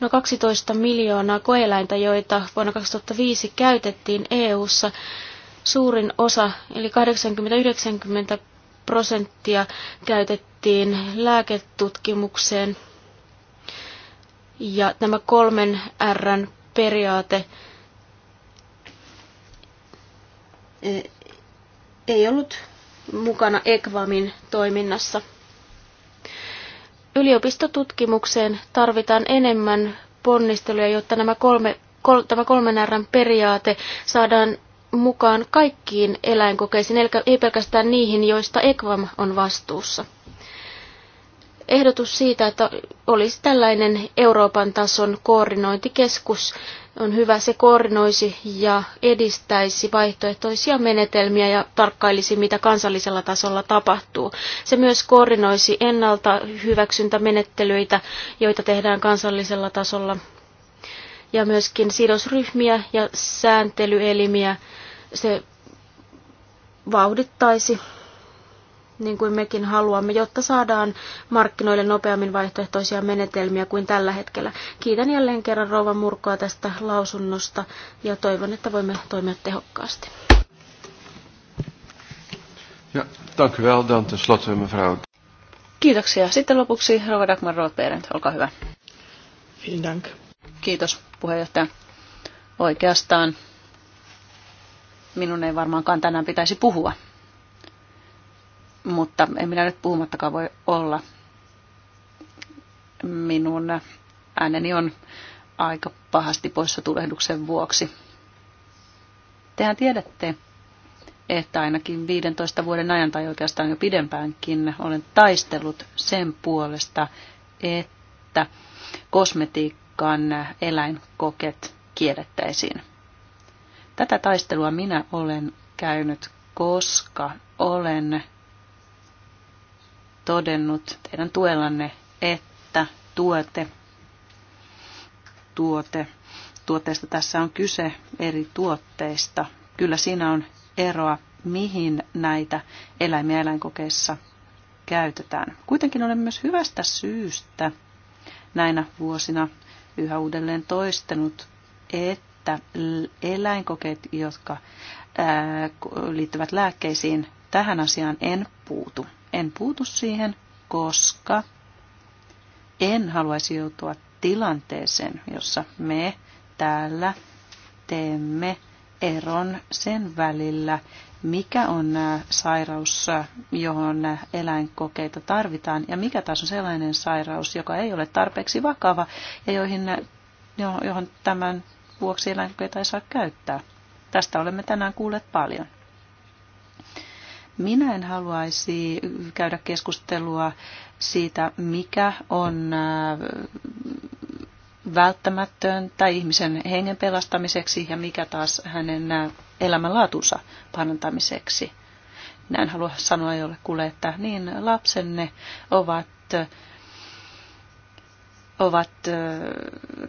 No 12 miljoonaa koeläintä, joita vuonna 2005 käytettiin EU-ssa, suurin osa, eli 80-90 prosenttia käytettiin lääketutkimukseen. Ja tämä kolmen r periaate ei ollut mukana EKVAMin toiminnassa. Yliopistotutkimukseen tarvitaan enemmän ponnisteluja, jotta nämä kolme, kol, tämä kolmen R:n periaate saadaan mukaan kaikkiin eläinkokeisiin, ei pelkästään niihin, joista EKVAM on vastuussa. Ehdotus siitä, että olisi tällainen Euroopan tason koordinointikeskus on hyvä, se koordinoisi ja edistäisi vaihtoehtoisia menetelmiä ja tarkkailisi, mitä kansallisella tasolla tapahtuu. Se myös koordinoisi ennalta hyväksyntämenettelyitä, joita tehdään kansallisella tasolla, ja myöskin sidosryhmiä ja sääntelyelimiä. Se vauhdittaisi niin kuin mekin haluamme, jotta saadaan markkinoille nopeammin vaihtoehtoisia menetelmiä kuin tällä hetkellä. Kiitän jälleen kerran Rouva Murkoa tästä lausunnosta ja toivon, että voimme toimia tehokkaasti. Ja, dank wel. Dan tenslotte mevrouw. Kiitoksia. Sitten lopuksi Rouva Dagmar Rothberent, olkaa hyvä. Vielen dank. Kiitos puheenjohtaja. Oikeastaan minun ei varmaankaan tänään pitäisi puhua. Mutta en minä nyt puhumattakaan voi olla. Minun ääneni on aika pahasti poissa tulehduksen vuoksi. Tehän tiedätte, että ainakin 15 vuoden ajan tai oikeastaan jo pidempäänkin olen taistellut sen puolesta, että kosmetiikan eläinkoket kiellettäisiin. Tätä taistelua minä olen käynyt, koska olen todennut teidän tuellanne, että tuote, tuote, tuotteesta tässä on kyse eri tuotteista. Kyllä siinä on eroa, mihin näitä eläimiä eläinkokeissa käytetään. Kuitenkin olen myös hyvästä syystä näinä vuosina yhä uudelleen toistanut, että eläinkokeet, jotka liittyvät lääkkeisiin, tähän asiaan en puutu. En puutu siihen, koska en haluaisi joutua tilanteeseen, jossa me täällä teemme eron sen välillä, mikä on sairaus, johon eläinkokeita tarvitaan, ja mikä taas on sellainen sairaus, joka ei ole tarpeeksi vakava ja joihin, johon tämän vuoksi eläinkokeita ei saa käyttää. Tästä olemme tänään kuulleet paljon. Minä en haluaisi käydä keskustelua siitä, mikä on äh, välttämätöntä ihmisen hengen pelastamiseksi ja mikä taas hänen äh, elämänlaatunsa parantamiseksi. Minä en halua sanoa jollekulle, että niin lapsenne ovat äh, ovat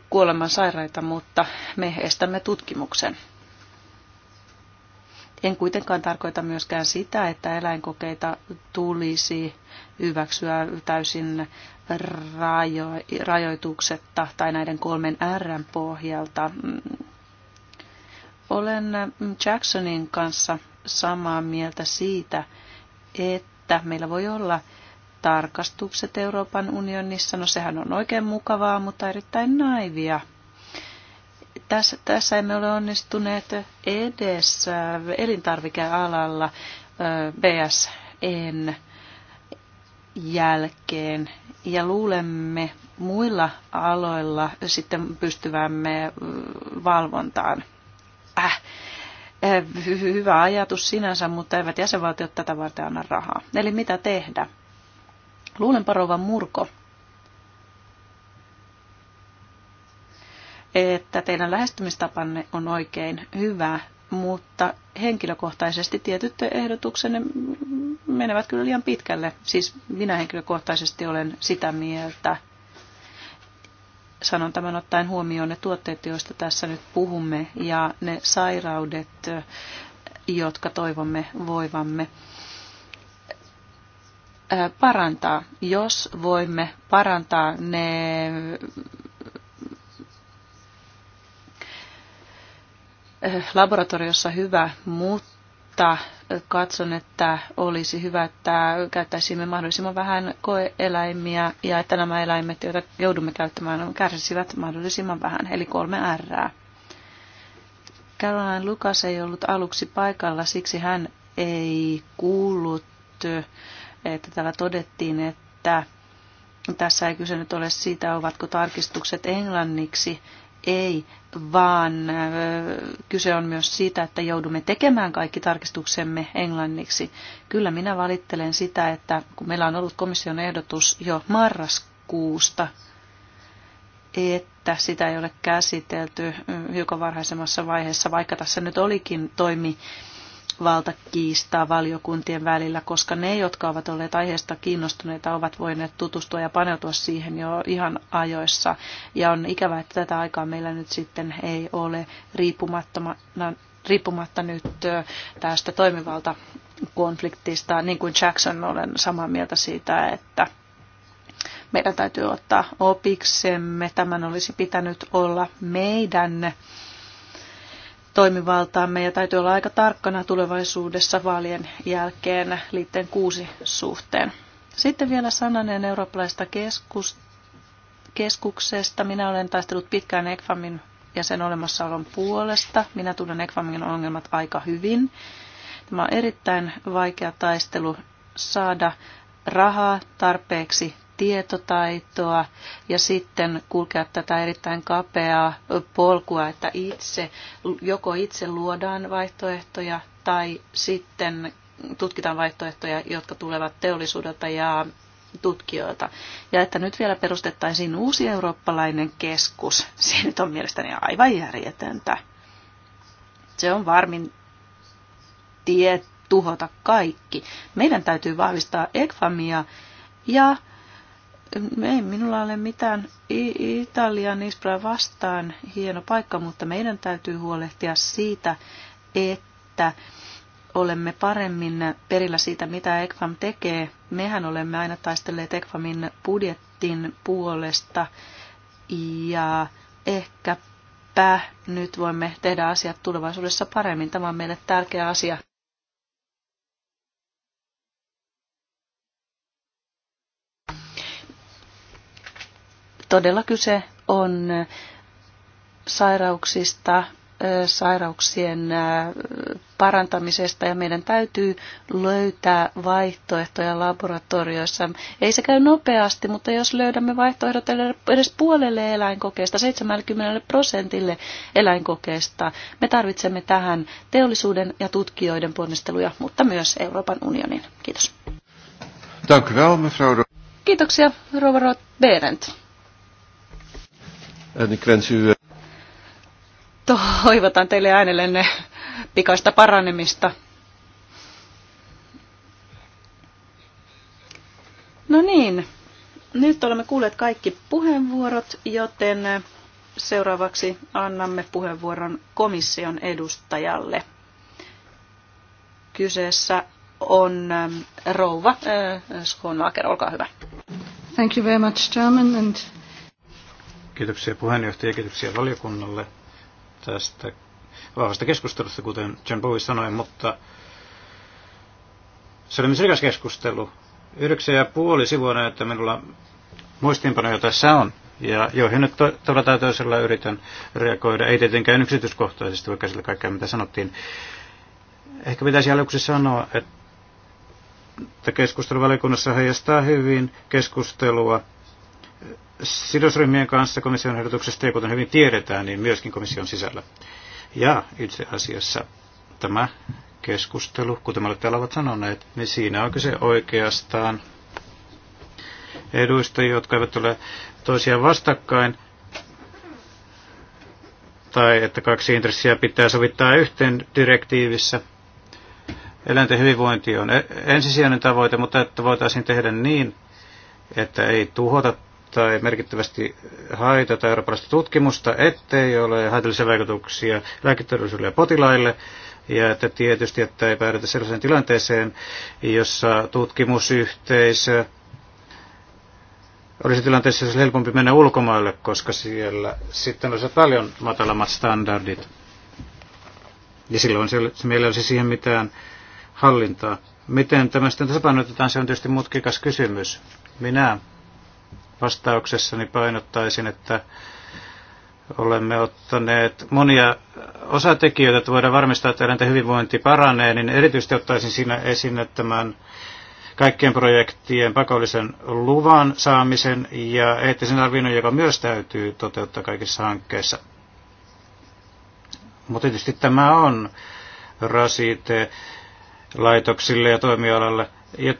kuolemansairaita, mutta me estämme tutkimuksen. En kuitenkaan tarkoita myöskään sitä, että eläinkokeita tulisi hyväksyä täysin rajo, rajoituksetta tai näiden kolmen Rn pohjalta. Olen Jacksonin kanssa samaa mieltä siitä, että meillä voi olla tarkastukset Euroopan unionissa. No sehän on oikein mukavaa, mutta erittäin naivia tässä, tässä emme ole onnistuneet edes elintarvikealalla BSN jälkeen ja luulemme muilla aloilla sitten pystyvämme valvontaan. Äh, hyvä ajatus sinänsä, mutta eivät jäsenvaltiot tätä varten anna rahaa. Eli mitä tehdä? Luulen parovan Murko että teidän lähestymistapanne on oikein hyvä, mutta henkilökohtaisesti tietyt ehdotuksenne menevät kyllä liian pitkälle. Siis minä henkilökohtaisesti olen sitä mieltä, sanon tämän ottaen huomioon ne tuotteet, joista tässä nyt puhumme, ja ne sairaudet, jotka toivomme voivamme parantaa, jos voimme parantaa ne Eh, laboratoriossa hyvä, mutta katson, että olisi hyvä, että käyttäisimme mahdollisimman vähän koeeläimiä ja että nämä eläimet, joita joudumme käyttämään, kärsisivät mahdollisimman vähän, eli kolme R. Caroline Lukas ei ollut aluksi paikalla, siksi hän ei kuullut, että täällä todettiin, että tässä ei kyse nyt ole siitä, ovatko tarkistukset englanniksi ei, vaan kyse on myös siitä, että joudumme tekemään kaikki tarkistuksemme englanniksi. Kyllä minä valittelen sitä, että kun meillä on ollut komission ehdotus jo marraskuusta, että sitä ei ole käsitelty hiukan varhaisemmassa vaiheessa, vaikka tässä nyt olikin toimi valtakiistaa valiokuntien välillä, koska ne, jotka ovat olleet aiheesta kiinnostuneita, ovat voineet tutustua ja paneutua siihen jo ihan ajoissa. Ja on ikävää, että tätä aikaa meillä nyt sitten ei ole riippumattomana riippumatta nyt tästä toimivalta konfliktista, niin kuin Jackson olen samaa mieltä siitä, että meidän täytyy ottaa opiksemme. Tämän olisi pitänyt olla meidän toimivaltaamme ja täytyy olla aika tarkkana tulevaisuudessa vaalien jälkeen liitteen kuusi suhteen. Sitten vielä sananen eurooppalaista keskus, keskuksesta. Minä olen taistellut pitkään ECFAMin ja sen olemassaolon puolesta. Minä tunnen ECFAMin ongelmat aika hyvin. Tämä on erittäin vaikea taistelu saada rahaa tarpeeksi tietotaitoa ja sitten kulkea tätä erittäin kapeaa polkua, että itse, joko itse luodaan vaihtoehtoja tai sitten tutkitaan vaihtoehtoja, jotka tulevat teollisuudelta ja tutkijoilta. Ja että nyt vielä perustettaisiin uusi eurooppalainen keskus, se nyt on mielestäni aivan järjetöntä. Se on varmin tie tuhota kaikki. Meidän täytyy vahvistaa ekfamia ja ei minulla ole mitään Italian Ispraa vastaan hieno paikka, mutta meidän täytyy huolehtia siitä, että olemme paremmin perillä siitä, mitä ECFAM tekee. Mehän olemme aina taistelleet ECFAMin budjettin puolesta ja ehkäpä nyt voimme tehdä asiat tulevaisuudessa paremmin. Tämä on meille tärkeä asia. Todella kyse on sairauksista, sairauksien parantamisesta ja meidän täytyy löytää vaihtoehtoja laboratorioissa. Ei se käy nopeasti, mutta jos löydämme vaihtoehdot edes puolelle eläinkokeista, 70 prosentille eläinkokeista, me tarvitsemme tähän teollisuuden ja tutkijoiden ponnisteluja, mutta myös Euroopan unionin. Kiitos. mevrouw. Kiitoksia, Robert Berendt. Eh, Toivotan teille äänellenne pikaista paranemista. No niin, nyt olemme kuulleet kaikki puheenvuorot, joten eh, seuraavaksi annamme puheenvuoron komission edustajalle. Kyseessä on eh, rouva äh, Schoonmaker, olkaa hyvä. Thank you very much, Chairman, and Kiitoksia puheenjohtaja ja kiitoksia valiokunnalle tästä vahvasta keskustelusta, kuten John Bowie sanoi, mutta se oli myös keskustelu. Yhdeksän ja puoli sivua että minulla muistiinpanoja tässä on, ja joihin nyt to- tavalla tai toisella yritän reagoida. Ei tietenkään yksityiskohtaisesti, vaikka sillä kaikkea mitä sanottiin. Ehkä pitäisi aluksi sanoa, että keskustelu heijastaa hyvin keskustelua sidosryhmien kanssa komission ehdotuksesta, ja kuten hyvin tiedetään, niin myöskin komission sisällä. Ja itse asiassa tämä keskustelu, kuten me olette ovat sanoneet, niin siinä on kyse oikeastaan eduista, jotka eivät ole toisiaan vastakkain, tai että kaksi intressiä pitää sovittaa yhteen direktiivissä. Eläinten hyvinvointi on e- ensisijainen tavoite, mutta että voitaisiin tehdä niin, että ei tuhota tai merkittävästi haitata eurooppalaista tutkimusta, ettei ole haitallisia vaikutuksia lääketurvallisuudelle ja potilaille. Ja että tietysti, että ei päädytä sellaiseen tilanteeseen, jossa tutkimusyhteisö olisi tilanteessa, jossa olisi helpompi mennä ulkomaille, koska siellä sitten olisi paljon matalammat standardit. Ja silloin se, se meillä olisi siihen mitään hallintaa. Miten tämä sitten tasapainotetaan, se on tietysti mutkikas kysymys. Minä vastauksessani painottaisin, että olemme ottaneet monia osatekijöitä, että voidaan varmistaa, että eläinten hyvinvointi paranee, niin erityisesti ottaisin siinä esille tämän kaikkien projektien pakollisen luvan saamisen ja eettisen arvioinnin, joka myös täytyy toteuttaa kaikissa hankkeissa. Mutta tietysti tämä on rasite laitoksille ja toimialalle. Ja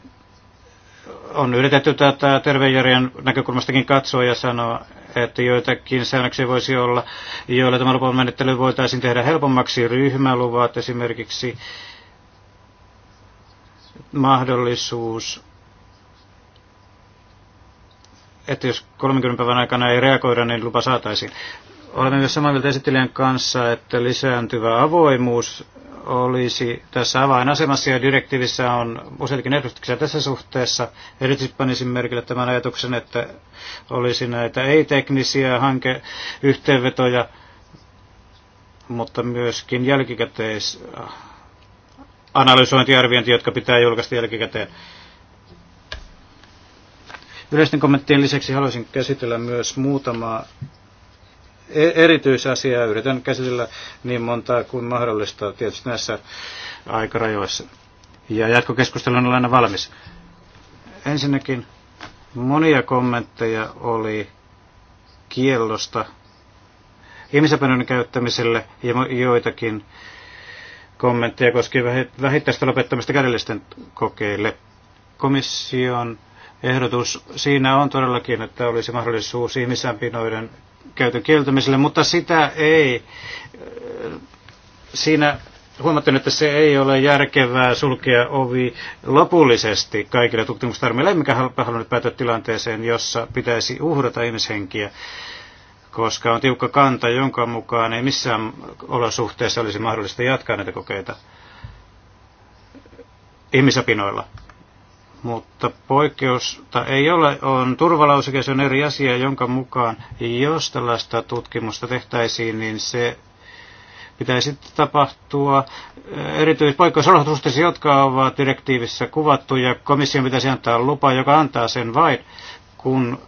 on yritetty tätä terveenjärjen näkökulmastakin katsoa ja sanoa, että joitakin säännöksiä voisi olla, joilla tämä lupamenettely voitaisiin tehdä helpommaksi. Ryhmäluvat esimerkiksi mahdollisuus, että jos 30 päivän aikana ei reagoida, niin lupa saataisiin. Olemme myös samaa mieltä esittelijän kanssa, että lisääntyvä avoimuus olisi tässä avainasemassa ja direktiivissä on useitakin ehdotuksia tässä suhteessa. Erityisesti panisin merkille tämän ajatuksen, että olisi näitä ei-teknisiä hankeyhteenvetoja, mutta myöskin jälkikäteis analysointiarviointi, jotka pitää julkaista jälkikäteen. Yleisten kommenttien lisäksi haluaisin käsitellä myös muutamaa E- erityisasiaa. Yritän käsitellä niin montaa kuin mahdollista tietysti näissä aikarajoissa. Ja jatkokeskustelu on aina valmis. Ensinnäkin monia kommentteja oli kiellosta ihmisäpännön käyttämiselle ja joitakin kommentteja koski vähittäistä lopettamista kädellisten kokeille. Komission ehdotus siinä on todellakin, että olisi mahdollisuus ihmisapinoiden käytön kieltämiselle, mutta sitä ei, äh, siinä huomattiin, että se ei ole järkevää sulkea ovi lopullisesti kaikille tutkimustarmeille, emmekä halunnut päätyä tilanteeseen, jossa pitäisi uhrata ihmishenkiä koska on tiukka kanta, jonka mukaan ei missään olosuhteessa olisi mahdollista jatkaa näitä kokeita ihmisapinoilla mutta poikkeusta ei ole. On turvalauseke, se on eri asia, jonka mukaan jos tällaista tutkimusta tehtäisiin, niin se pitäisi tapahtua eh, erityispoikkeusolosuhteissa, jotka ovat direktiivissä kuvattu, ja komission pitäisi antaa lupa, joka antaa sen vain, kun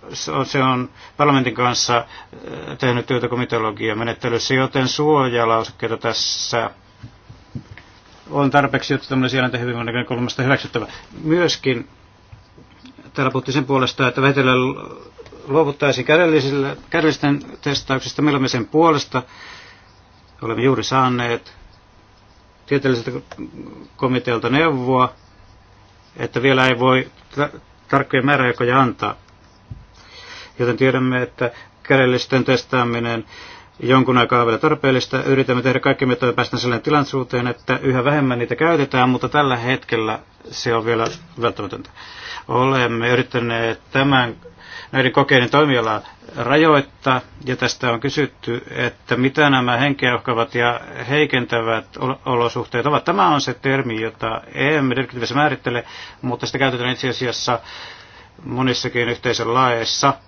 se on parlamentin kanssa eh, tehnyt työtä komiteologia menettelyssä, joten suojalausekkeita tässä on tarpeeksi, jotta tämmöinen sijainti hyvinvoinnin näkökulmasta hyväksyttävä. Myöskin täällä puhuttiin sen puolesta, että vetelöllä luovuttaisiin kädellisten testauksista, me sen puolesta. Olemme juuri saaneet tieteelliseltä komitealta neuvoa, että vielä ei voi tarkkoja määräaikoja antaa. Joten tiedämme, että kädellisten testaaminen jonkun aikaa vielä tarpeellista. Yritämme tehdä kaikki, että päästään sellainen tilanteeseen, että yhä vähemmän niitä käytetään, mutta tällä hetkellä se on vielä välttämätöntä. Olemme yrittäneet tämän näiden kokeiden toimialaa rajoittaa, ja tästä on kysytty, että mitä nämä henkeä uhkaavat ja heikentävät olosuhteet ovat. Tämä on se termi, jota emme direktiivissä määrittele, mutta sitä käytetään itse asiassa monissakin yhteisön laeissa –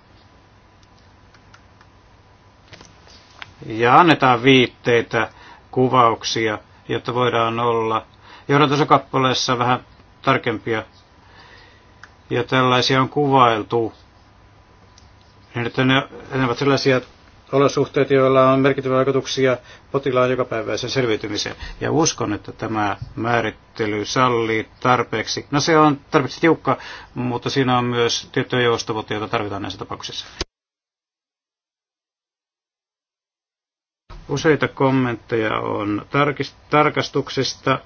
ja annetaan viitteitä, kuvauksia, jotta voidaan olla johdantosokappaleessa vähän tarkempia. Ja tällaisia on kuvailtu, niin että ne, ne ovat sellaisia olosuhteet, joilla on merkittäviä vaikutuksia potilaan jokapäiväisen selviytymiseen. Ja uskon, että tämä määrittely sallii tarpeeksi. No se on tarpeeksi tiukka, mutta siinä on myös tiettyä joustavuutta, jota tarvitaan näissä tapauksissa. Useita kommentteja on tarkastuksista.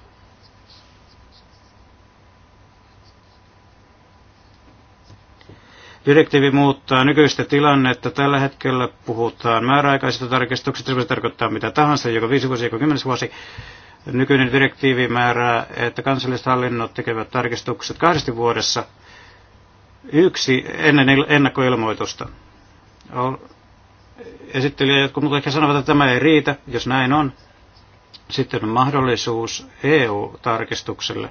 Direktiivi muuttaa nykyistä tilannetta. Tällä hetkellä puhutaan määräaikaisista tarkistuksista, se tarkoittaa mitä tahansa, joko viisi vuosi, joko kymmenes vuosi. Nykyinen direktiivi määrää, että kansalliset hallinnot tekevät tarkistukset kahdesti vuodessa yksi ennen ennakkoilmoitusta esittelijä, jotkut muut ehkä sanovat, että tämä ei riitä, jos näin on. Sitten on mahdollisuus EU-tarkistukselle,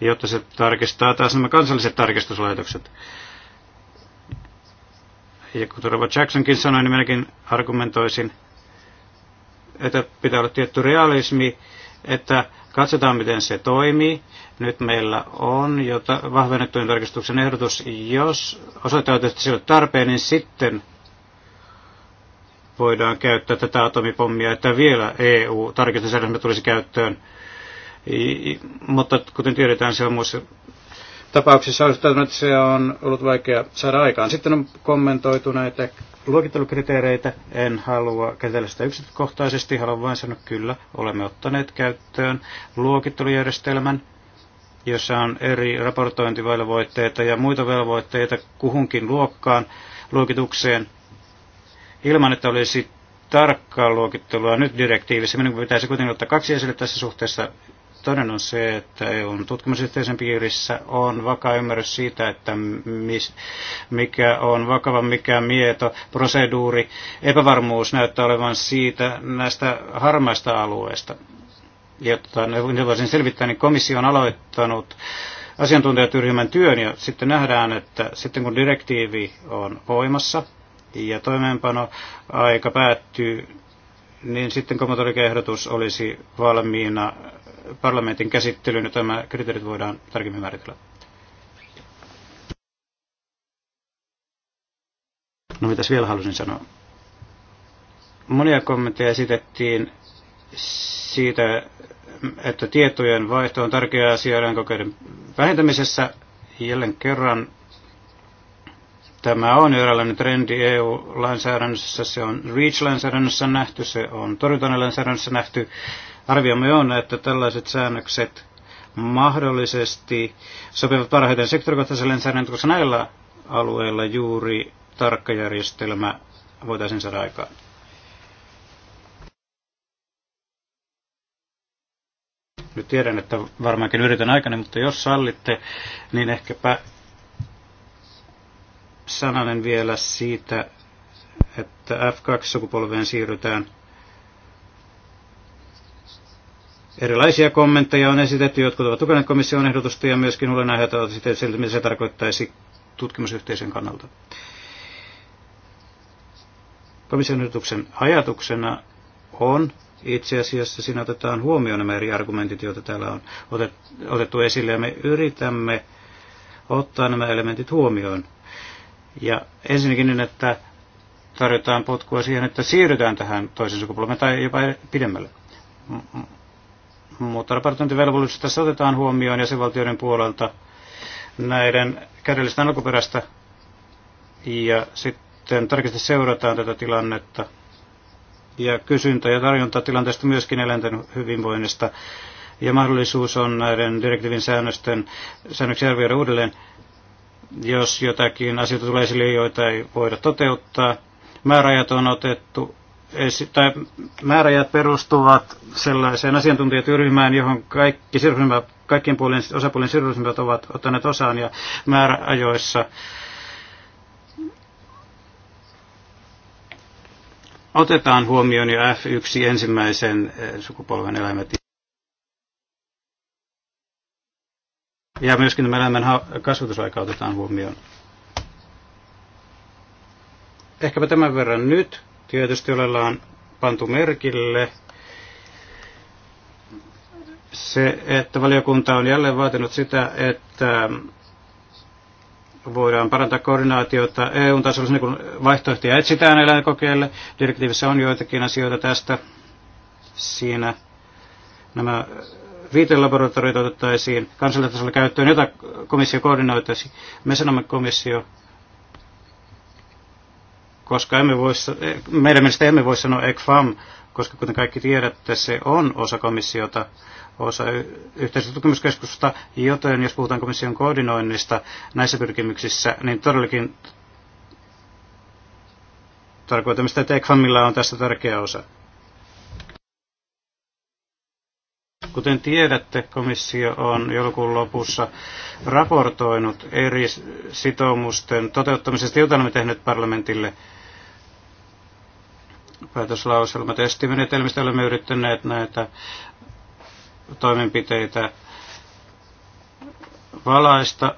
jotta se tarkistaa taas nämä kansalliset tarkistuslaitokset. Ja kuten Robert Jacksonkin sanoi, niin minäkin argumentoisin, että pitää olla tietty realismi, että katsotaan miten se toimii. Nyt meillä on jo vahvennettujen tarkistuksen ehdotus. Jos osoittautuu, että se on tarpeen, niin sitten voidaan käyttää tätä atomipommia, että vielä EU tarkistusjärjestelmä tulisi käyttöön. Mutta kuten tiedetään, se on muissa tapauksissa että se on ollut vaikea saada aikaan. Sitten on kommentoitu näitä luokittelukriteereitä. En halua käsitellä sitä yksityiskohtaisesti, haluan vain sanoa kyllä. Olemme ottaneet käyttöön luokittelujärjestelmän, jossa on eri raportointivelvoitteita ja muita velvoitteita kuhunkin luokkaan luokitukseen ilman, että olisi tarkkaa luokittelua nyt direktiivissä. Minun pitäisi kuitenkin ottaa kaksi esille tässä suhteessa. Toinen on se, että EUn tutkimusyhteisön piirissä on vakaa ymmärrys siitä, että mis, mikä on vakava, mikä mieto, proseduuri. Epävarmuus näyttää olevan siitä näistä harmaista alueista. Jotta ne voisin selvittää, niin komissio on aloittanut asiantuntijatyöryhmän työn ja sitten nähdään, että sitten kun direktiivi on voimassa, ja toimeenpano aika päättyy, niin sitten komotorikeehdotus olisi valmiina parlamentin käsittelyyn ja tämä kriteerit voidaan tarkemmin määritellä. No mitäs vielä halusin sanoa? Monia kommentteja esitettiin siitä, että tietojen vaihto on tärkeä asia kokeiden vähentämisessä. Jälleen kerran Tämä on eräänlainen trendi EU-lainsäädännössä, se on REACH-lainsäädännössä nähty, se on torjuntalainsäädännössä nähty. Arviomme on, että tällaiset säännökset mahdollisesti sopivat parhaiten sektorikohtaisen lainsäädäntöön, koska näillä alueilla juuri tarkka järjestelmä voitaisiin saada aikaan. Nyt tiedän, että varmaankin yritän aikana, mutta jos sallitte, niin ehkäpä sananen vielä siitä, että F2-sukupolveen siirrytään. Erilaisia kommentteja on esitetty, jotkut ovat tukeneet komission ehdotusta ja myöskin olen ajatellut sitten että mitä se tarkoittaisi tutkimusyhteisön kannalta. Komission ehdotuksen ajatuksena on itse asiassa siinä otetaan huomioon nämä eri argumentit, joita täällä on otettu esille, ja me yritämme ottaa nämä elementit huomioon ja ensinnäkin niin, että tarjotaan potkua siihen, että siirrytään tähän toisen sukupolven tai jopa pidemmälle. Mutta raportointivelvollisuus tässä otetaan huomioon jäsenvaltioiden puolelta näiden kädellisten alkuperästä ja sitten tarkasti seurataan tätä tilannetta ja kysyntä ja tarjonta tilanteesta myöskin eläinten hyvinvoinnista ja mahdollisuus on näiden direktiivin säännösten säännöksiä arvioida uudelleen jos jotakin asioita tulee esille, joita ei voida toteuttaa. Määräajat on otettu tai määräajat perustuvat sellaiseen asiantuntijatyöryhmään, johon kaikki sidosryhmä, kaikkien puolien, osapuolien sidosryhmät ovat ottaneet osaan ja määräajoissa otetaan huomioon jo F1 ensimmäisen eh, sukupolven eläimet. Ja myöskin tämä elämän kasvatusaika otetaan huomioon. Ehkäpä tämän verran nyt. Tietysti ollaan pantu merkille se, että valiokunta on jälleen vaatinut sitä, että voidaan parantaa koordinaatiota EU-tasolla, niin kun vaihtoehtoja etsitään eläinkokeille. Direktiivissä on joitakin asioita tästä. Siinä nämä viitelaboratorioita otettaisiin kansallisella tasolla käyttöön, jota komissio koordinoitaisi. Me sanomme komissio, koska emme voi, eh, meidän mielestä emme voi sanoa ECFAM, koska kuten kaikki tiedätte, se on osa komissiota, osa yhteistyötutkimuskeskusta, joten jos puhutaan komission koordinoinnista näissä pyrkimyksissä, niin todellakin tarkoitamme sitä, että ECFAMilla on tässä tärkeä osa. Kuten tiedätte, komissio on joulukuun lopussa raportoinut eri sitoumusten toteuttamisesta, jota olemme tehneet parlamentille päätöslauselma testimenetelmistä. Olemme yrittäneet näitä toimenpiteitä valaista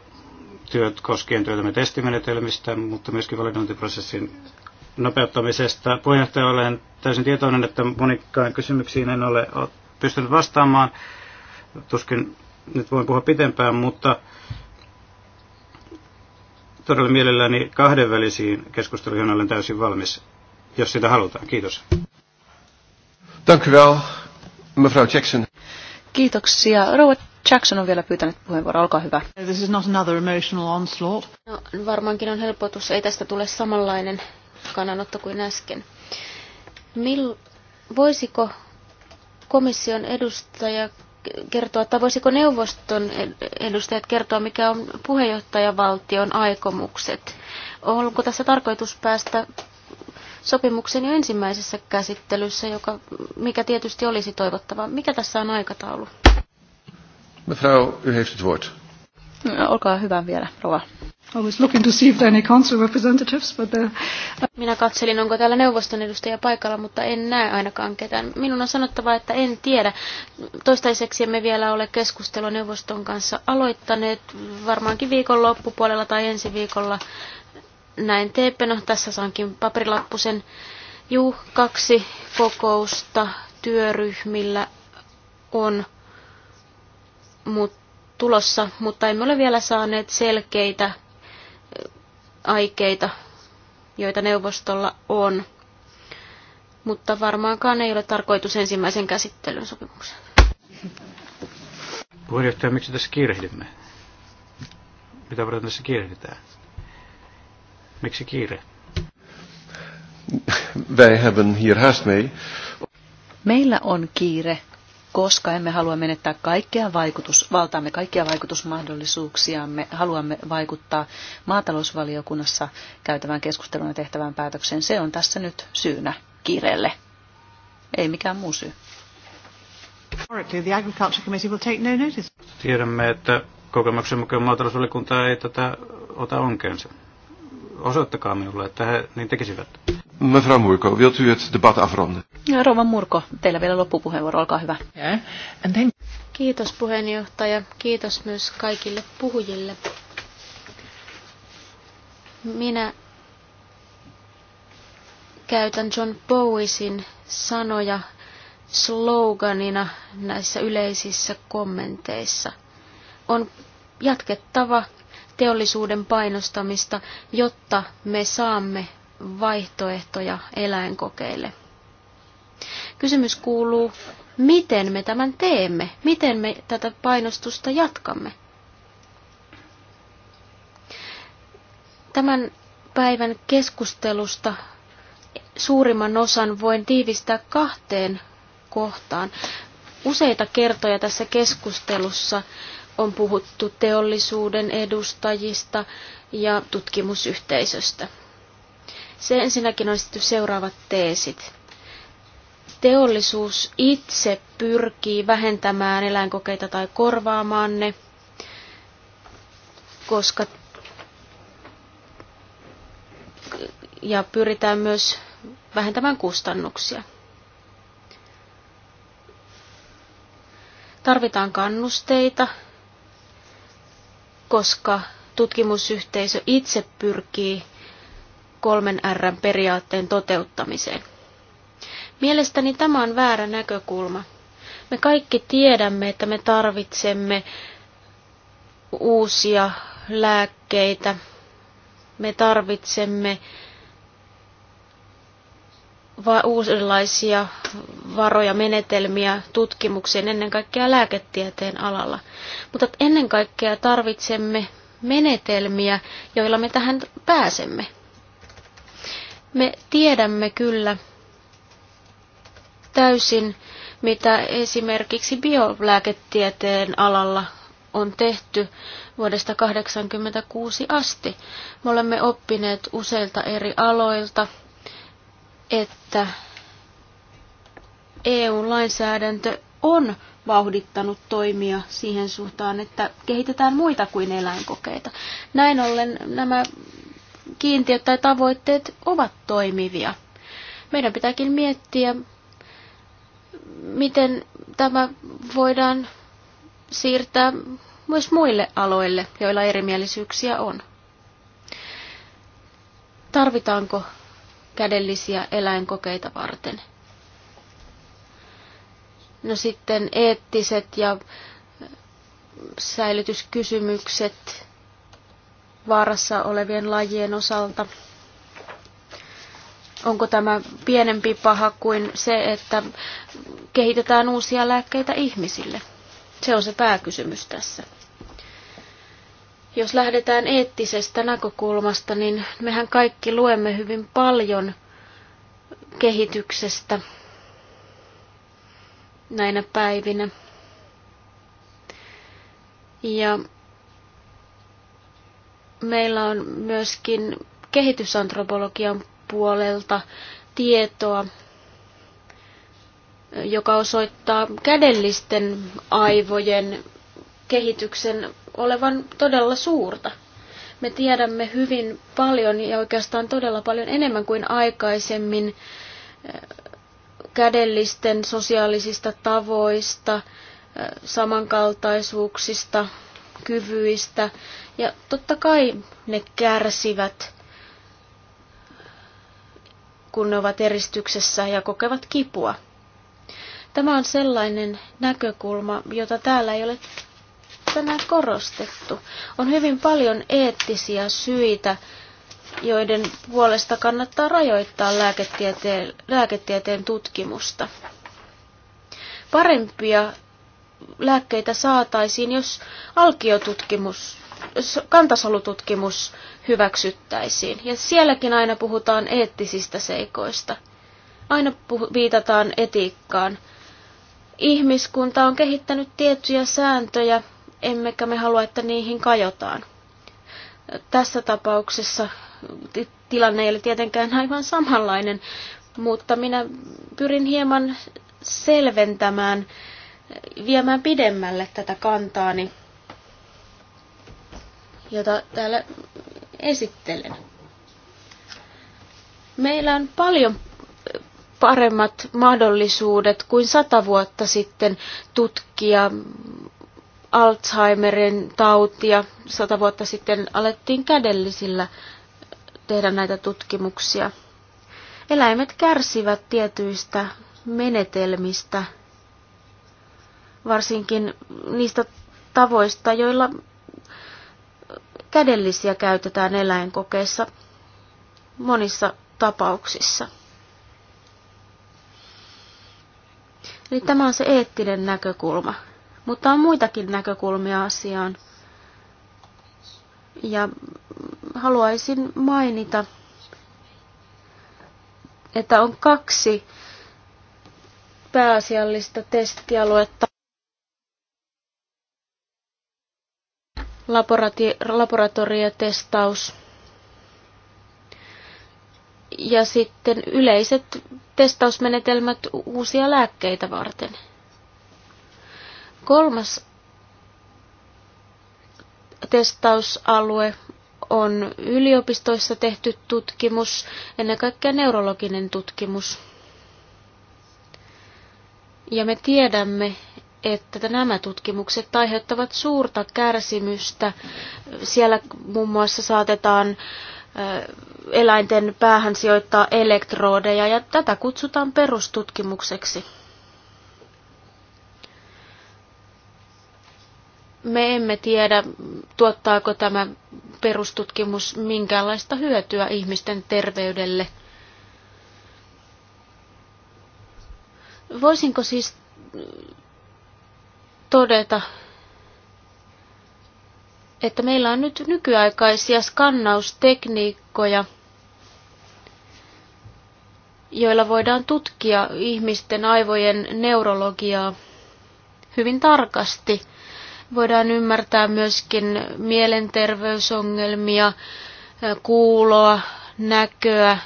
työt koskien työtämme testimenetelmistä, mutta myöskin validointiprosessin nopeuttamisesta. Puheenjohtaja, olen täysin tietoinen, että monikkaan kysymyksiin en ole pystynyt vastaamaan. Tuskin nyt voin puhua pitempään, mutta todella mielelläni kahdenvälisiin keskusteluihin olen täysin valmis, jos sitä halutaan. Kiitos. Dank u wel, mevrouw Jackson. Kiitoksia. Rouva Jackson on vielä pyytänyt puheenvuoroa. Olkaa hyvä. This is not another emotional onslaught. No, varmaankin on helpotus. Ei tästä tule samanlainen kannanotto kuin äsken. Mil, voisiko komission edustaja kertoa, tai voisiko neuvoston edustajat kertoa, mikä on puheenjohtajavaltion aikomukset? Onko tässä tarkoitus päästä sopimuksen jo ensimmäisessä käsittelyssä, joka, mikä tietysti olisi toivottavaa? Mikä tässä on aikataulu? Mevrouw, u heeft Olkaa hyvä vielä, Rova. I was looking to see if there any council representatives, but there... Minä katselin, onko täällä neuvoston edustaja paikalla, mutta en näe ainakaan ketään. Minun on sanottava, että en tiedä. Toistaiseksi emme vielä ole keskustelua neuvoston kanssa aloittaneet. Varmaankin viikon loppupuolella tai ensi viikolla näin teeppe. No, tässä saankin paperilappusen. Juu, kaksi kokousta työryhmillä on, mutta tulossa, mutta emme ole vielä saaneet selkeitä aikeita, joita neuvostolla on. Mutta varmaankaan ei ole tarkoitus ensimmäisen käsittelyn sopimuksen. Puheenjohtaja, miksi tässä kiirehdimme? Mitä varten tässä kiirehditään? Miksi kiire? Wij hebben hier haast mee. Meillä on kiire koska emme halua menettää kaikkea vaikutusvaltaamme, kaikkia vaikutusmahdollisuuksiamme. Haluamme vaikuttaa maatalousvaliokunnassa käytävään keskusteluun ja tehtävään päätökseen. Se on tässä nyt syynä kiireelle. Ei mikään muu syy. No Tiedämme, että kokemuksen mukaan maatalousvaliokunta ei tätä ota onkeensa. Osoittakaa minulle, että he niin tekisivät. Mevrouw Murko, wilt u het debat afronden? Rova Moerko, teillä vielä loppupuheenvuoro, olkaa hyvä. Kiitos puheenjohtaja, kiitos myös kaikille puhujille. Minä käytän John Bowisin sanoja sloganina näissä yleisissä kommenteissa. On jatkettava teollisuuden painostamista, jotta me saamme vaihtoehtoja eläinkokeille. Kysymys kuuluu, miten me tämän teemme? Miten me tätä painostusta jatkamme? Tämän päivän keskustelusta suurimman osan voin tiivistää kahteen kohtaan. Useita kertoja tässä keskustelussa on puhuttu teollisuuden edustajista ja tutkimusyhteisöstä. Se ensinnäkin on sitten seuraavat teesit. Teollisuus itse pyrkii vähentämään eläinkokeita tai korvaamaan ne, koska ja pyritään myös vähentämään kustannuksia. Tarvitaan kannusteita, koska tutkimusyhteisö itse pyrkii kolmen Rn periaatteen toteuttamiseen. Mielestäni tämä on väärä näkökulma. Me kaikki tiedämme, että me tarvitsemme uusia lääkkeitä. Me tarvitsemme va- uudenlaisia varoja, menetelmiä tutkimukseen, ennen kaikkea lääketieteen alalla. Mutta ennen kaikkea tarvitsemme menetelmiä, joilla me tähän pääsemme. Me tiedämme kyllä täysin, mitä esimerkiksi biolääketieteen alalla on tehty vuodesta 1986 asti. Me olemme oppineet useilta eri aloilta, että EU-lainsäädäntö on vauhdittanut toimia siihen suuntaan, että kehitetään muita kuin eläinkokeita. Näin ollen nämä kiintiöt tai tavoitteet ovat toimivia. Meidän pitääkin miettiä, miten tämä voidaan siirtää myös muille aloille, joilla erimielisyyksiä on. Tarvitaanko kädellisiä eläinkokeita varten? No sitten eettiset ja säilytyskysymykset vaarassa olevien lajien osalta. Onko tämä pienempi paha kuin se, että kehitetään uusia lääkkeitä ihmisille? Se on se pääkysymys tässä. Jos lähdetään eettisestä näkökulmasta, niin mehän kaikki luemme hyvin paljon kehityksestä näinä päivinä. Ja meillä on myöskin kehitysantropologian puolelta tietoa, joka osoittaa kädellisten aivojen kehityksen olevan todella suurta. Me tiedämme hyvin paljon ja oikeastaan todella paljon enemmän kuin aikaisemmin eh, kädellisten sosiaalisista tavoista, eh, samankaltaisuuksista, kyvyistä. Ja totta kai ne kärsivät, kun ne ovat eristyksessä ja kokevat kipua. Tämä on sellainen näkökulma, jota täällä ei ole tänään korostettu. On hyvin paljon eettisiä syitä, joiden puolesta kannattaa rajoittaa lääketieteen, lääketieteen tutkimusta. Parempia lääkkeitä saataisiin, jos alkiotutkimus, kantasolututkimus hyväksyttäisiin. Ja sielläkin aina puhutaan eettisistä seikoista. Aina puhu, viitataan etiikkaan. Ihmiskunta on kehittänyt tiettyjä sääntöjä, emmekä me halua, että niihin kajotaan. Tässä tapauksessa tilanne ei ole tietenkään aivan samanlainen, mutta minä pyrin hieman selventämään viemään pidemmälle tätä kantaani, jota täällä esittelen. Meillä on paljon paremmat mahdollisuudet kuin sata vuotta sitten tutkia Alzheimerin tautia. Sata vuotta sitten alettiin kädellisillä tehdä näitä tutkimuksia. Eläimet kärsivät tietyistä menetelmistä, varsinkin niistä tavoista, joilla kädellisiä käytetään eläinkokeissa monissa tapauksissa. Eli tämä on se eettinen näkökulma. Mutta on muitakin näkökulmia asiaan. Ja haluaisin mainita, että on kaksi pääasiallista testialuetta laboratoriotestaus ja sitten yleiset testausmenetelmät uusia lääkkeitä varten. Kolmas testausalue on yliopistoissa tehty tutkimus, ennen kaikkea neurologinen tutkimus. Ja me tiedämme, että nämä tutkimukset aiheuttavat suurta kärsimystä. Siellä muun muassa saatetaan eläinten päähän sijoittaa elektrodeja ja tätä kutsutaan perustutkimukseksi. Me emme tiedä, tuottaako tämä perustutkimus minkäänlaista hyötyä ihmisten terveydelle. Voisinko siis todeta, että meillä on nyt nykyaikaisia skannaustekniikkoja, joilla voidaan tutkia ihmisten aivojen neurologiaa hyvin tarkasti. Voidaan ymmärtää myöskin mielenterveysongelmia, kuuloa, näköä,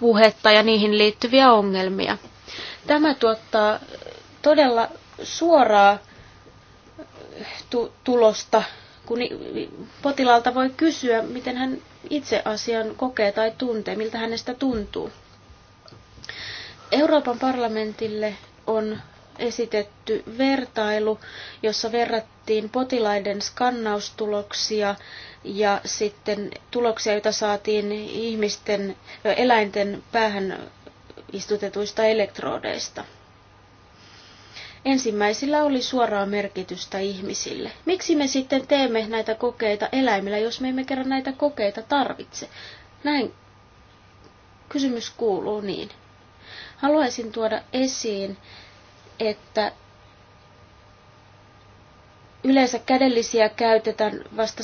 puhetta ja niihin liittyviä ongelmia. Tämä tuottaa todella suoraa tu- tulosta, kun potilaalta voi kysyä, miten hän itse asian kokee tai tuntee, miltä hänestä tuntuu. Euroopan parlamentille on esitetty vertailu, jossa verrattiin potilaiden skannaustuloksia ja sitten tuloksia, joita saatiin ihmisten, eläinten päähän istutetuista elektrodeista. Ensimmäisillä oli suoraa merkitystä ihmisille. Miksi me sitten teemme näitä kokeita eläimillä, jos me emme kerran näitä kokeita tarvitse? Näin kysymys kuuluu niin. Haluaisin tuoda esiin, että yleensä kädellisiä käytetään vasta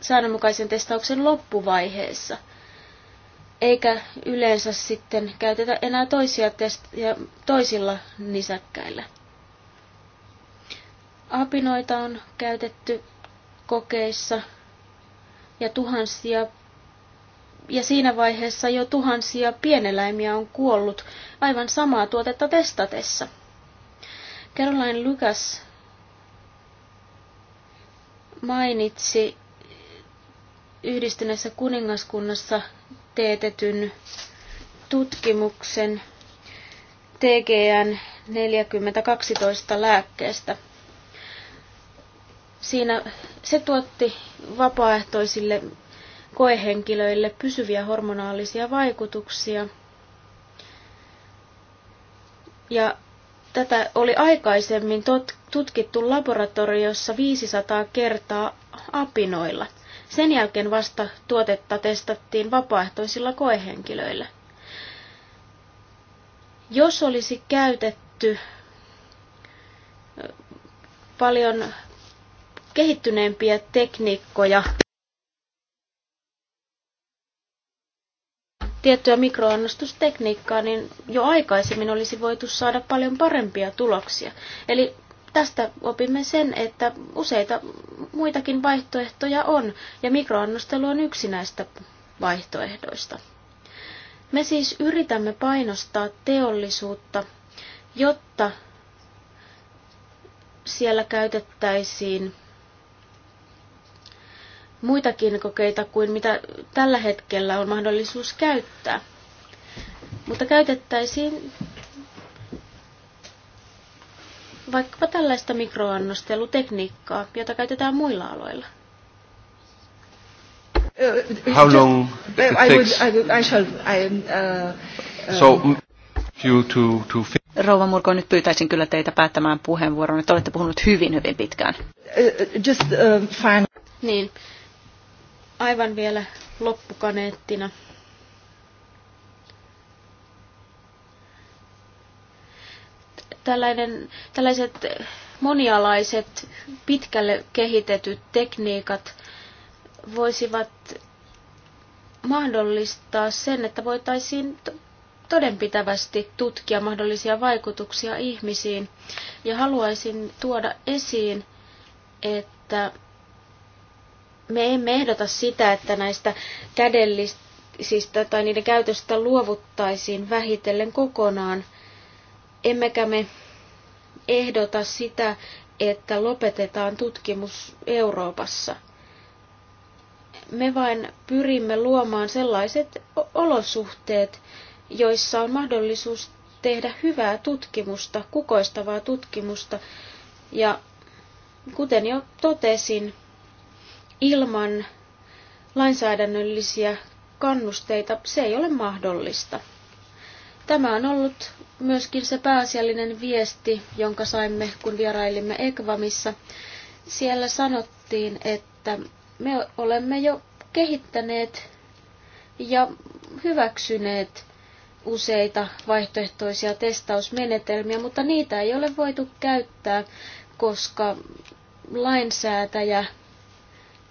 säännönmukaisen testauksen loppuvaiheessa – eikä yleensä sitten käytetä enää toisia testejä toisilla nisäkkäillä. Apinoita on käytetty kokeissa ja tuhansia ja siinä vaiheessa jo tuhansia pieneläimiä on kuollut aivan samaa tuotetta testatessa. Caroline Lucas mainitsi yhdistyneessä kuningaskunnassa teetetyn tutkimuksen TGN 4012 lääkkeestä. Siinä se tuotti vapaaehtoisille koehenkilöille pysyviä hormonaalisia vaikutuksia. Ja tätä oli aikaisemmin tutkittu laboratoriossa 500 kertaa apinoilla – sen jälkeen vasta tuotetta testattiin vapaaehtoisilla koehenkilöillä. Jos olisi käytetty paljon kehittyneempiä tekniikkoja, tiettyä mikroannostustekniikkaa, niin jo aikaisemmin olisi voitu saada paljon parempia tuloksia. Eli Tästä opimme sen, että useita muitakin vaihtoehtoja on, ja mikroannostelu on yksi näistä vaihtoehdoista. Me siis yritämme painostaa teollisuutta, jotta siellä käytettäisiin muitakin kokeita kuin mitä tällä hetkellä on mahdollisuus käyttää. Mutta käytettäisiin vaikkapa tällaista mikroannostelutekniikkaa, jota käytetään muilla aloilla? Uh, How long uh, it takes? I, would, I, I shall, I, um, uh, so, to, to... Rouva Murko, nyt pyytäisin kyllä teitä päättämään puheenvuoron, että olette puhunut hyvin, hyvin pitkään. Uh, uh just uh, fine. Niin, aivan vielä loppukaneettina tällainen, tällaiset monialaiset, pitkälle kehitetyt tekniikat voisivat mahdollistaa sen, että voitaisiin todenpitävästi tutkia mahdollisia vaikutuksia ihmisiin. Ja haluaisin tuoda esiin, että me emme ehdota sitä, että näistä kädellisistä tai niiden käytöstä luovuttaisiin vähitellen kokonaan. Emmekä me ehdota sitä, että lopetetaan tutkimus Euroopassa. Me vain pyrimme luomaan sellaiset olosuhteet, joissa on mahdollisuus tehdä hyvää tutkimusta, kukoistavaa tutkimusta. Ja kuten jo totesin, ilman lainsäädännöllisiä kannusteita se ei ole mahdollista. Tämä on ollut myöskin se pääasiallinen viesti, jonka saimme, kun vierailimme Ekvamissa. Siellä sanottiin, että me olemme jo kehittäneet ja hyväksyneet useita vaihtoehtoisia testausmenetelmiä, mutta niitä ei ole voitu käyttää, koska lainsäätäjä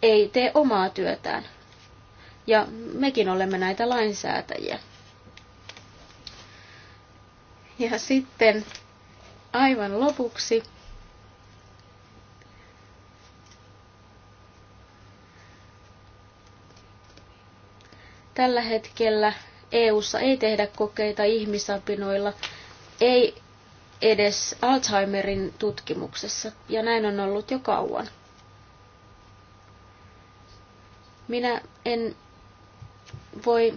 ei tee omaa työtään. Ja mekin olemme näitä lainsäätäjiä. Ja sitten aivan lopuksi tällä hetkellä EU:ssa ei tehdä kokeita ihmisapinoilla, ei edes Alzheimerin tutkimuksessa, ja näin on ollut jo kauan. Minä en voi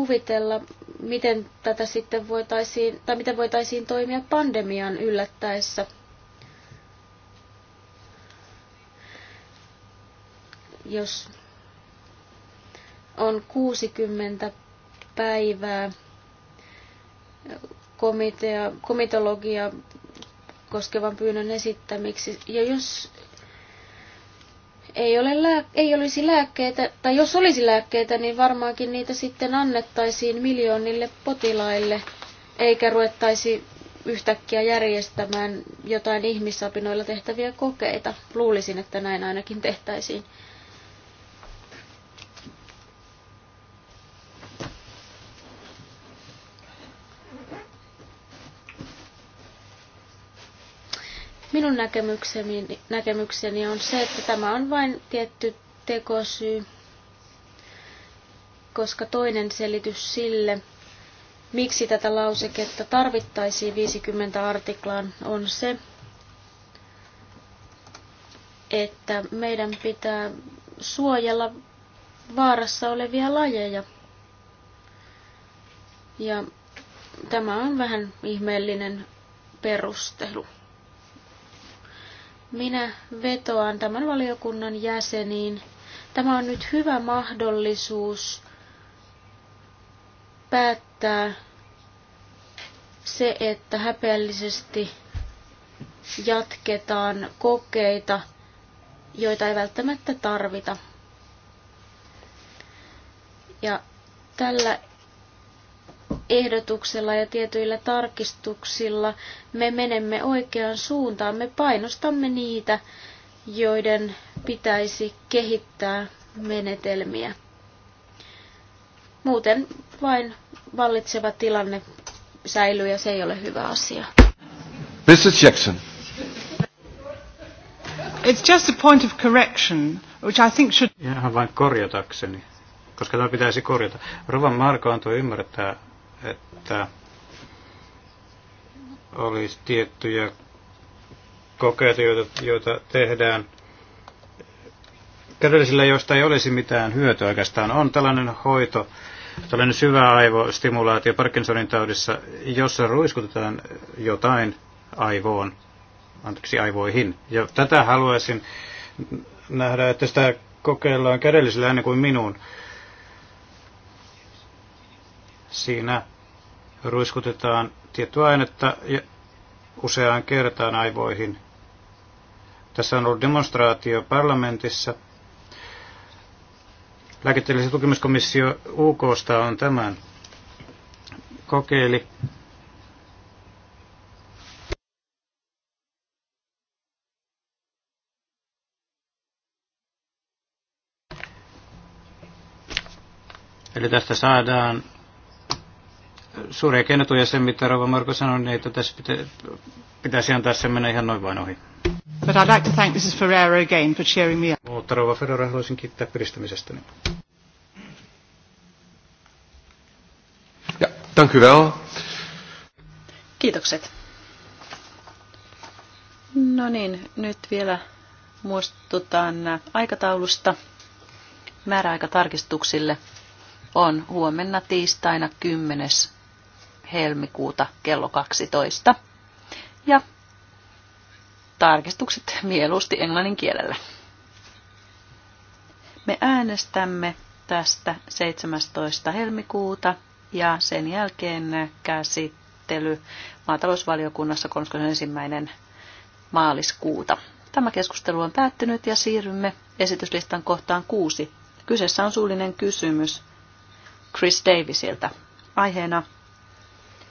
kuvitella, miten tätä sitten voitaisiin, tai miten voitaisiin toimia pandemian yllättäessä. Jos on 60 päivää komitea, komitologia koskevan pyynnön esittämiksi. Ja jos ei, ole lää, ei olisi lääkkeitä, tai jos olisi lääkkeitä, niin varmaankin niitä sitten annettaisiin miljoonille potilaille, eikä ruvettaisi yhtäkkiä järjestämään jotain ihmisapinoilla tehtäviä kokeita. Luulisin, että näin ainakin tehtäisiin. Minun näkemykseni, näkemykseni on se, että tämä on vain tietty tekosyy, koska toinen selitys sille, miksi tätä lauseketta tarvittaisiin 50 artiklaan, on se, että meidän pitää suojella vaarassa olevia lajeja. Ja tämä on vähän ihmeellinen perustelu. Minä vetoan tämän valiokunnan jäseniin. Tämä on nyt hyvä mahdollisuus päättää se, että häpeällisesti jatketaan kokeita, joita ei välttämättä tarvita. Ja tällä ehdotuksella ja tietyillä tarkistuksilla me menemme oikeaan suuntaan. Me painostamme niitä, joiden pitäisi kehittää menetelmiä. Muuten vain vallitseva tilanne säilyy ja se ei ole hyvä asia. Mrs. Jackson. It's just a point of correction, which I think should... Ihan vain korjatakseni, koska tämä pitäisi korjata. Rovan Marko antoi ymmärtää, että olisi tiettyjä kokeita, joita, joita tehdään kädellisillä, joista ei olisi mitään hyötyä oikeastaan. On tällainen hoito, tällainen syvä aivostimulaatio Parkinsonin taudissa, jossa ruiskutetaan jotain aivoon, anteeksi aivoihin. Ja tätä haluaisin nähdä, että sitä kokeillaan kädellisillä ennen kuin minuun. Siinä ruiskutetaan tiettyä ainetta useaan kertaan aivoihin. Tässä on ollut demonstraatio parlamentissa. Lääketieteellisen tukimiskomissio UKsta on tämän kokeili. Eli tästä saadaan suuria kenetuja sen, mitä Rova Marko sanoi, niin että tässä pitä, pitäisi antaa sen mennä ihan noin vain ohi. But I'd like to thank Mrs. Ferrero again for cheering me up. Mutta Rova Ferrero haluaisin kiittää piristämisestäni. Ja, dank u wel. Kiitokset. No niin, nyt vielä muistutan aikataulusta. Määräaikatarkistuksille on huomenna tiistaina 10 helmikuuta kello 12. Ja tarkistukset mieluusti englannin kielellä. Me äänestämme tästä 17. helmikuuta ja sen jälkeen käsittely maatalousvaliokunnassa 31. maaliskuuta. Tämä keskustelu on päättynyt ja siirrymme esityslistan kohtaan kuusi. Kyseessä on suullinen kysymys Chris Davisilta. Aiheena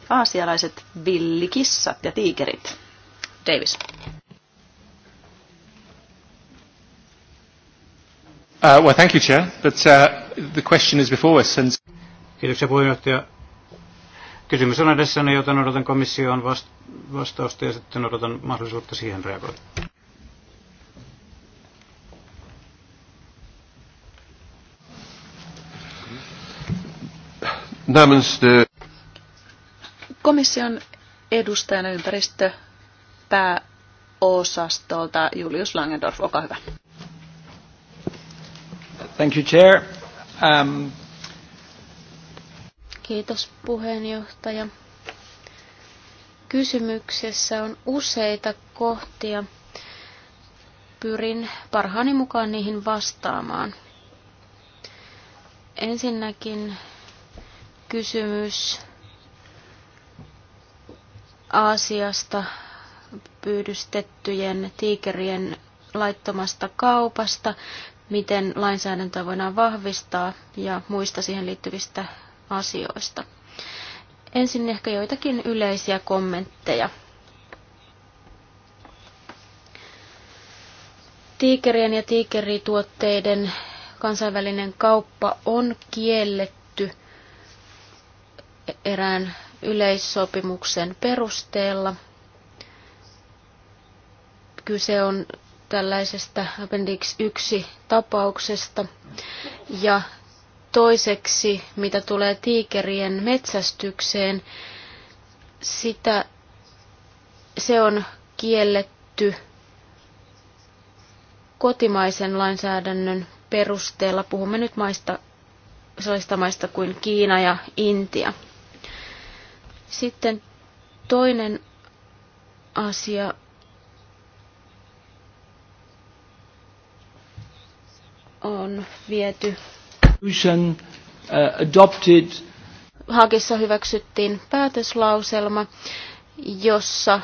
aasialaiset villikissat ja tiikerit. Davis. Uh, well, thank you, Chair. But uh, the question is before us. And... Kiitoksia puheenjohtaja. Kysymys on edessäni, joten odotan komission vastausta ja sitten odotan mahdollisuutta siihen reagoida. Namens de Komission edustajana ympäristöpääosastolta Julius Langendorf, olkaa hyvä. Thank you, Chair. Um... Kiitos puheenjohtaja. Kysymyksessä on useita kohtia. Pyrin parhaani mukaan niihin vastaamaan. Ensinnäkin kysymys Aasiasta pyydystettyjen tiikerien laittomasta kaupasta, miten lainsäädäntöä voidaan vahvistaa ja muista siihen liittyvistä asioista. Ensin ehkä joitakin yleisiä kommentteja. Tiikerien ja tiikerituotteiden kansainvälinen kauppa on kielletty erään yleissopimuksen perusteella. Kyse on tällaisesta Appendix 1 tapauksesta. Ja toiseksi, mitä tulee tiikerien metsästykseen, sitä, se on kielletty kotimaisen lainsäädännön perusteella. Puhumme nyt maista, sellaista maista kuin Kiina ja Intia. Sitten toinen asia on viety. Uh, adopted. Hakissa hyväksyttiin päätöslauselma, jossa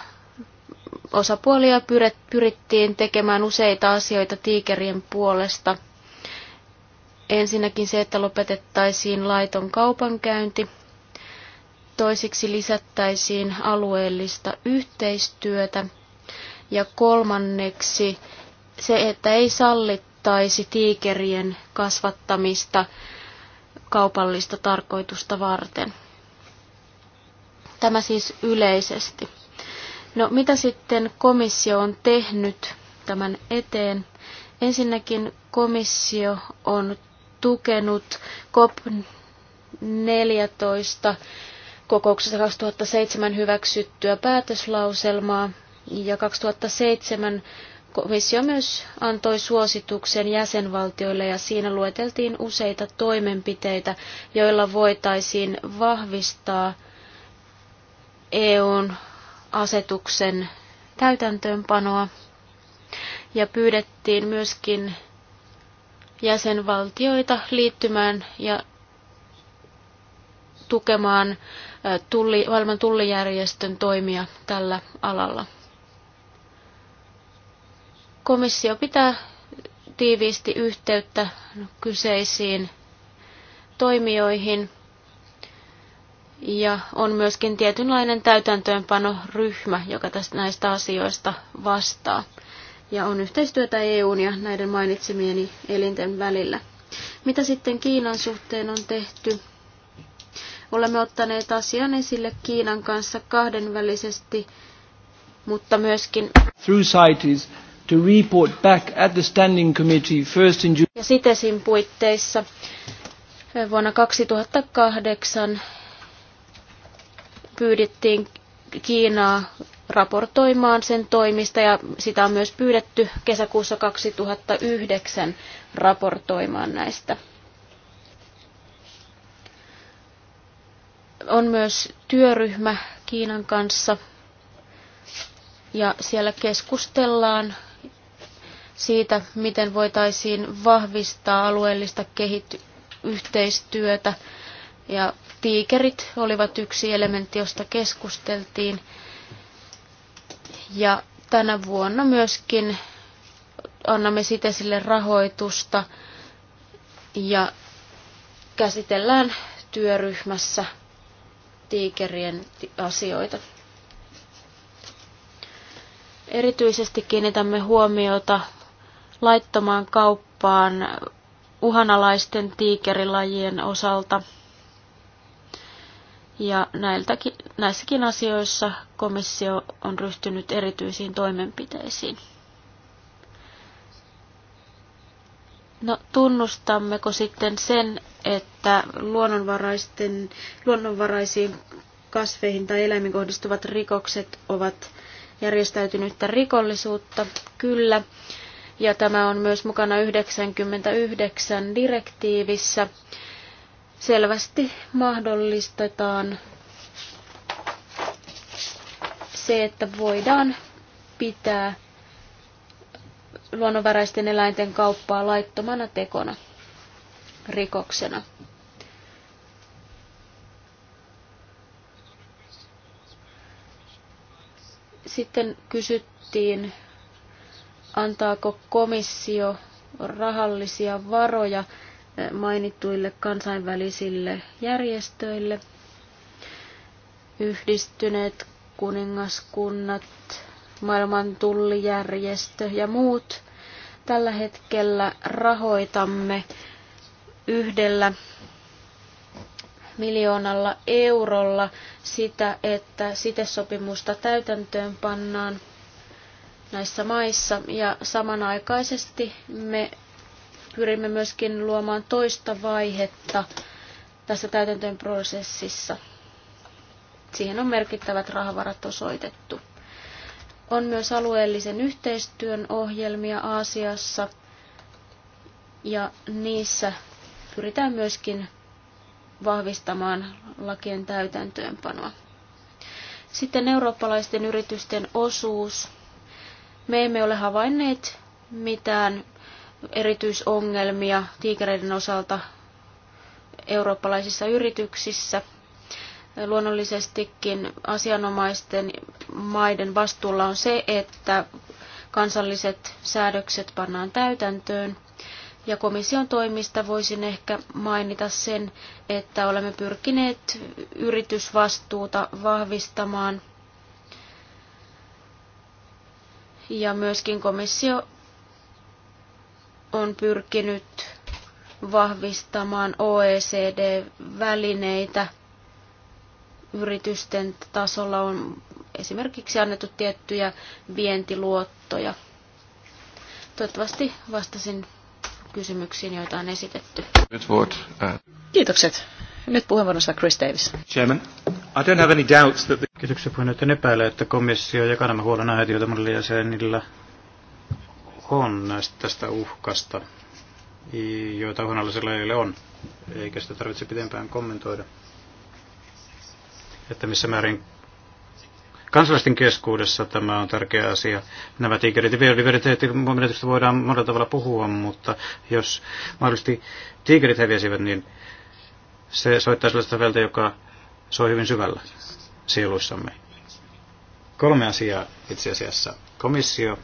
osapuolia pyrittiin tekemään useita asioita tiikerien puolesta. Ensinnäkin se, että lopetettaisiin laiton kaupankäynti Toiseksi lisättäisiin alueellista yhteistyötä. Ja kolmanneksi se, että ei sallittaisi tiikerien kasvattamista kaupallista tarkoitusta varten. Tämä siis yleisesti. No mitä sitten komissio on tehnyt tämän eteen? Ensinnäkin komissio on tukenut COP14 kokouksessa 2007 hyväksyttyä päätöslauselmaa ja 2007 komissio myös antoi suosituksen jäsenvaltioille ja siinä lueteltiin useita toimenpiteitä, joilla voitaisiin vahvistaa EUn asetuksen täytäntöönpanoa ja pyydettiin myöskin jäsenvaltioita liittymään ja tukemaan tulli, maailman tullijärjestön toimia tällä alalla. Komissio pitää tiiviisti yhteyttä kyseisiin toimijoihin ja on myöskin tietynlainen täytäntöönpanoryhmä, joka tästä näistä asioista vastaa. Ja on yhteistyötä EUn ja näiden mainitsemieni elinten välillä. Mitä sitten Kiinan suhteen on tehty? Olemme ottaneet asian esille Kiinan kanssa kahdenvälisesti, mutta myöskin through CITES to report back at the Standing Committee first in June. Ja sitesin puitteissa vuonna 2008 pyydettiin Kiinaa raportoimaan sen toimista ja sitä on myös pyydetty kesäkuussa 2009 raportoimaan näistä. On myös työryhmä Kiinan kanssa ja siellä keskustellaan siitä, miten voitaisiin vahvistaa alueellista kehityyhteistyötä Ja tiikerit olivat yksi elementti, josta keskusteltiin. Ja tänä vuonna myöskin annamme sitä sille rahoitusta ja käsitellään työryhmässä tiikerien asioita. Erityisesti kiinnitämme huomiota laittomaan kauppaan uhanalaisten tiikerilajien osalta. Ja näiltäkin, näissäkin asioissa komissio on ryhtynyt erityisiin toimenpiteisiin. No tunnustammeko sitten sen, että luonnonvaraisten, luonnonvaraisiin kasveihin tai eläimiin kohdistuvat rikokset ovat järjestäytynyttä rikollisuutta. Kyllä. Ja tämä on myös mukana 99 direktiivissä. Selvästi mahdollistetaan se, että voidaan pitää luonnonvaraisten eläinten kauppaa laittomana tekona rikoksena. Sitten kysyttiin, antaako komissio rahallisia varoja eh, mainittuille kansainvälisille järjestöille. Yhdistyneet kuningaskunnat, maailman tullijärjestö ja muut. Tällä hetkellä rahoitamme yhdellä miljoonalla eurolla sitä, että sitesopimusta täytäntöön pannaan näissä maissa ja samanaikaisesti me pyrimme myöskin luomaan toista vaihetta tässä täytäntöön prosessissa. Siihen on merkittävät rahavarat osoitettu. On myös alueellisen yhteistyön ohjelmia Aasiassa ja niissä pyritään myöskin vahvistamaan lakien täytäntöönpanoa. Sitten eurooppalaisten yritysten osuus. Me emme ole havainneet mitään erityisongelmia tiikereiden osalta eurooppalaisissa yrityksissä. Luonnollisestikin asianomaisten maiden vastuulla on se, että kansalliset säädökset pannaan täytäntöön ja komission toimista voisin ehkä mainita sen, että olemme pyrkineet yritysvastuuta vahvistamaan. Ja myöskin komissio on pyrkinyt vahvistamaan OECD-välineitä. Yritysten tasolla on esimerkiksi annettu tiettyjä vientiluottoja. Toivottavasti vastasin kysymyksiin, joita on esitetty. Nyt voit, uh, Kiitokset. Nyt puheenvuoron saa Chris Davis. Chairman, I don't have any doubts that the... Kiitoksia puheenjohtajan epäile, että komissio jakaa nämä huolenaiheet, joita monilla jäsenillä on näistä, tästä uhkasta, joita uhanalaisilla lajilla on. Eikä sitä tarvitse pitempään kommentoida, että missä määrin kansalaisten keskuudessa tämä on tärkeä asia. Nämä tiikerit ja biodiversiteetin voidaan monella tavalla puhua, mutta jos mahdollisesti tiikerit häviäisivät, niin se soittaa sellaista vältä, joka soi hyvin syvällä sieluissamme. Kolme asiaa itse asiassa. Komissio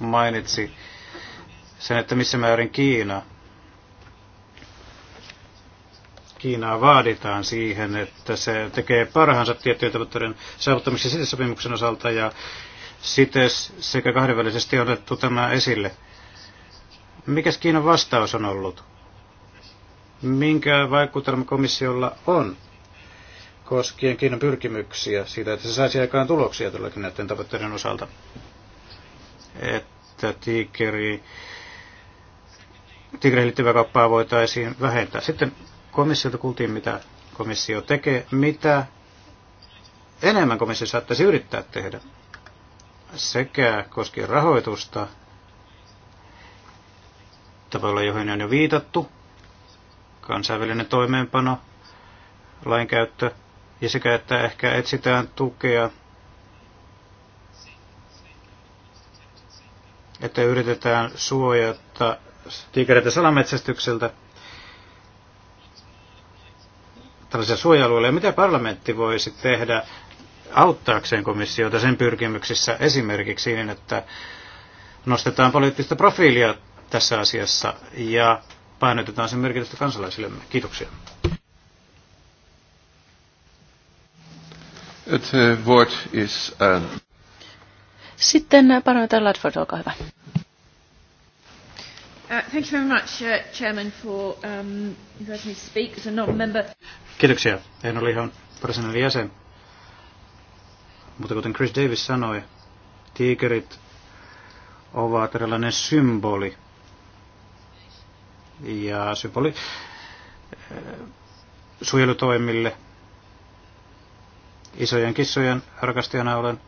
mainitsi sen, että missä määrin Kiina Kiinaa vaaditaan siihen, että se tekee parhaansa tiettyjen tavoitteiden saavuttamiseksi sitten sopimuksen osalta ja sitten sekä kahdenvälisesti on otettu tämä esille. Mikäs Kiinan vastaus on ollut? Minkä vaikutelma komissiolla on koskien Kiinan pyrkimyksiä siitä, että se saisi aikaan tuloksia tälläkin näiden tavoitteiden osalta? Että tiikeri, tiikeri liittyvää kauppaa voitaisiin vähentää. Sitten komissiota kuultiin, mitä komissio tekee, mitä enemmän komissio saattaisi yrittää tehdä sekä koskien rahoitusta tavalla, joihin on jo viitattu, kansainvälinen toimeenpano, lainkäyttö, ja sekä että ehkä etsitään tukea, että yritetään suojata tiikereitä salametsästykseltä, Tällaisia suoja mitä parlamentti voisi tehdä auttaakseen komissiota sen pyrkimyksissä esimerkiksi niin, että nostetaan poliittista profiilia tässä asiassa ja painotetaan sen merkitystä kansalaisillemme. Kiitoksia. Eh, eh, Sitten parlamentaari Ladford, olkaa hyvä. Uh, thank you very much, uh, Chairman, for um, inviting me to speak as a non-member. Kiitoksia. En ole ihan varsinainen jäsen. Mutta kuten Chris Davis sanoi, tiikerit ovat erilainen symboli. Ja symboli äh, suojelutoimille. Isojen kissojen rakastajana olen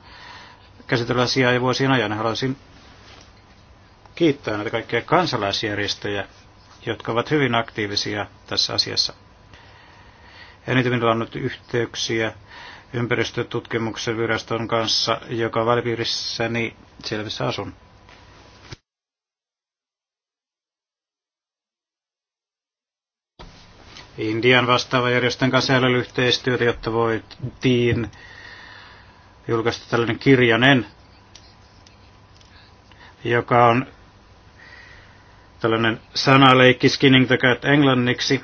käsitellyt asiaa jo vuosien ajan. Haluaisin kiittää näitä kaikkia kansalaisjärjestöjä, jotka ovat hyvin aktiivisia tässä asiassa. Eniten minulla on nyt yhteyksiä ympäristötutkimuksen viraston kanssa, joka välipiirissäni selvissä asun. Indian vastaava järjestön kanssa ei ole yhteistyötä, jotta voitiin julkaista tällainen kirjanen, joka on tällainen sanaleikki skinning the cat englanniksi.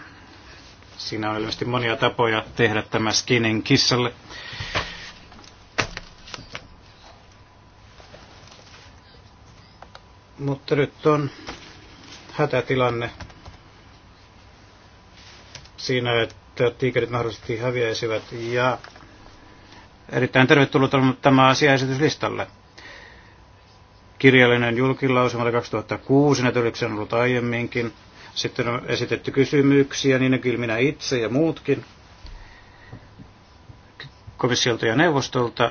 Siinä on ilmeisesti monia tapoja tehdä tämä skinning kissalle. Mutta nyt on hätätilanne siinä, että tiikerit mahdollisesti häviäisivät ja erittäin tervetullut on tämä asia esityslistalle kirjallinen julkilausuma 2006, näitä on ollut aiemminkin. Sitten on esitetty kysymyksiä, niin kyllä minä itse ja muutkin komissiolta ja neuvostolta.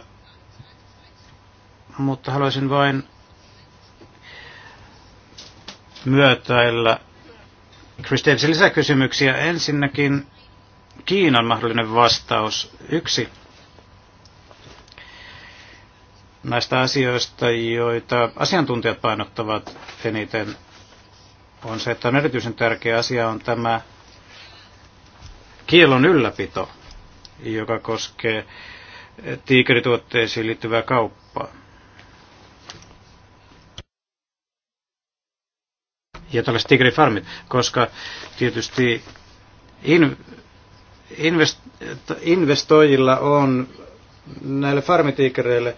Mutta haluaisin vain myötäillä Kristensen lisäkysymyksiä. Ensinnäkin Kiinan mahdollinen vastaus. Yksi näistä asioista, joita asiantuntijat painottavat eniten, on se, että on erityisen tärkeä asia on tämä kielon ylläpito, joka koskee tiikerituotteisiin liittyvää kauppaa. Ja tällaiset tiikerifarmit, koska tietysti in, invest, investoijilla on näille farmitiikereille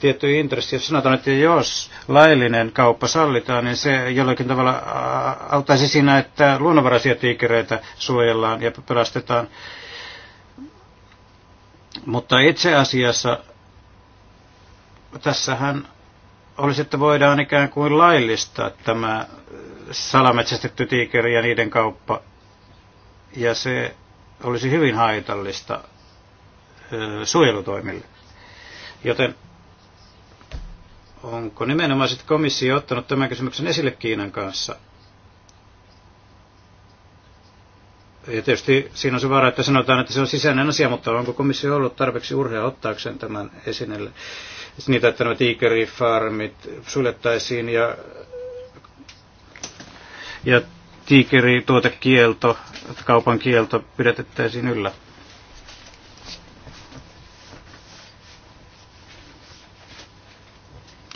tietty intressi. Jos sanotaan, että jos laillinen kauppa sallitaan, niin se jollakin tavalla auttaisi siinä, että luonnonvaraisia tiikereitä suojellaan ja pelastetaan. Mutta itse asiassa tässähän olisi, että voidaan ikään kuin laillistaa tämä salametsästetty tiikeri ja niiden kauppa. Ja se olisi hyvin haitallista suojelutoimille. Joten onko sitten komissio ottanut tämän kysymyksen esille Kiinan kanssa? Ja tietysti siinä on se vaara, että sanotaan, että se on sisäinen asia, mutta onko komissio ollut tarpeeksi urhea ottaakseen tämän esinelle? Niitä, että nämä tiikerifarmit suljettaisiin ja, ja tiikerituotekielto, kaupan kielto pidetettäisiin yllä.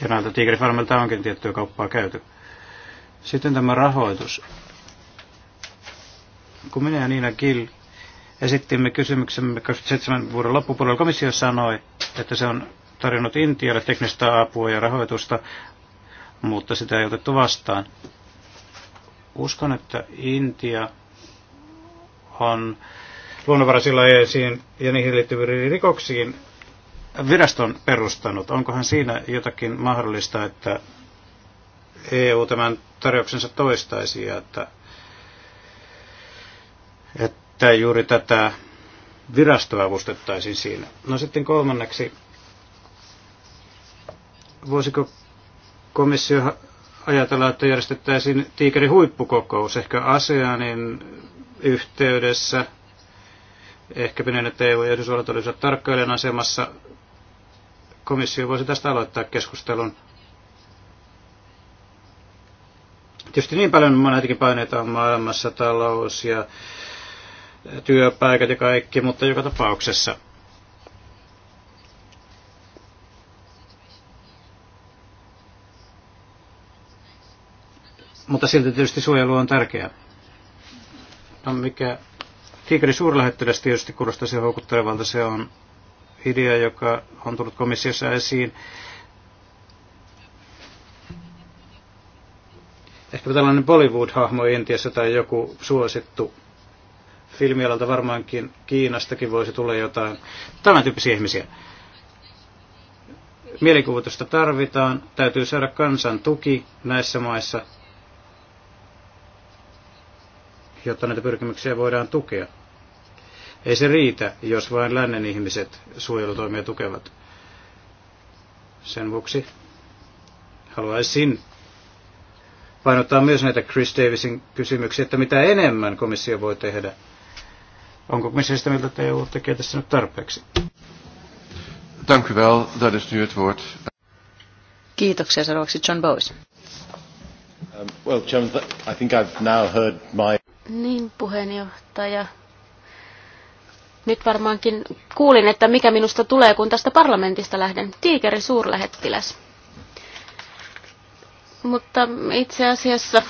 Ja näiltä Tigrifarmilta onkin tiettyä kauppaa käyty. Sitten tämä rahoitus. Kun minä ja Niina Gill esittimme kysymyksemme 27 vuoden loppupuolella, komissio sanoi, että se on tarjonnut Intialle teknistä apua ja rahoitusta, mutta sitä ei otettu vastaan. Uskon, että Intia on luonnonvaraisilla ja niihin liittyviin rikoksiin viraston perustanut. Onkohan siinä jotakin mahdollista, että EU tämän tarjouksensa toistaisi ja että, että juuri tätä virastoa avustettaisiin siinä. No sitten kolmanneksi, voisiko komissio ajatella, että järjestettäisiin tiikeri huippukokous ehkä ASEANin yhteydessä. Ehkä pidän, niin, että EU ja Yhdysvallat olisivat tarkkailijan asemassa komissio voisi tästä aloittaa keskustelun. Tietysti niin paljon monetkin paineita on maailmassa, talous ja työpaikat ja kaikki, mutta joka tapauksessa. Mutta silti tietysti suojelu on tärkeää. No mikä Tigerin suurlähettiläs tietysti kuulostaisi houkuttelevalta, se on idea, joka on tullut komissiossa esiin. Ehkä tällainen Bollywood-hahmo Intiassa tai joku suosittu filmialalta varmaankin Kiinastakin voisi tulla jotain. Tämän tyyppisiä ihmisiä. Mielikuvitusta tarvitaan, täytyy saada kansan tuki näissä maissa, jotta näitä pyrkimyksiä voidaan tukea. Ei se riitä, jos vain lännen ihmiset suojelutoimia tukevat. Sen vuoksi haluaisin painottaa myös näitä Chris Davisin kysymyksiä, että mitä enemmän komissio voi tehdä. Onko komissio sitä mieltä, että EU tekee tässä nyt tarpeeksi? Dank u is Kiitoksia seuraavaksi John Bowes. Um, well, Chairman, I think I've now heard my... Niin, puheenjohtaja. Nyt varmaankin kuulin, että mikä minusta tulee, kun tästä parlamentista lähden. Tiikeri suurlähettiläs. Mutta itse asiassa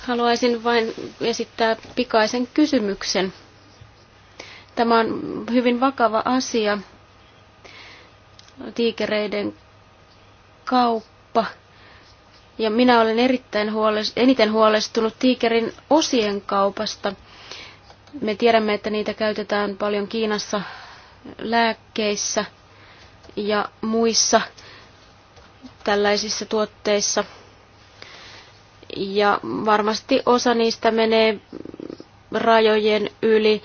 haluaisin vain esittää pikaisen kysymyksen. Tämä on hyvin vakava asia. Tiikereiden kauppa ja minä olen erittäin huolest- eniten huolestunut tiikerin osien kaupasta. Me tiedämme, että niitä käytetään paljon Kiinassa lääkkeissä ja muissa tällaisissa tuotteissa. Ja varmasti osa niistä menee rajojen yli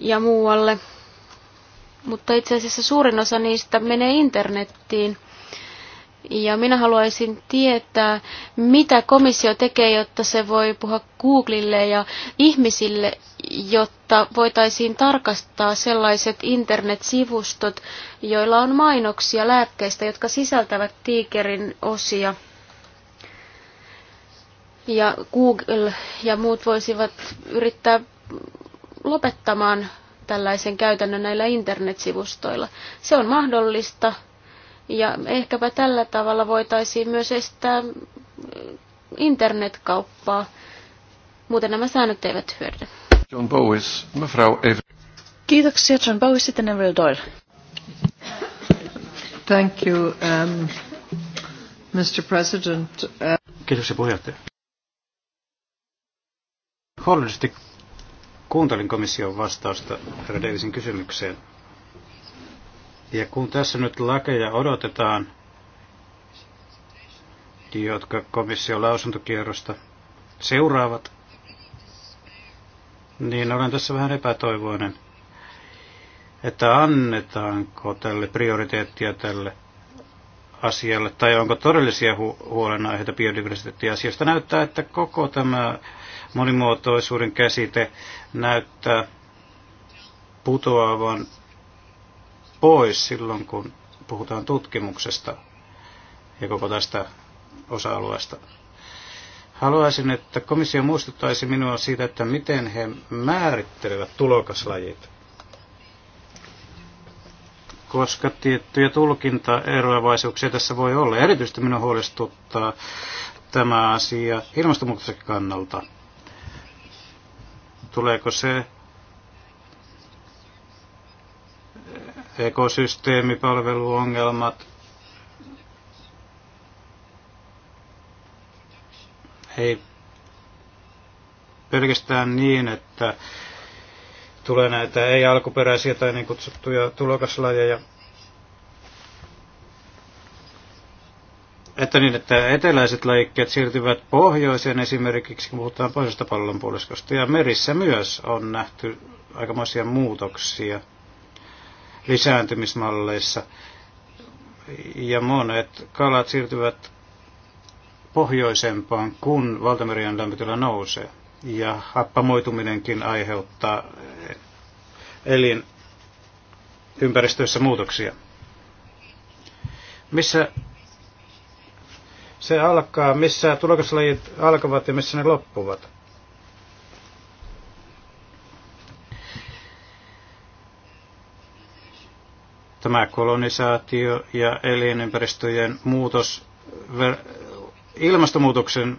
ja muualle. Mutta itse asiassa suurin osa niistä menee internettiin – ja minä haluaisin tietää, mitä komissio tekee, jotta se voi puhua Googlille ja ihmisille, jotta voitaisiin tarkastaa sellaiset internetsivustot, joilla on mainoksia lääkkeistä, jotka sisältävät tiikerin osia. Ja Google ja muut voisivat yrittää lopettamaan tällaisen käytännön näillä internetsivustoilla. Se on mahdollista, ja ehkäpä tällä tavalla voitaisiin myös estää internetkauppaa. Muuten nämä säännöt eivät hyödytä. John Bowis, mevrouw Ever. Kiitoksia John Bowis, sitten Neville Doyle. Thank you, um, Mr. President. Uh... Kiitoksia puheenjohtaja. Huolellisesti kuuntelin komission vastausta herra Davisin kysymykseen – ja kun tässä nyt lakeja odotetaan, jotka komission lausuntokierrosta seuraavat, niin olen tässä vähän epätoivoinen, että annetaanko tälle prioriteettia tälle asialle, tai onko todellisia hu- huolenaiheita asiasta Näyttää, että koko tämä monimuotoisuuden käsite näyttää putoavan pois silloin, kun puhutaan tutkimuksesta ja koko tästä osa-alueesta. Haluaisin, että komissio muistuttaisi minua siitä, että miten he määrittelevät tulokaslajit. Koska tiettyjä tulkintaeroavaisuuksia tässä voi olla. Erityisesti minua huolestuttaa tämä asia ilmastonmuutoksen kannalta. Tuleeko se ekosysteemipalveluongelmat, ei pelkästään niin, että tulee näitä ei-alkuperäisiä tai niin kutsuttuja tulokaslajeja, että niin, että eteläiset lajikkeet siirtyvät pohjoiseen esimerkiksi, kun puhutaan pohjoisesta pallonpuoliskosta. Ja merissä myös on nähty aikamoisia muutoksia lisääntymismalleissa. Ja monet kalat siirtyvät pohjoisempaan, kun valtamerien lämpötila nousee. Ja happamoituminenkin aiheuttaa elin ympäristöissä muutoksia. Missä se alkaa, missä tulokaslajit alkavat ja missä ne loppuvat. Tämä kolonisaatio ja elinympäristöjen muutos ilmastonmuutoksen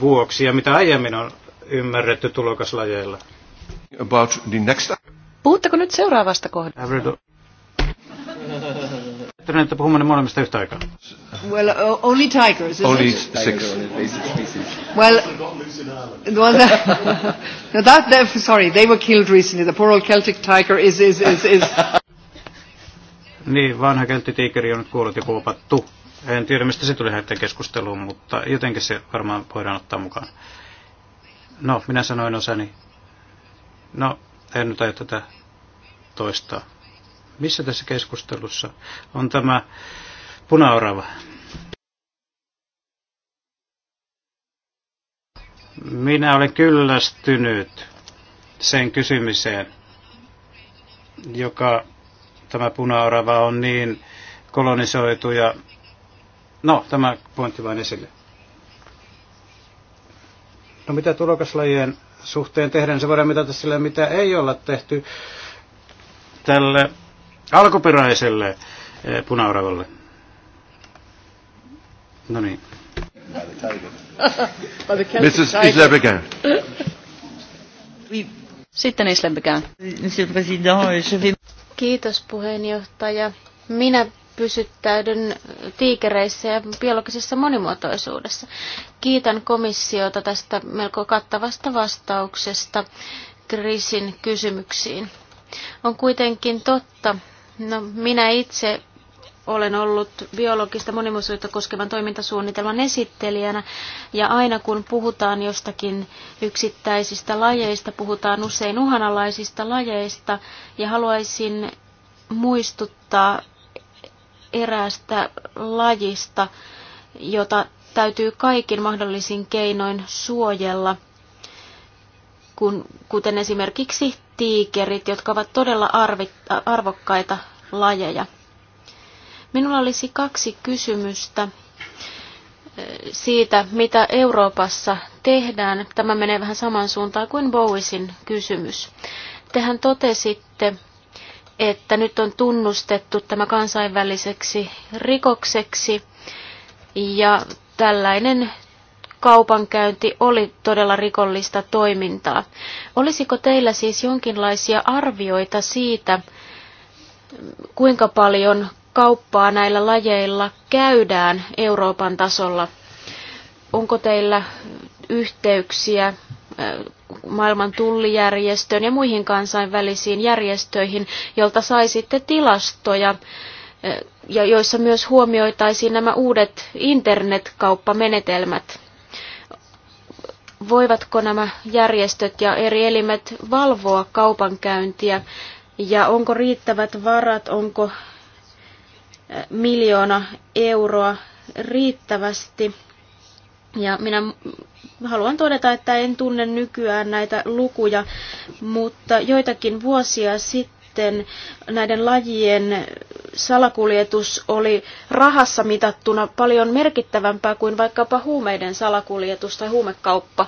vuoksi ja mitä aiemmin on ymmärretty tulokaslajeilla. About the next... Puhutteko nyt seuraavasta kohdasta? Ajattelin, että puhumme ne molemmista yhtä aikaa. Well, only tigers. Only six. Well, well the, no, that, sorry, they were killed recently. The poor old Celtic tiger is, is, is, is niin, vanha kelttitiikeri on nyt kuollut ja kuopattu. En tiedä, mistä se tuli häitten keskusteluun, mutta jotenkin se varmaan voidaan ottaa mukaan. No, minä sanoin osani. No, en nyt aio tätä toistaa. Missä tässä keskustelussa on tämä punaorava? Minä olen kyllästynyt sen kysymiseen, joka tämä punaorava on niin kolonisoitu ja no tämä pointti vain esille. No mitä tulokaslajien suhteen tehdään, se voidaan mitata sillä, mitä ei olla tehty tälle alkuperäiselle eh, punauravalle. No niin. Mrs. Islebekin. Sitten Islebekin. Monsieur le Président, je vais... Kiitos puheenjohtaja. Minä pysyttäydyn tiikereissä ja biologisessa monimuotoisuudessa. Kiitän komissiota tästä melko kattavasta vastauksesta kriisin kysymyksiin. On kuitenkin totta, no minä itse olen ollut biologista monimuotoisuutta koskevan toimintasuunnitelman esittelijänä ja aina kun puhutaan jostakin yksittäisistä lajeista, puhutaan usein uhanalaisista lajeista ja haluaisin muistuttaa eräästä lajista, jota täytyy kaikin mahdollisin keinoin suojella, kun, kuten esimerkiksi tiikerit, jotka ovat todella arvi, arvokkaita lajeja. Minulla olisi kaksi kysymystä eh, siitä, mitä Euroopassa tehdään. Tämä menee vähän saman suuntaan kuin Bowisin kysymys. Tehän totesitte, että nyt on tunnustettu tämä kansainväliseksi rikokseksi ja tällainen kaupankäynti oli todella rikollista toimintaa. Olisiko teillä siis jonkinlaisia arvioita siitä, kuinka paljon kauppaa näillä lajeilla käydään Euroopan tasolla? Onko teillä yhteyksiä äh, maailman tullijärjestöön ja muihin kansainvälisiin järjestöihin, jolta saisitte tilastoja äh, ja joissa myös huomioitaisiin nämä uudet internetkauppamenetelmät. Voivatko nämä järjestöt ja eri elimet valvoa kaupankäyntiä ja onko riittävät varat, onko miljoona euroa riittävästi. Ja minä haluan todeta, että en tunne nykyään näitä lukuja, mutta joitakin vuosia sitten näiden lajien salakuljetus oli rahassa mitattuna paljon merkittävämpää kuin vaikkapa huumeiden salakuljetus tai huumekauppa.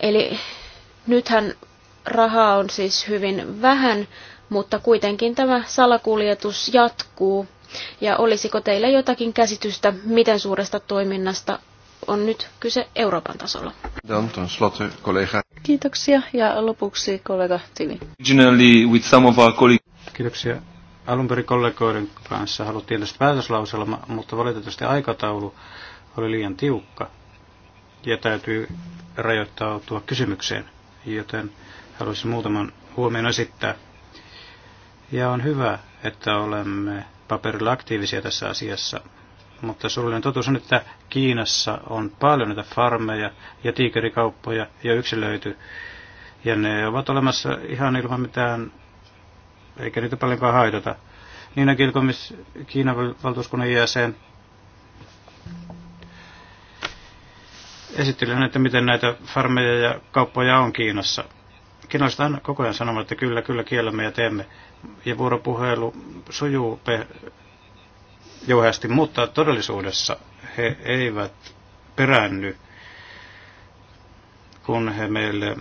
Eli nythän rahaa on siis hyvin vähän, mutta kuitenkin tämä salakuljetus jatkuu ja olisiko teillä jotakin käsitystä, miten suuresta toiminnasta on nyt kyse Euroopan tasolla? kollega. Kiitoksia ja lopuksi kollega Timi. with some of our colleagues. Kiitoksia. Alun perin kollegoiden kanssa haluttiin tästä päätöslauselma, mutta valitettavasti aikataulu oli liian tiukka ja täytyy rajoittautua kysymykseen, joten haluaisin muutaman huomioon esittää. Ja on hyvä, että olemme paperilla aktiivisia tässä asiassa. Mutta surullinen totuus on, että Kiinassa on paljon näitä farmeja ja tiikerikauppoja ja yksilöity. Ja ne ovat olemassa ihan ilman mitään, eikä niitä paljonkaan haitata. Niina Kilkomis, Kiinan valtuuskunnan jäsen, esitteli hän, että miten näitä farmeja ja kauppoja on Kiinassa kinoista aina koko ajan sanomaan, että kyllä, kyllä kiellämme ja teemme. Ja vuoropuhelu sujuu pe- jouheasti, mutta todellisuudessa he eivät peräänny, kun he meille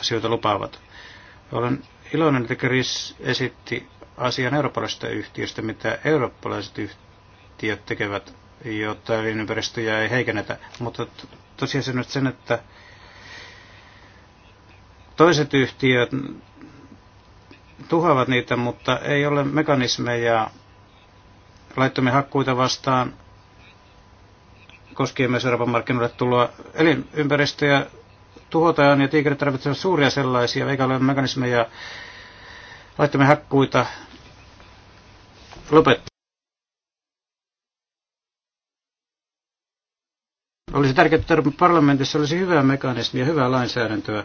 asioita lupaavat. Olen iloinen, että Chris esitti asian eurooppalaisesta yhtiöstä, mitä eurooppalaiset yhtiöt tekevät, jotta elinympäristöjä ei heikennetä. Mutta tosiaan nyt sen, että Toiset yhtiöt tuhoavat niitä, mutta ei ole mekanismeja laittomia hakkuita vastaan koskien myös Euroopan markkinoille tuloa. Elinympäristöjä tuhotaan ja tiikerit tarvitsevat suuria sellaisia, eikä ole mekanismeja laittomia hakkuita lopettaa. Olisi tärkeää, että parlamentissa olisi hyvää mekanismia, hyvää lainsäädäntöä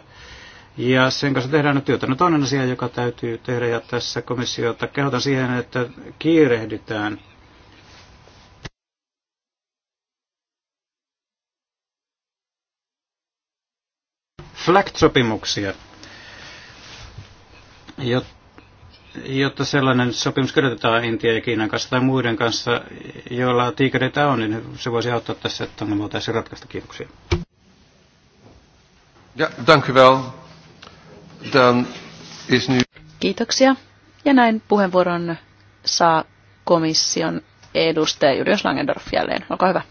ja sen kanssa tehdään nyt työtä. No toinen asia, joka täytyy tehdä, ja tässä komissiota kehotan siihen, että kiirehditään FLACT-sopimuksia, jotta sellainen sopimus kirjoitetaan Intia ja Kiinan kanssa tai muiden kanssa, joilla tiikereitä on, niin se voisi auttaa tässä, että ongelma voitaisiin ratkaista. Kiitoksia. Ja, dank u wel. Kiitoksia. Ja näin puheenvuoron saa komission edustaja Julius Langendorf jälleen. Olkaa hyvä.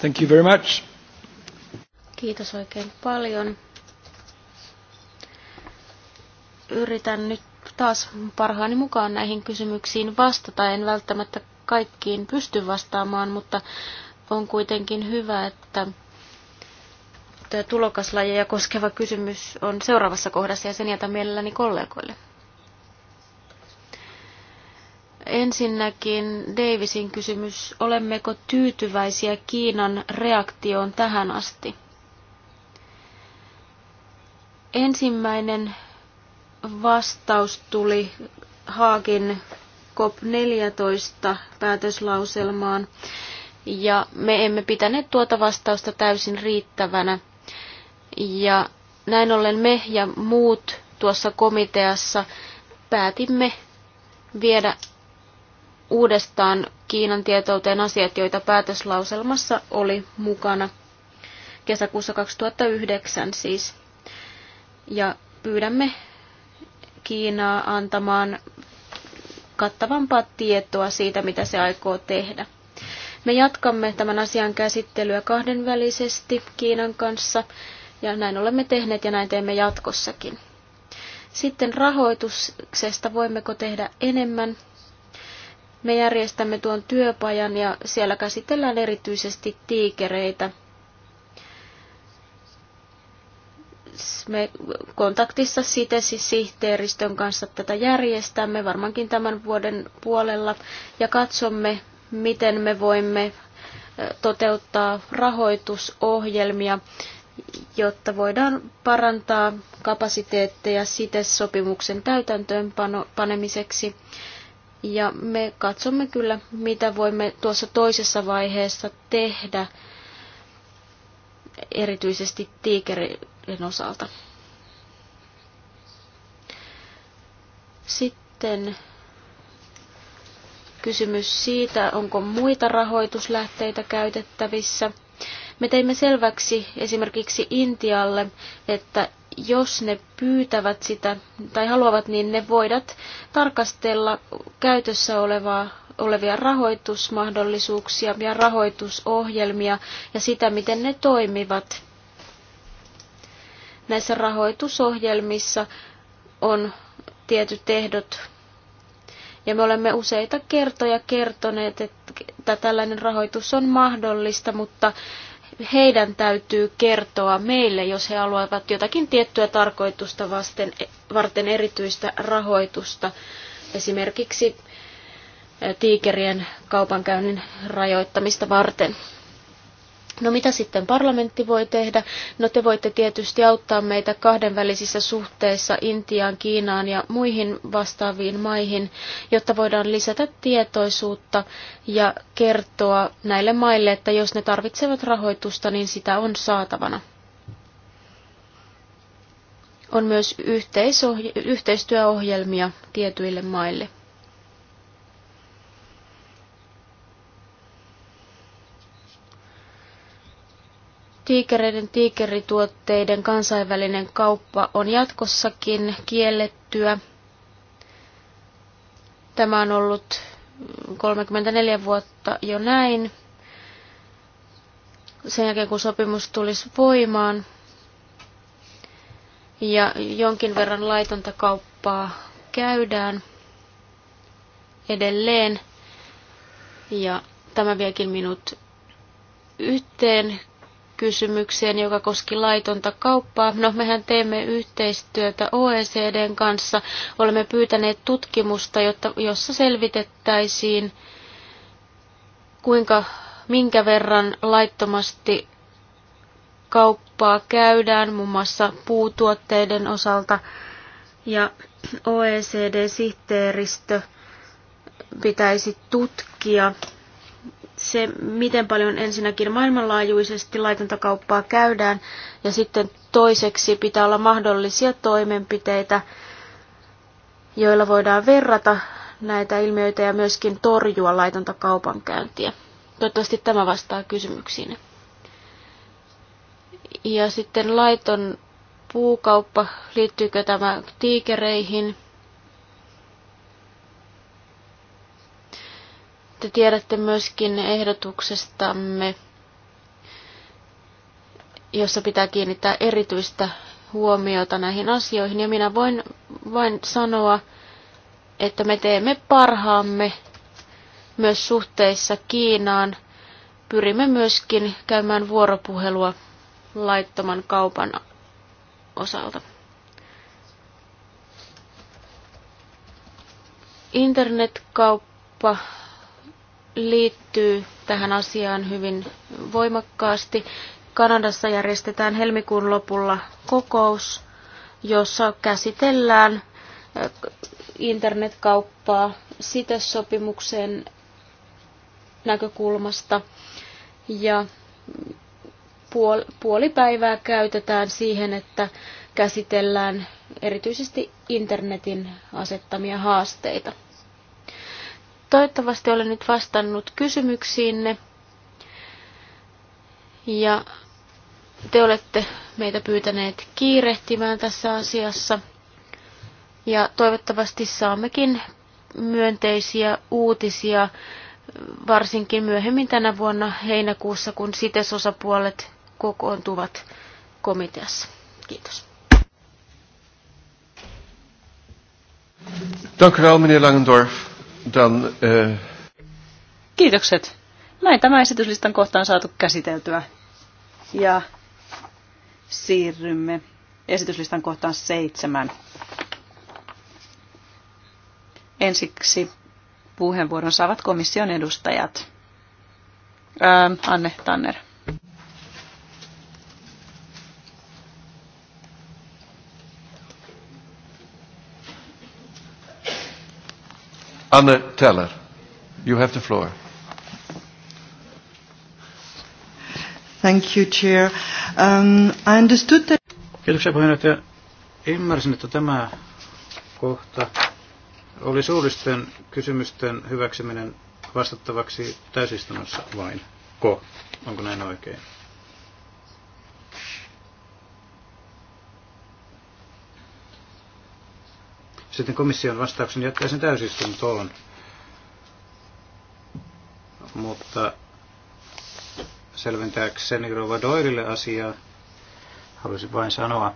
Thank you very much. Kiitos oikein paljon. Yritän nyt taas parhaani mukaan näihin kysymyksiin vastata. En välttämättä kaikkiin pysty vastaamaan, mutta on kuitenkin hyvä, että tulokaslajeja koskeva kysymys on seuraavassa kohdassa ja sen jätän mielelläni kollegoille. Ensinnäkin Davisin kysymys, olemmeko tyytyväisiä Kiinan reaktioon tähän asti? Ensimmäinen vastaus tuli Haagin COP14 päätöslauselmaan, ja me emme pitäneet tuota vastausta täysin riittävänä – ja näin ollen me ja muut tuossa komiteassa päätimme viedä uudestaan Kiinan tietouteen asiat, joita päätöslauselmassa oli mukana kesäkuussa 2009 siis. Ja pyydämme Kiinaa antamaan kattavampaa tietoa siitä, mitä se aikoo tehdä. Me jatkamme tämän asian käsittelyä kahdenvälisesti Kiinan kanssa ja näin olemme tehneet ja näin teemme jatkossakin. Sitten rahoituksesta voimmeko tehdä enemmän. Me järjestämme tuon työpajan ja siellä käsitellään erityisesti tiikereitä. Me kontaktissa siten siis sihteeristön kanssa tätä järjestämme varmaankin tämän vuoden puolella ja katsomme, miten me voimme toteuttaa rahoitusohjelmia jotta voidaan parantaa kapasiteetteja CITES-sopimuksen täytäntöönpanemiseksi. Ja me katsomme kyllä, mitä voimme tuossa toisessa vaiheessa tehdä, erityisesti tiikerin osalta. Sitten kysymys siitä, onko muita rahoituslähteitä käytettävissä – me teimme selväksi esimerkiksi Intialle, että jos ne pyytävät sitä tai haluavat, niin ne voivat tarkastella käytössä olevaa, olevia rahoitusmahdollisuuksia ja rahoitusohjelmia ja sitä, miten ne toimivat. Näissä rahoitusohjelmissa on tietyt ehdot. Ja me olemme useita kertoja kertoneet, että tällainen rahoitus on mahdollista, mutta heidän täytyy kertoa meille, jos he haluavat jotakin tiettyä tarkoitusta vasten, varten erityistä rahoitusta, esimerkiksi tiikerien kaupankäynnin rajoittamista varten. No mitä sitten parlamentti voi tehdä? No te voitte tietysti auttaa meitä kahdenvälisissä suhteissa Intiaan, Kiinaan ja muihin vastaaviin maihin, jotta voidaan lisätä tietoisuutta ja kertoa näille maille, että jos ne tarvitsevat rahoitusta, niin sitä on saatavana. On myös yhteistyöohjelmia tietyille maille. tiikereiden tiikerituotteiden kansainvälinen kauppa on jatkossakin kiellettyä. Tämä on ollut 34 vuotta jo näin. Sen jälkeen kun sopimus tulisi voimaan ja jonkin verran laitonta kauppaa käydään edelleen. Ja tämä viekin minut yhteen kysymykseen, joka koski laitonta kauppaa. No, mehän teemme yhteistyötä OECDn kanssa. Olemme pyytäneet tutkimusta, jotta, jossa selvitettäisiin, kuinka, minkä verran laittomasti kauppaa käydään, muun muassa puutuotteiden osalta. Ja OECD-sihteeristö pitäisi tutkia se, miten paljon ensinnäkin maailmanlaajuisesti laitontakauppaa käydään ja sitten toiseksi pitää olla mahdollisia toimenpiteitä, joilla voidaan verrata näitä ilmiöitä ja myöskin torjua laitonta kaupankäyntiä. Toivottavasti tämä vastaa kysymyksiin. Ja sitten laiton puukauppa, liittyykö tämä tiikereihin – Te tiedätte myöskin ehdotuksestamme, jossa pitää kiinnittää erityistä huomiota näihin asioihin. Ja minä voin vain sanoa, että me teemme parhaamme myös suhteissa Kiinaan. Pyrimme myöskin käymään vuoropuhelua laittoman kaupan osalta. Internetkauppa liittyy tähän asiaan hyvin voimakkaasti. Kanadassa järjestetään helmikuun lopulla kokous, jossa käsitellään eh, internetkauppaa sitesopimuksen näkökulmasta. Ja puoli päivää käytetään siihen, että käsitellään erityisesti internetin asettamia haasteita. Toivottavasti olen nyt vastannut kysymyksiinne. Ja te olette meitä pyytäneet kiirehtimään tässä asiassa. Ja toivottavasti saammekin myönteisiä uutisia, varsinkin myöhemmin tänä vuonna heinäkuussa, kun sitesosapuolet kokoontuvat komiteassa. Kiitos. Dank u wel, meneer Langendorf. Dan, äh... Kiitokset. Näin tämä esityslistan kohta on saatu käsiteltyä. Ja siirrymme esityslistan kohtaan seitsemän. Ensiksi puheenvuoron saavat komission edustajat. Ähm, Anne Tanner. Anne Teller, you have the floor. Thank you, Chair. Um, I understood that... Kiitoksia puheenjohtaja. Ymmärsin, että tämä kohta oli suullisten kysymysten hyväksyminen vastattavaksi täysistunnossa vain. Ko? Onko näin oikein? Sitten komission vastauksen sen täysistuntoon. Mutta selventääkseni Rova Doirille asiaa haluaisin vain sanoa,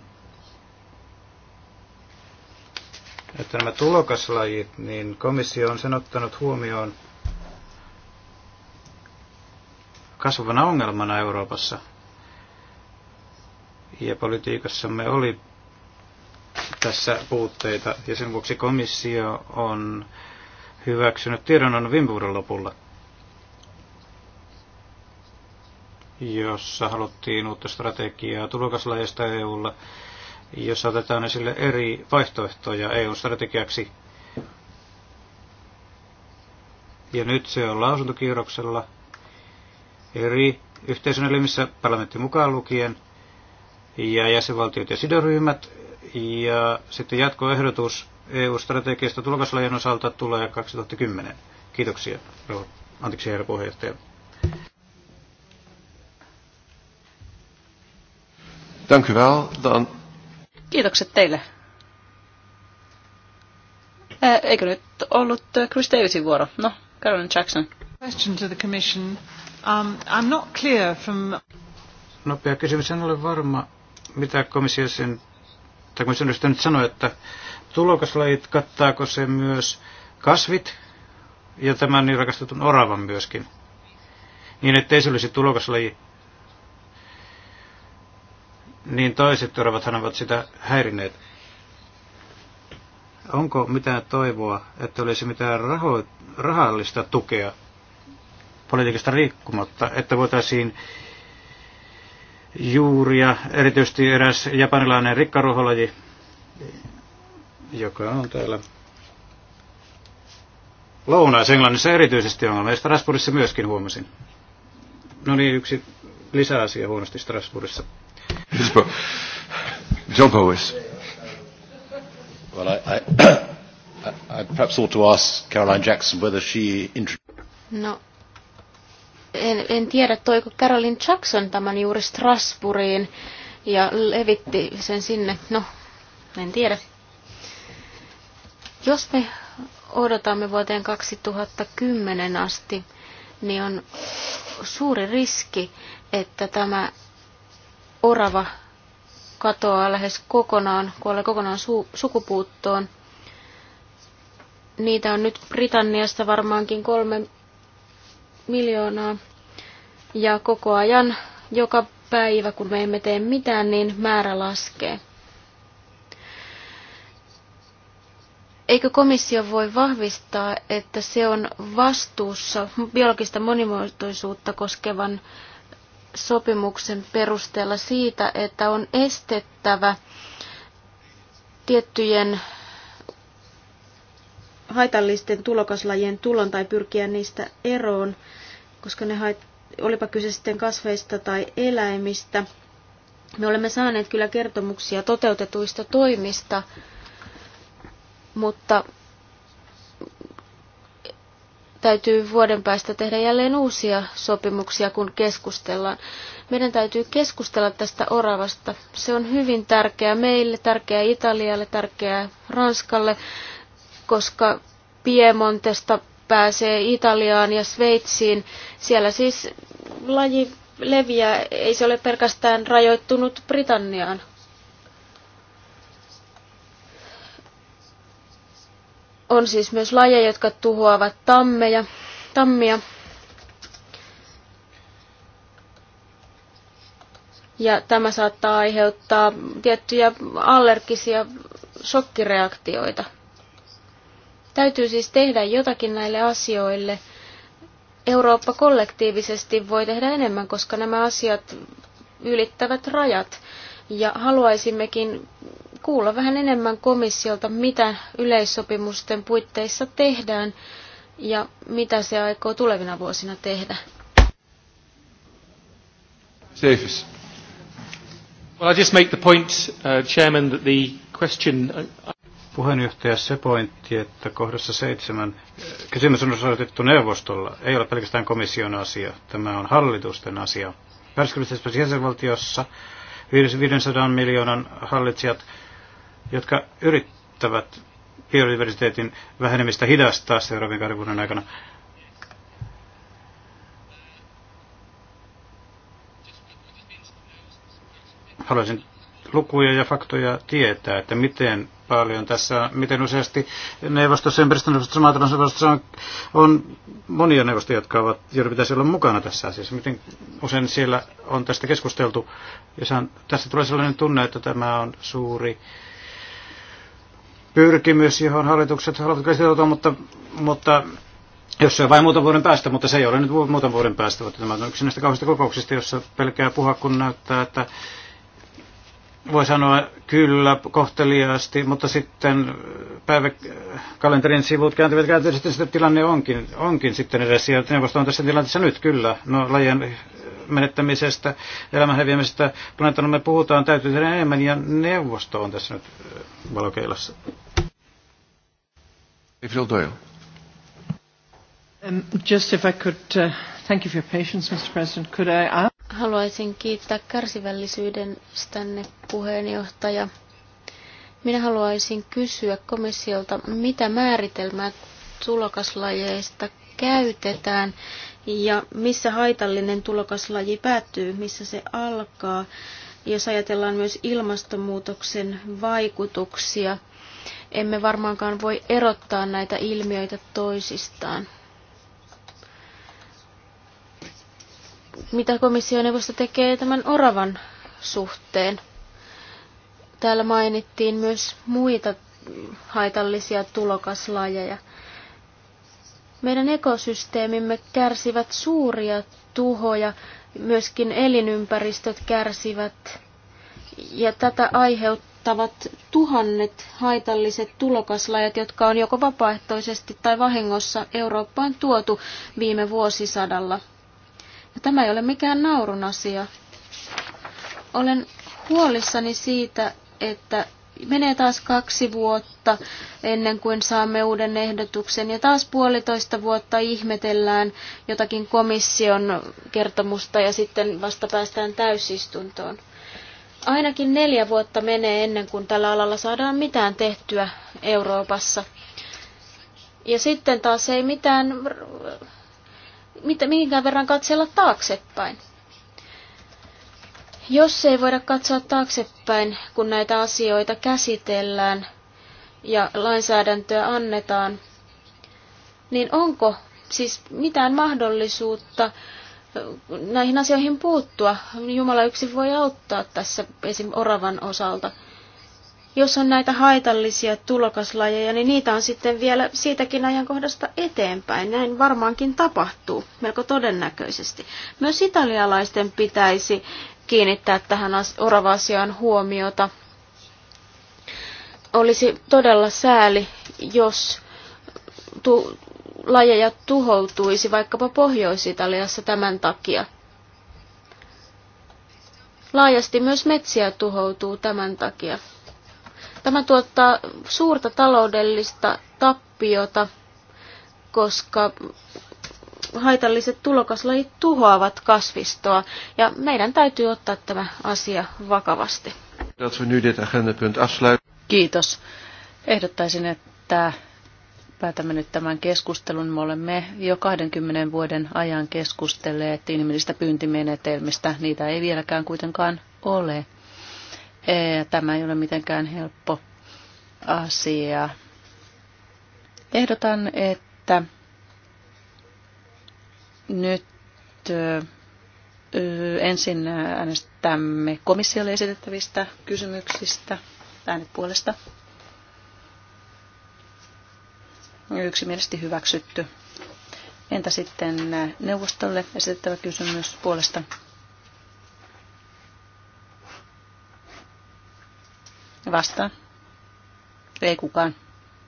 että nämä tulokaslajit, niin komissio on sen ottanut huomioon kasvavana ongelmana Euroopassa. Ja politiikassamme oli tässä puutteita ja sen vuoksi komissio on hyväksynyt tiedonannon viime vuoden lopulla, jossa haluttiin uutta strategiaa tulokaslajeista EUlla, jossa otetaan esille eri vaihtoehtoja EU-strategiaksi. Ja nyt se on lausuntokierroksella eri yhteisön elimissä parlamentti mukaan lukien ja jäsenvaltiot ja sidoryhmät ja sitten jatkoehdotus EU-strategiasta tulokaslajien osalta tulee 2010. Kiitoksia, anteeksi herra puheenjohtaja. Dank u wel. Dan... Kiitokset teille. Äh, eikö nyt ollut Chris Davisin vuoro? No, Carolyn Jackson. Question to the commission. Um, I'm not clear from... Nopea kysymys. En ole varma, mitä komissio sen tai kun sinä nyt sanoi, että tulokaslajit kattaako se myös kasvit ja tämän niin rakastetun oravan myöskin, niin ettei se olisi tulokaslaji. Niin toiset oravathan ovat sitä häirineet. Onko mitään toivoa, että olisi mitään raho- rahallista tukea politiikasta riikkumatta, että voitaisiin juuria, erityisesti eräs japanilainen rikkaruholaji, joka on täällä Lounais-Englannissa erityisesti ongelma, ja Strasbourgissa myöskin huomasin. No niin, yksi lisäasia huonosti Strasbourgissa. John Powis. Well, I, I, I perhaps ought to ask Caroline Jackson whether she... No, en, en tiedä, toiko Carolyn Jackson tämän juuri Strasbourgiin ja levitti sen sinne. No, en tiedä. Jos me odotamme vuoteen 2010 asti, niin on suuri riski, että tämä orava katoaa lähes kokonaan, kuolee kokonaan su- sukupuuttoon. Niitä on nyt Britanniasta varmaankin kolme miljoonaa. Ja koko ajan, joka päivä, kun me emme tee mitään, niin määrä laskee. Eikö komissio voi vahvistaa, että se on vastuussa biologista monimuotoisuutta koskevan sopimuksen perusteella siitä, että on estettävä tiettyjen haitallisten tulokaslajien tulon tai pyrkiä niistä eroon, koska ne hait, olipa kyse sitten kasveista tai eläimistä. Me olemme saaneet kyllä kertomuksia toteutetuista toimista, mutta täytyy vuoden päästä tehdä jälleen uusia sopimuksia, kun keskustellaan. Meidän täytyy keskustella tästä oravasta. Se on hyvin tärkeää meille, tärkeää Italialle, tärkeää Ranskalle, koska Piemontesta pääsee Italiaan ja Sveitsiin. Siellä siis laji leviää, ei se ole pelkästään rajoittunut Britanniaan. On siis myös lajeja, jotka tuhoavat tammeja, tammia. Ja tämä saattaa aiheuttaa tiettyjä allergisia shokkireaktioita. Täytyy siis tehdä jotakin näille asioille. Eurooppa kollektiivisesti voi tehdä enemmän, koska nämä asiat ylittävät rajat. Ja haluaisimmekin kuulla vähän enemmän komissiolta, mitä yleissopimusten puitteissa tehdään ja mitä se aikoo tulevina vuosina tehdä. Davis. Well, I just make the point, uh, Chairman, that the question... Uh, puheenjohtaja se pointti, että kohdassa seitsemän kysymys on osoitettu neuvostolla, ei ole pelkästään komission asia, tämä on hallitusten asia. 27. jäsenvaltiossa 500 miljoonan hallitsijat, jotka yrittävät biodiversiteetin vähenemistä hidastaa seuraavien kahden vuoden aikana. Haluaisin lukuja ja faktoja tietää, että miten paljon. Tässä miten useasti neuvostossa, ympäristöneuvostossa, maatalousneuvostossa on, on monia neuvostoja, jotka ovat, joiden pitäisi olla mukana tässä asiassa. Miten usein siellä on tästä keskusteltu. Ja saan, tässä tulee sellainen tunne, että tämä on suuri pyrkimys, johon hallitukset haluavat sitoutua, mutta, mutta jos se on vain muutaman vuoden päästä, mutta se ei ole nyt muutaman vuoden päästä, vaan tämä on yksi näistä kauheista kokouksista, jossa pelkää puhua, kun näyttää, että voi sanoa kyllä kohteliaasti, mutta sitten päiväkalenterin sivut kääntyvät käytännössä sitten tilanne onkin, onkin sitten edes, Ja neuvosto on tässä tilanteessa nyt kyllä. No lajien menettämisestä, elämän häviämisestä, planeetana me puhutaan, täytyy tehdä enemmän ja neuvosto on tässä nyt äh, valokeilassa. Phil Doyle. Um, just if I could, uh, thank you for your patience, Mr. President. Could I ask? Haluaisin kiittää kärsivällisyydestänne puheenjohtaja. Minä haluaisin kysyä komissiolta, mitä määritelmää tulokaslajeista käytetään ja missä haitallinen tulokaslaji päättyy, missä se alkaa. Jos ajatellaan myös ilmastonmuutoksen vaikutuksia, emme varmaankaan voi erottaa näitä ilmiöitä toisistaan. mitä komissioneuvosto tekee tämän oravan suhteen. Täällä mainittiin myös muita haitallisia tulokaslajeja. Meidän ekosysteemimme kärsivät suuria tuhoja, myöskin elinympäristöt kärsivät, ja tätä aiheuttavat tuhannet haitalliset tulokaslajat, jotka on joko vapaaehtoisesti tai vahingossa Eurooppaan tuotu viime vuosisadalla. Tämä ei ole mikään naurun asia. Olen huolissani siitä, että menee taas kaksi vuotta ennen kuin saamme uuden ehdotuksen ja taas puolitoista vuotta ihmetellään jotakin komission kertomusta ja sitten vasta päästään täysistuntoon. Ainakin neljä vuotta menee ennen kuin tällä alalla saadaan mitään tehtyä Euroopassa. Ja sitten taas ei mitään mitä, minkään verran katsella taaksepäin. Jos ei voida katsoa taaksepäin, kun näitä asioita käsitellään ja lainsäädäntöä annetaan, niin onko siis mitään mahdollisuutta näihin asioihin puuttua? Jumala yksin voi auttaa tässä esim. oravan osalta – jos on näitä haitallisia tulokaslajeja, niin niitä on sitten vielä siitäkin ajankohdasta eteenpäin. Näin varmaankin tapahtuu, melko todennäköisesti. Myös italialaisten pitäisi kiinnittää tähän orava-asiaan huomiota. Olisi todella sääli, jos tu- lajeja tuhoutuisi vaikkapa Pohjois-Italiassa tämän takia. Laajasti myös metsiä tuhoutuu tämän takia. Tämä tuottaa suurta taloudellista tappiota, koska haitalliset tulokaslajit tuhoavat kasvistoa ja meidän täytyy ottaa tämä asia vakavasti. Kiitos. Ehdottaisin, että päätämme nyt tämän keskustelun. Me olemme jo 20 vuoden ajan keskustelleet inhimillistä pyyntimenetelmistä. Niitä ei vieläkään kuitenkaan ole. Tämä ei ole mitenkään helppo asia. Ehdotan, että nyt ensin äänestämme komissiolle esitettävistä kysymyksistä äänet puolesta. Yksimielisesti hyväksytty. Entä sitten neuvostolle esitettävä kysymys puolesta? Vastaan. Ei kukaan.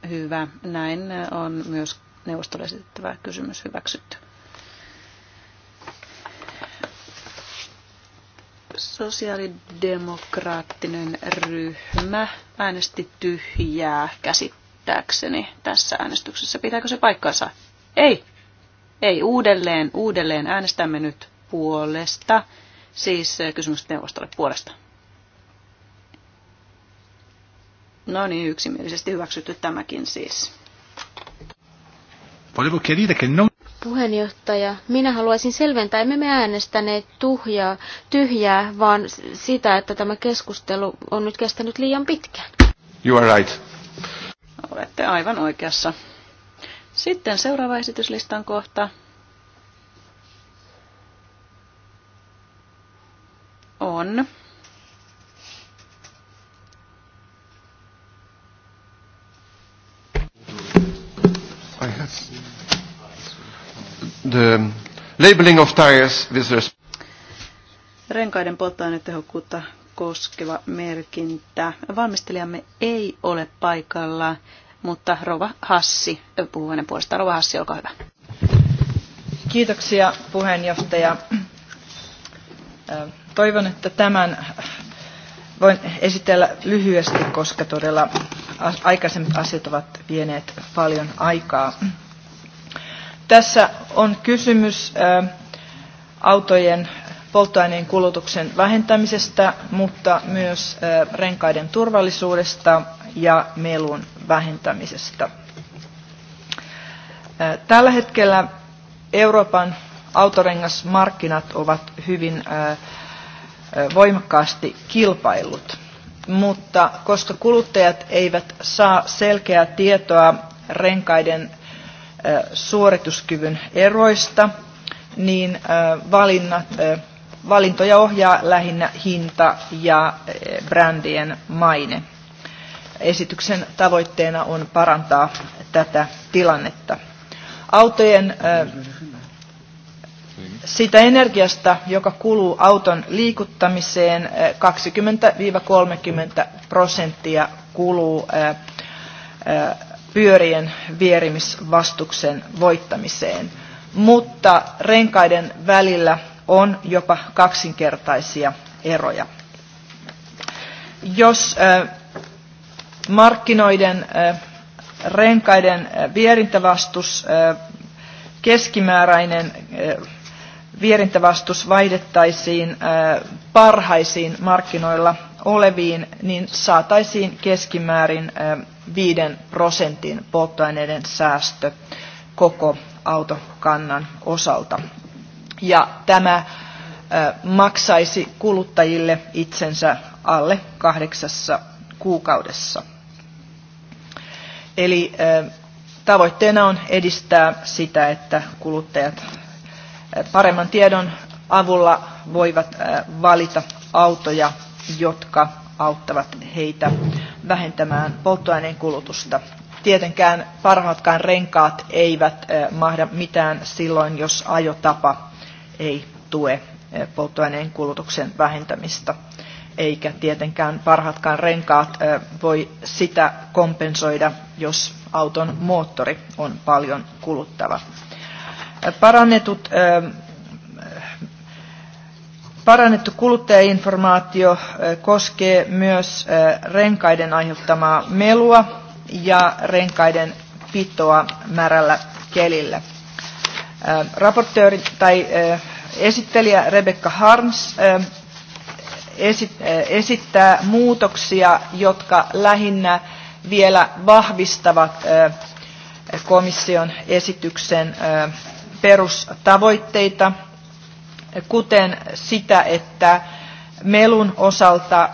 Hyvä. Näin on myös neuvostolle esitettävä kysymys hyväksytty. Sosiaalidemokraattinen ryhmä äänesti tyhjää käsittääkseni tässä äänestyksessä. Pitääkö se paikkansa? Ei. Ei, uudelleen, uudelleen äänestämme nyt puolesta. Siis kysymys neuvostolle puolesta. No niin, yksimielisesti hyväksytty tämäkin siis. Puheenjohtaja, minä haluaisin selventää, emme me äänestäneet tuhjaa, tyhjää, vaan sitä, että tämä keskustelu on nyt kestänyt liian pitkään. You are right. Olette aivan oikeassa. Sitten seuraava esityslistan kohta. On. the labeling of tires with respect renkaiden polttoainetehokkuutta koskeva merkintä. Valmistelijamme ei ole paikalla, mutta Rova Hassi puhuu hänen puolestaan. Rova Hassi, olkaa hyvä. Kiitoksia puheenjohtaja. Toivon, että tämän voin esitellä lyhyesti, koska todella aikaisemmat asiat ovat vieneet paljon aikaa. Tässä on kysymys autojen polttoaineen kulutuksen vähentämisestä, mutta myös renkaiden turvallisuudesta ja melun vähentämisestä. Tällä hetkellä Euroopan autorengasmarkkinat ovat hyvin voimakkaasti kilpailut, mutta koska kuluttajat eivät saa selkeää tietoa renkaiden suorituskyvyn eroista, niin valinnat, valintoja ohjaa lähinnä hinta ja brändien maine. Esityksen tavoitteena on parantaa tätä tilannetta. Autojen sitä energiasta, joka kuluu auton liikuttamiseen, 20-30 prosenttia kuluu pyörien vierimisvastuksen voittamiseen, mutta renkaiden välillä on jopa kaksinkertaisia eroja. Jos markkinoiden renkaiden vierintävastus, keskimääräinen vierintävastus vaihdettaisiin parhaisiin markkinoilla oleviin, niin saataisiin keskimäärin viiden prosentin polttoaineiden säästö koko autokannan osalta. Ja tämä maksaisi kuluttajille itsensä alle kahdeksassa kuukaudessa. Eli tavoitteena on edistää sitä, että kuluttajat paremman tiedon avulla voivat valita autoja jotka auttavat heitä vähentämään polttoaineen kulutusta. Tietenkään parhaatkaan renkaat eivät mahda mitään silloin, jos ajotapa ei tue polttoaineen kulutuksen vähentämistä eikä tietenkään parhaatkaan renkaat voi sitä kompensoida, jos auton moottori on paljon kuluttava. Parannetut Parannettu kuluttajainformaatio koskee myös renkaiden aiheuttamaa melua ja renkaiden pitoa märällä kelillä. Raportööri tai esittelijä Rebecca Harms esittää muutoksia, jotka lähinnä vielä vahvistavat komission esityksen perustavoitteita – kuten sitä, että melun osalta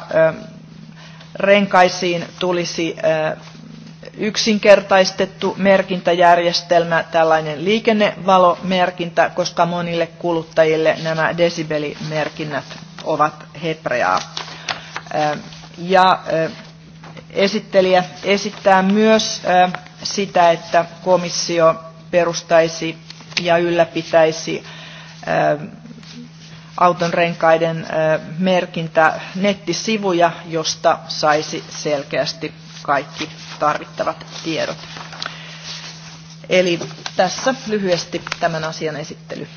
renkaisiin tulisi yksinkertaistettu merkintäjärjestelmä, tällainen liikennevalomerkintä, koska monille kuluttajille nämä desibelimerkinnät ovat hepreaa. Ja esittelijä esittää myös sitä, että komissio perustaisi ja ylläpitäisi autonrenkaiden merkintä nettisivuja, josta saisi selkeästi kaikki tarvittavat tiedot. Eli tässä lyhyesti tämän asian esittely.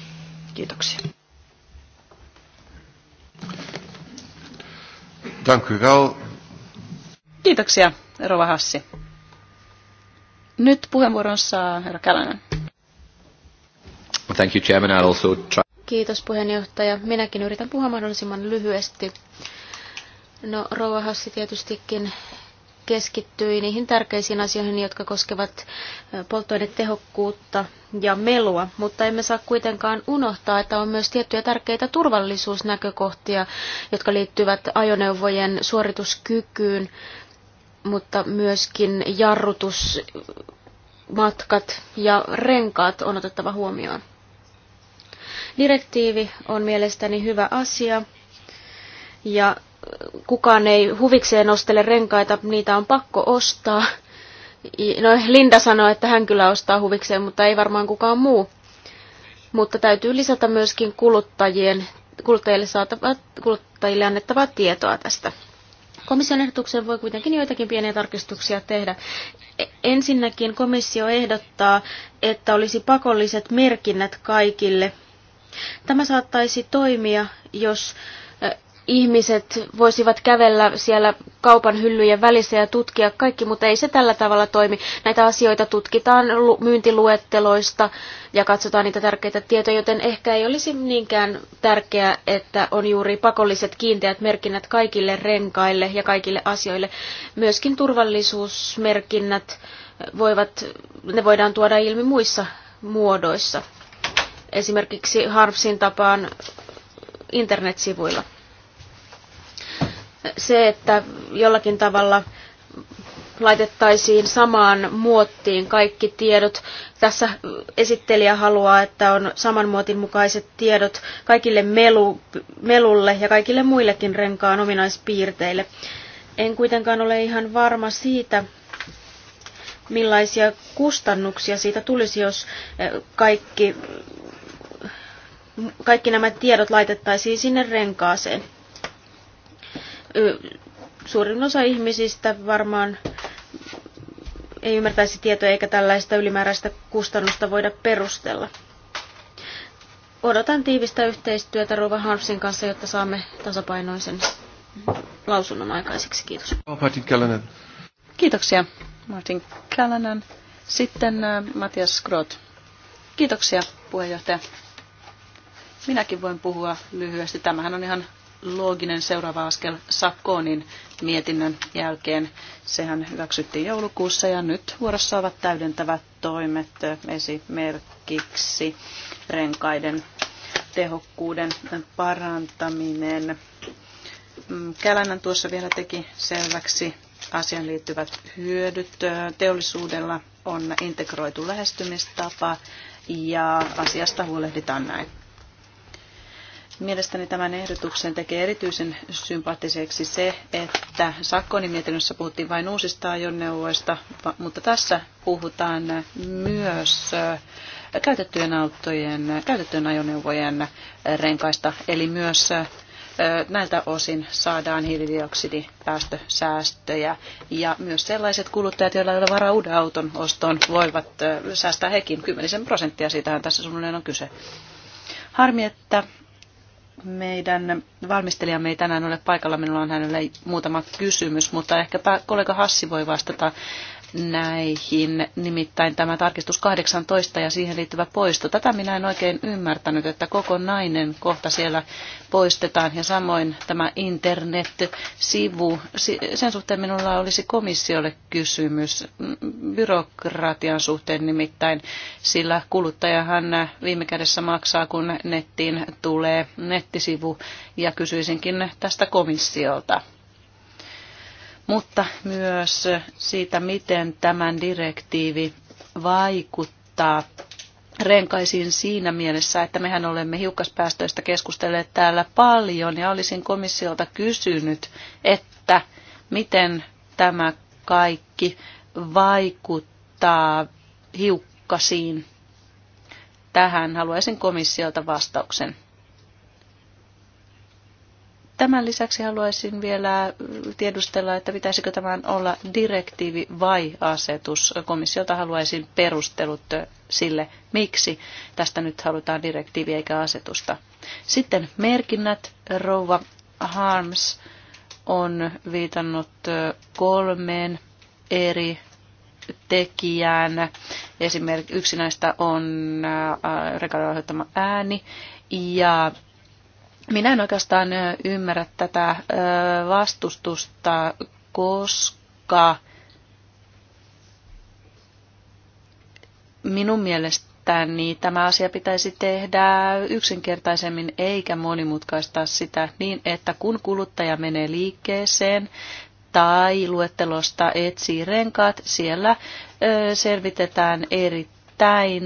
Kiitoksia. Kiitoksia, Rova Hassi. Nyt puheenvuoron saa herra Kälänen. Thank you, Chairman. I'll also try... Kiitos puheenjohtaja. Minäkin yritän puhua mahdollisimman lyhyesti. No, Rouva Hassi tietystikin keskittyi niihin tärkeisiin asioihin, jotka koskevat polttoainetehokkuutta ja melua, mutta emme saa kuitenkaan unohtaa, että on myös tiettyjä tärkeitä turvallisuusnäkökohtia, jotka liittyvät ajoneuvojen suorituskykyyn, mutta myöskin jarrutusmatkat ja renkaat on otettava huomioon. Direktiivi on mielestäni hyvä asia ja kukaan ei huvikseen ostele renkaita, niitä on pakko ostaa. No, Linda sanoi, että hän kyllä ostaa huvikseen, mutta ei varmaan kukaan muu. Mutta täytyy lisätä myöskin kuluttajien, kuluttajille, saatava, kuluttajille annettavaa tietoa tästä. Komission ehdotukseen voi kuitenkin joitakin pieniä tarkistuksia tehdä. E, ensinnäkin komissio ehdottaa, että olisi pakolliset merkinnät kaikille Tämä saattaisi toimia, jos ihmiset voisivat kävellä siellä kaupan hyllyjen välissä ja tutkia kaikki, mutta ei se tällä tavalla toimi. Näitä asioita tutkitaan myyntiluetteloista ja katsotaan niitä tärkeitä tietoja, joten ehkä ei olisi niinkään tärkeää, että on juuri pakolliset kiinteät merkinnät kaikille renkaille ja kaikille asioille. Myöskin turvallisuusmerkinnät voivat, ne voidaan tuoda ilmi muissa muodoissa esimerkiksi Harpsin tapaan internetsivuilla. Se, että jollakin tavalla laitettaisiin samaan muottiin kaikki tiedot. Tässä esittelijä haluaa, että on saman muotin mukaiset tiedot kaikille melu, melulle ja kaikille muillekin renkaan ominaispiirteille. En kuitenkaan ole ihan varma siitä, millaisia kustannuksia siitä tulisi, jos kaikki kaikki nämä tiedot laitettaisiin sinne renkaaseen. Suurin osa ihmisistä varmaan ei ymmärtäisi tietoja eikä tällaista ylimääräistä kustannusta voida perustella. Odotan tiivistä yhteistyötä Rova Harmsin kanssa, jotta saamme tasapainoisen lausunnon aikaiseksi. Kiitos. Martin Kälänen. Kiitoksia, Martin Kälänen. Sitten äh, Matias Groth. Kiitoksia, puheenjohtaja. Minäkin voin puhua lyhyesti. Tämähän on ihan looginen seuraava askel sakkoonin mietinnön jälkeen. Sehän hyväksyttiin joulukuussa ja nyt vuorossa ovat täydentävät toimet esimerkiksi renkaiden tehokkuuden parantaminen. Mm, Kälänän tuossa vielä teki selväksi asian liittyvät hyödyt. Teollisuudella on integroitu lähestymistapa ja asiasta huolehditaan näin. Mielestäni tämän ehdotuksen tekee erityisen sympaattiseksi se, että Sakkonin mietinnössä puhuttiin vain uusista ajoneuvoista, mutta tässä puhutaan myös äh, käytettyjen autojen, käytettyjen ajoneuvojen renkaista, eli myös äh, näiltä osin saadaan hiilidioksidipäästösäästöjä ja myös sellaiset kuluttajat, joilla ei ole varaa uuden auton ostoon, voivat äh, säästää hekin kymmenisen prosenttia. Siitähän tässä suunnilleen on kyse. Harmi, että meidän valmistelijamme ei tänään ole paikalla, minulla on hänelle muutama kysymys, mutta ehkäpä kollega Hassi voi vastata näihin, nimittäin tämä tarkistus 18 ja siihen liittyvä poisto. Tätä minä en oikein ymmärtänyt, että koko nainen kohta siellä poistetaan ja samoin tämä internet-sivu. Sen suhteen minulla olisi komissiolle kysymys mm, byrokratian suhteen nimittäin, sillä kuluttajahan viime kädessä maksaa, kun nettiin tulee nettisivu ja kysyisinkin tästä komissiolta mutta myös siitä, miten tämän direktiivi vaikuttaa renkaisiin siinä mielessä, että mehän olemme hiukkaspäästöistä keskustelleet täällä paljon ja olisin komissiolta kysynyt, että miten tämä kaikki vaikuttaa hiukkasiin. Tähän haluaisin komissiolta vastauksen. Tämän lisäksi haluaisin vielä tiedustella, että pitäisikö tämän olla direktiivi vai asetus. Komissiolta haluaisin perustelut sille, miksi tästä nyt halutaan direktiivi eikä asetusta. Sitten merkinnät, rouva Harms on viitannut kolmeen eri tekijään. Esimerkiksi yksi näistä on äh, äh, rekan ääni ja minä en oikeastaan ymmärrä tätä vastustusta, koska minun mielestäni tämä asia pitäisi tehdä yksinkertaisemmin eikä monimutkaistaa sitä niin, että kun kuluttaja menee liikkeeseen tai luettelosta etsii renkaat, siellä selvitetään eri erittäin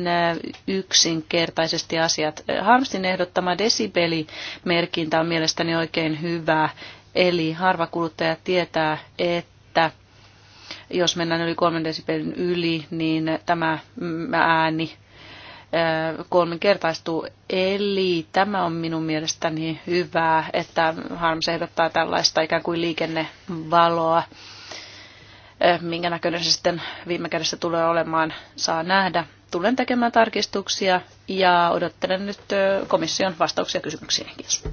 yksinkertaisesti asiat. Harmstin ehdottama desibelimerkintä on mielestäni oikein hyvä, eli harva kuluttaja tietää, että jos mennään yli kolmen desibelin yli, niin tämä ääni kolminkertaistuu. Eli tämä on minun mielestäni hyvää, että Harms ehdottaa tällaista ikään kuin liikennevaloa. Minkä näköinen se sitten viime kädessä tulee olemaan, saa nähdä tulen tekemään tarkistuksia ja odottelen nyt komission vastauksia kysymyksiin. Kiitos.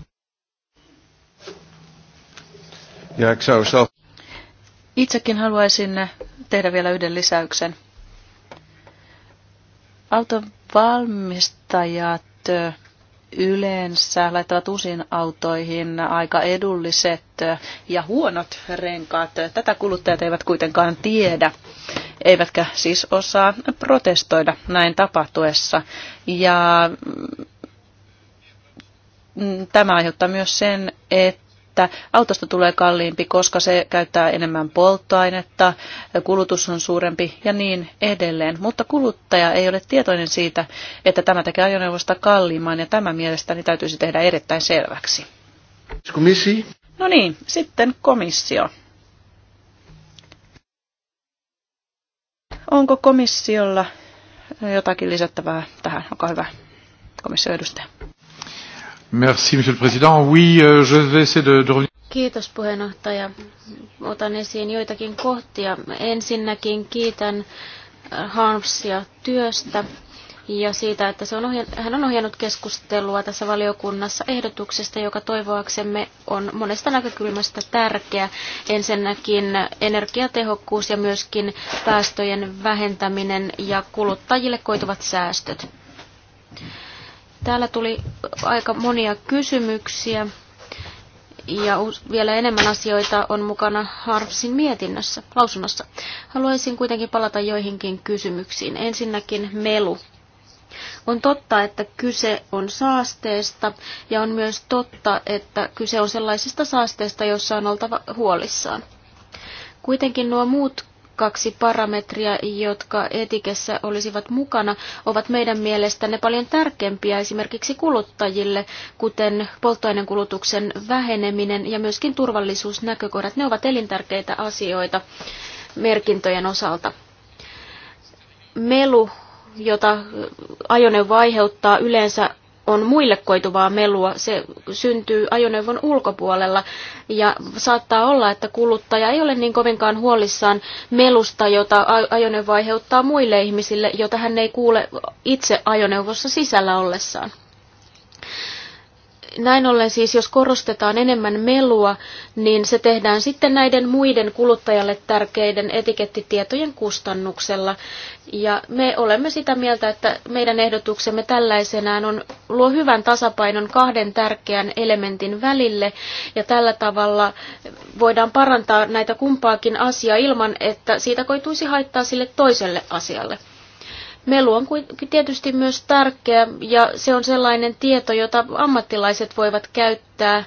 Itsekin haluaisin tehdä vielä yhden lisäyksen. Autovalmistajat yleensä laittavat uusiin autoihin aika edulliset ja huonot renkaat. Tätä kuluttajat eivät kuitenkaan tiedä, eivätkä siis osaa protestoida näin tapahtuessa. Ja mm, tämä aiheuttaa myös sen, että että autosta tulee kalliimpi, koska se käyttää enemmän polttoainetta, kulutus on suurempi ja niin edelleen. Mutta kuluttaja ei ole tietoinen siitä, että tämä tekee ajoneuvosta kalliimman ja tämä mielestäni täytyisi tehdä erittäin selväksi. No niin, sitten komissio. Onko komissiolla jotakin lisättävää tähän? Onko hyvä, komission edustaja. Merci, monsieur le président. Oui, euh, je vais essayer de, de revenir. Kiitos puheenjohtaja. Otan esiin joitakin kohtia. Ensinnäkin kiitän äh, Harmsia työstä ja siitä, että se on ohja- hän on ohjannut keskustelua tässä valiokunnassa ehdotuksesta, joka toivoaksemme on monesta näkökulmasta tärkeä. Ensinnäkin energiatehokkuus ja myöskin päästöjen vähentäminen ja kuluttajille koituvat säästöt. Täällä tuli aika monia kysymyksiä ja vielä enemmän asioita on mukana Harpsin mietinnössä, lausunnossa. Haluaisin kuitenkin palata joihinkin kysymyksiin. Ensinnäkin melu. On totta, että kyse on saasteesta ja on myös totta, että kyse on sellaisesta saasteesta, jossa on oltava huolissaan. Kuitenkin nuo muut kaksi parametria, jotka etikessä olisivat mukana, ovat meidän mielestämme paljon tärkeämpiä esimerkiksi kuluttajille, kuten kulutuksen väheneminen ja myöskin turvallisuusnäkökohdat. Ne ovat elintärkeitä asioita merkintöjen osalta. Melu, jota ajoneuvo aiheuttaa, yleensä on muille koituvaa melua. Se syntyy ajoneuvon ulkopuolella ja saattaa olla, että kuluttaja ei ole niin kovinkaan huolissaan melusta, jota ajoneuvo aiheuttaa muille ihmisille, jota hän ei kuule itse ajoneuvossa sisällä ollessaan näin ollen siis, jos korostetaan enemmän melua, niin se tehdään sitten näiden muiden kuluttajalle tärkeiden etikettitietojen kustannuksella. Ja me olemme sitä mieltä, että meidän ehdotuksemme tällaisenään on, luo hyvän tasapainon kahden tärkeän elementin välille, ja tällä tavalla voidaan parantaa näitä kumpaakin asiaa ilman, että siitä koituisi haittaa sille toiselle asialle. Melu on tietysti myös tärkeä ja se on sellainen tieto, jota ammattilaiset voivat käyttää,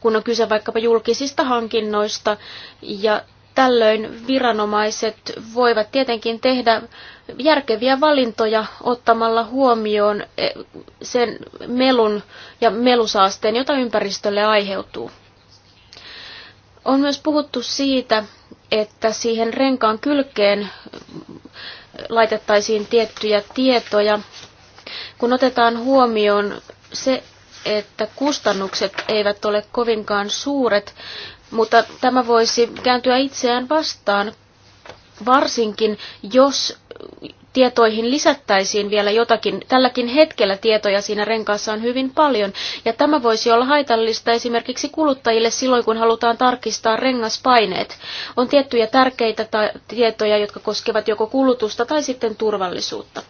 kun on kyse vaikkapa julkisista hankinnoista ja Tällöin viranomaiset voivat tietenkin tehdä järkeviä valintoja ottamalla huomioon eh, sen melun ja melusaasteen, jota ympäristölle aiheutuu. On myös puhuttu siitä, että siihen renkaan kylkeen laitettaisiin tiettyjä tietoja, kun otetaan huomioon se, että kustannukset eivät ole kovinkaan suuret, mutta tämä voisi kääntyä itseään vastaan, varsinkin jos tietoihin lisättäisiin vielä jotakin. Tälläkin hetkellä tietoja siinä renkaassa on hyvin paljon, ja tämä voisi olla haitallista esimerkiksi kuluttajille silloin, kun halutaan tarkistaa rengaspaineet. On tiettyjä tärkeitä tietoja, jotka koskevat joko kulutusta tai sitten turvallisuutta.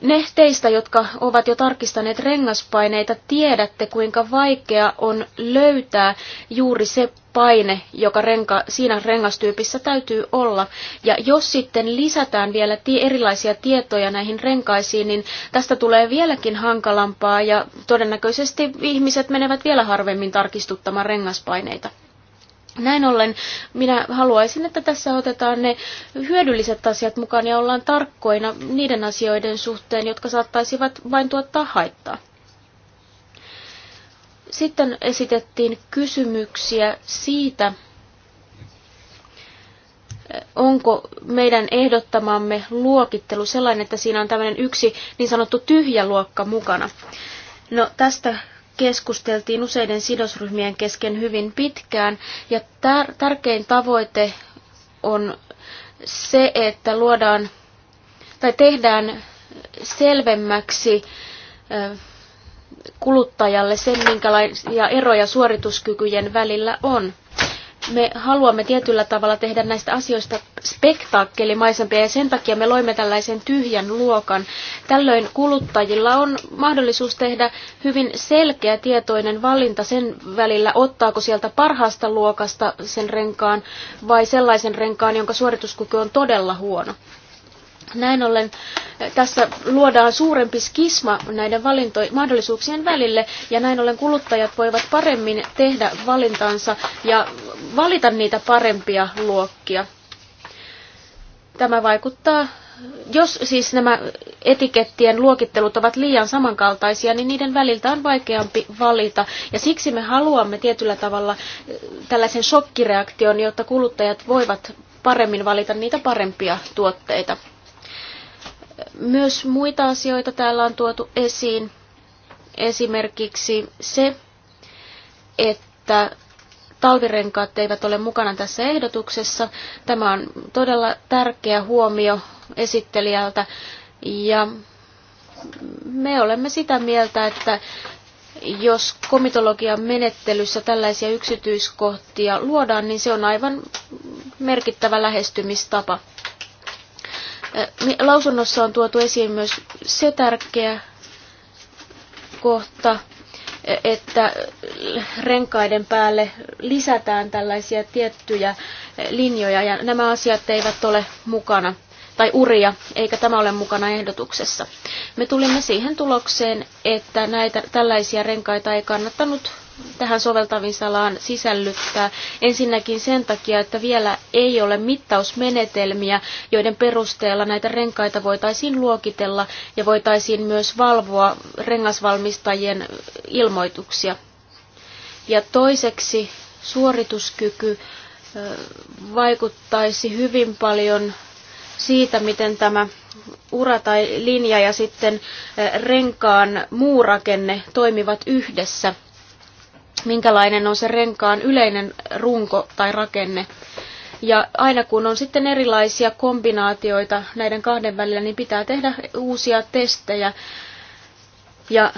Ne teistä, jotka ovat jo tarkistaneet rengaspaineita, tiedätte, kuinka vaikea on löytää juuri se paine, joka renka, siinä rengastyypissä täytyy olla. Ja jos sitten lisätään vielä erilaisia tietoja näihin renkaisiin, niin tästä tulee vieläkin hankalampaa ja todennäköisesti ihmiset menevät vielä harvemmin tarkistuttamaan rengaspaineita. Näin ollen minä haluaisin, että tässä otetaan ne hyödylliset asiat mukaan ja ollaan tarkkoina niiden asioiden suhteen, jotka saattaisivat vain tuottaa haittaa. Sitten esitettiin kysymyksiä siitä, onko meidän ehdottamamme luokittelu sellainen, että siinä on tämmöinen yksi niin sanottu tyhjä luokka mukana. No tästä keskusteltiin useiden sidosryhmien kesken hyvin pitkään ja tär- tärkein tavoite on se, että luodaan tai tehdään selvemmäksi kuluttajalle sen, minkälaisia eroja suorituskykyjen välillä on me haluamme tietyllä tavalla tehdä näistä asioista spektaakkelimaisempia ja sen takia me loimme tällaisen tyhjän luokan. Tällöin kuluttajilla on mahdollisuus tehdä hyvin selkeä tietoinen valinta sen välillä, ottaako sieltä parhaasta luokasta sen renkaan vai sellaisen renkaan, jonka suorituskyky on todella huono. Näin ollen eh, tässä luodaan suurempi skisma näiden mahdollisuuksien välille ja näin ollen kuluttajat voivat paremmin tehdä valintansa ja valita niitä parempia luokkia. Tämä vaikuttaa, jos siis nämä etikettien luokittelut ovat liian samankaltaisia, niin niiden väliltä on vaikeampi valita. Ja siksi me haluamme tietyllä tavalla eh, tällaisen shokkireaktion, jotta kuluttajat voivat paremmin valita niitä parempia tuotteita. Myös muita asioita täällä on tuotu esiin. Esimerkiksi se, että talvirenkaat eivät ole mukana tässä ehdotuksessa. Tämä on todella tärkeä huomio esittelijältä ja me olemme sitä mieltä, että jos komitologian menettelyssä tällaisia yksityiskohtia luodaan, niin se on aivan merkittävä lähestymistapa. Niin lausunnossa on tuotu esiin myös se tärkeä kohta, että renkaiden päälle lisätään tällaisia tiettyjä linjoja ja nämä asiat eivät ole mukana tai uria, eikä tämä ole mukana ehdotuksessa. Me tulimme siihen tulokseen, että näitä tällaisia renkaita ei kannattanut tähän salaan sisällyttää. Ensinnäkin sen takia, että vielä ei ole mittausmenetelmiä, joiden perusteella näitä renkaita voitaisiin luokitella ja voitaisiin myös valvoa rengasvalmistajien ilmoituksia. Ja toiseksi suorituskyky vaikuttaisi hyvin paljon siitä, miten tämä ura tai linja ja sitten renkaan muurakenne toimivat yhdessä – minkälainen on se renkaan yleinen runko tai rakenne. Ja aina kun on sitten erilaisia kombinaatioita näiden kahden välillä, niin pitää tehdä uusia testejä. Ja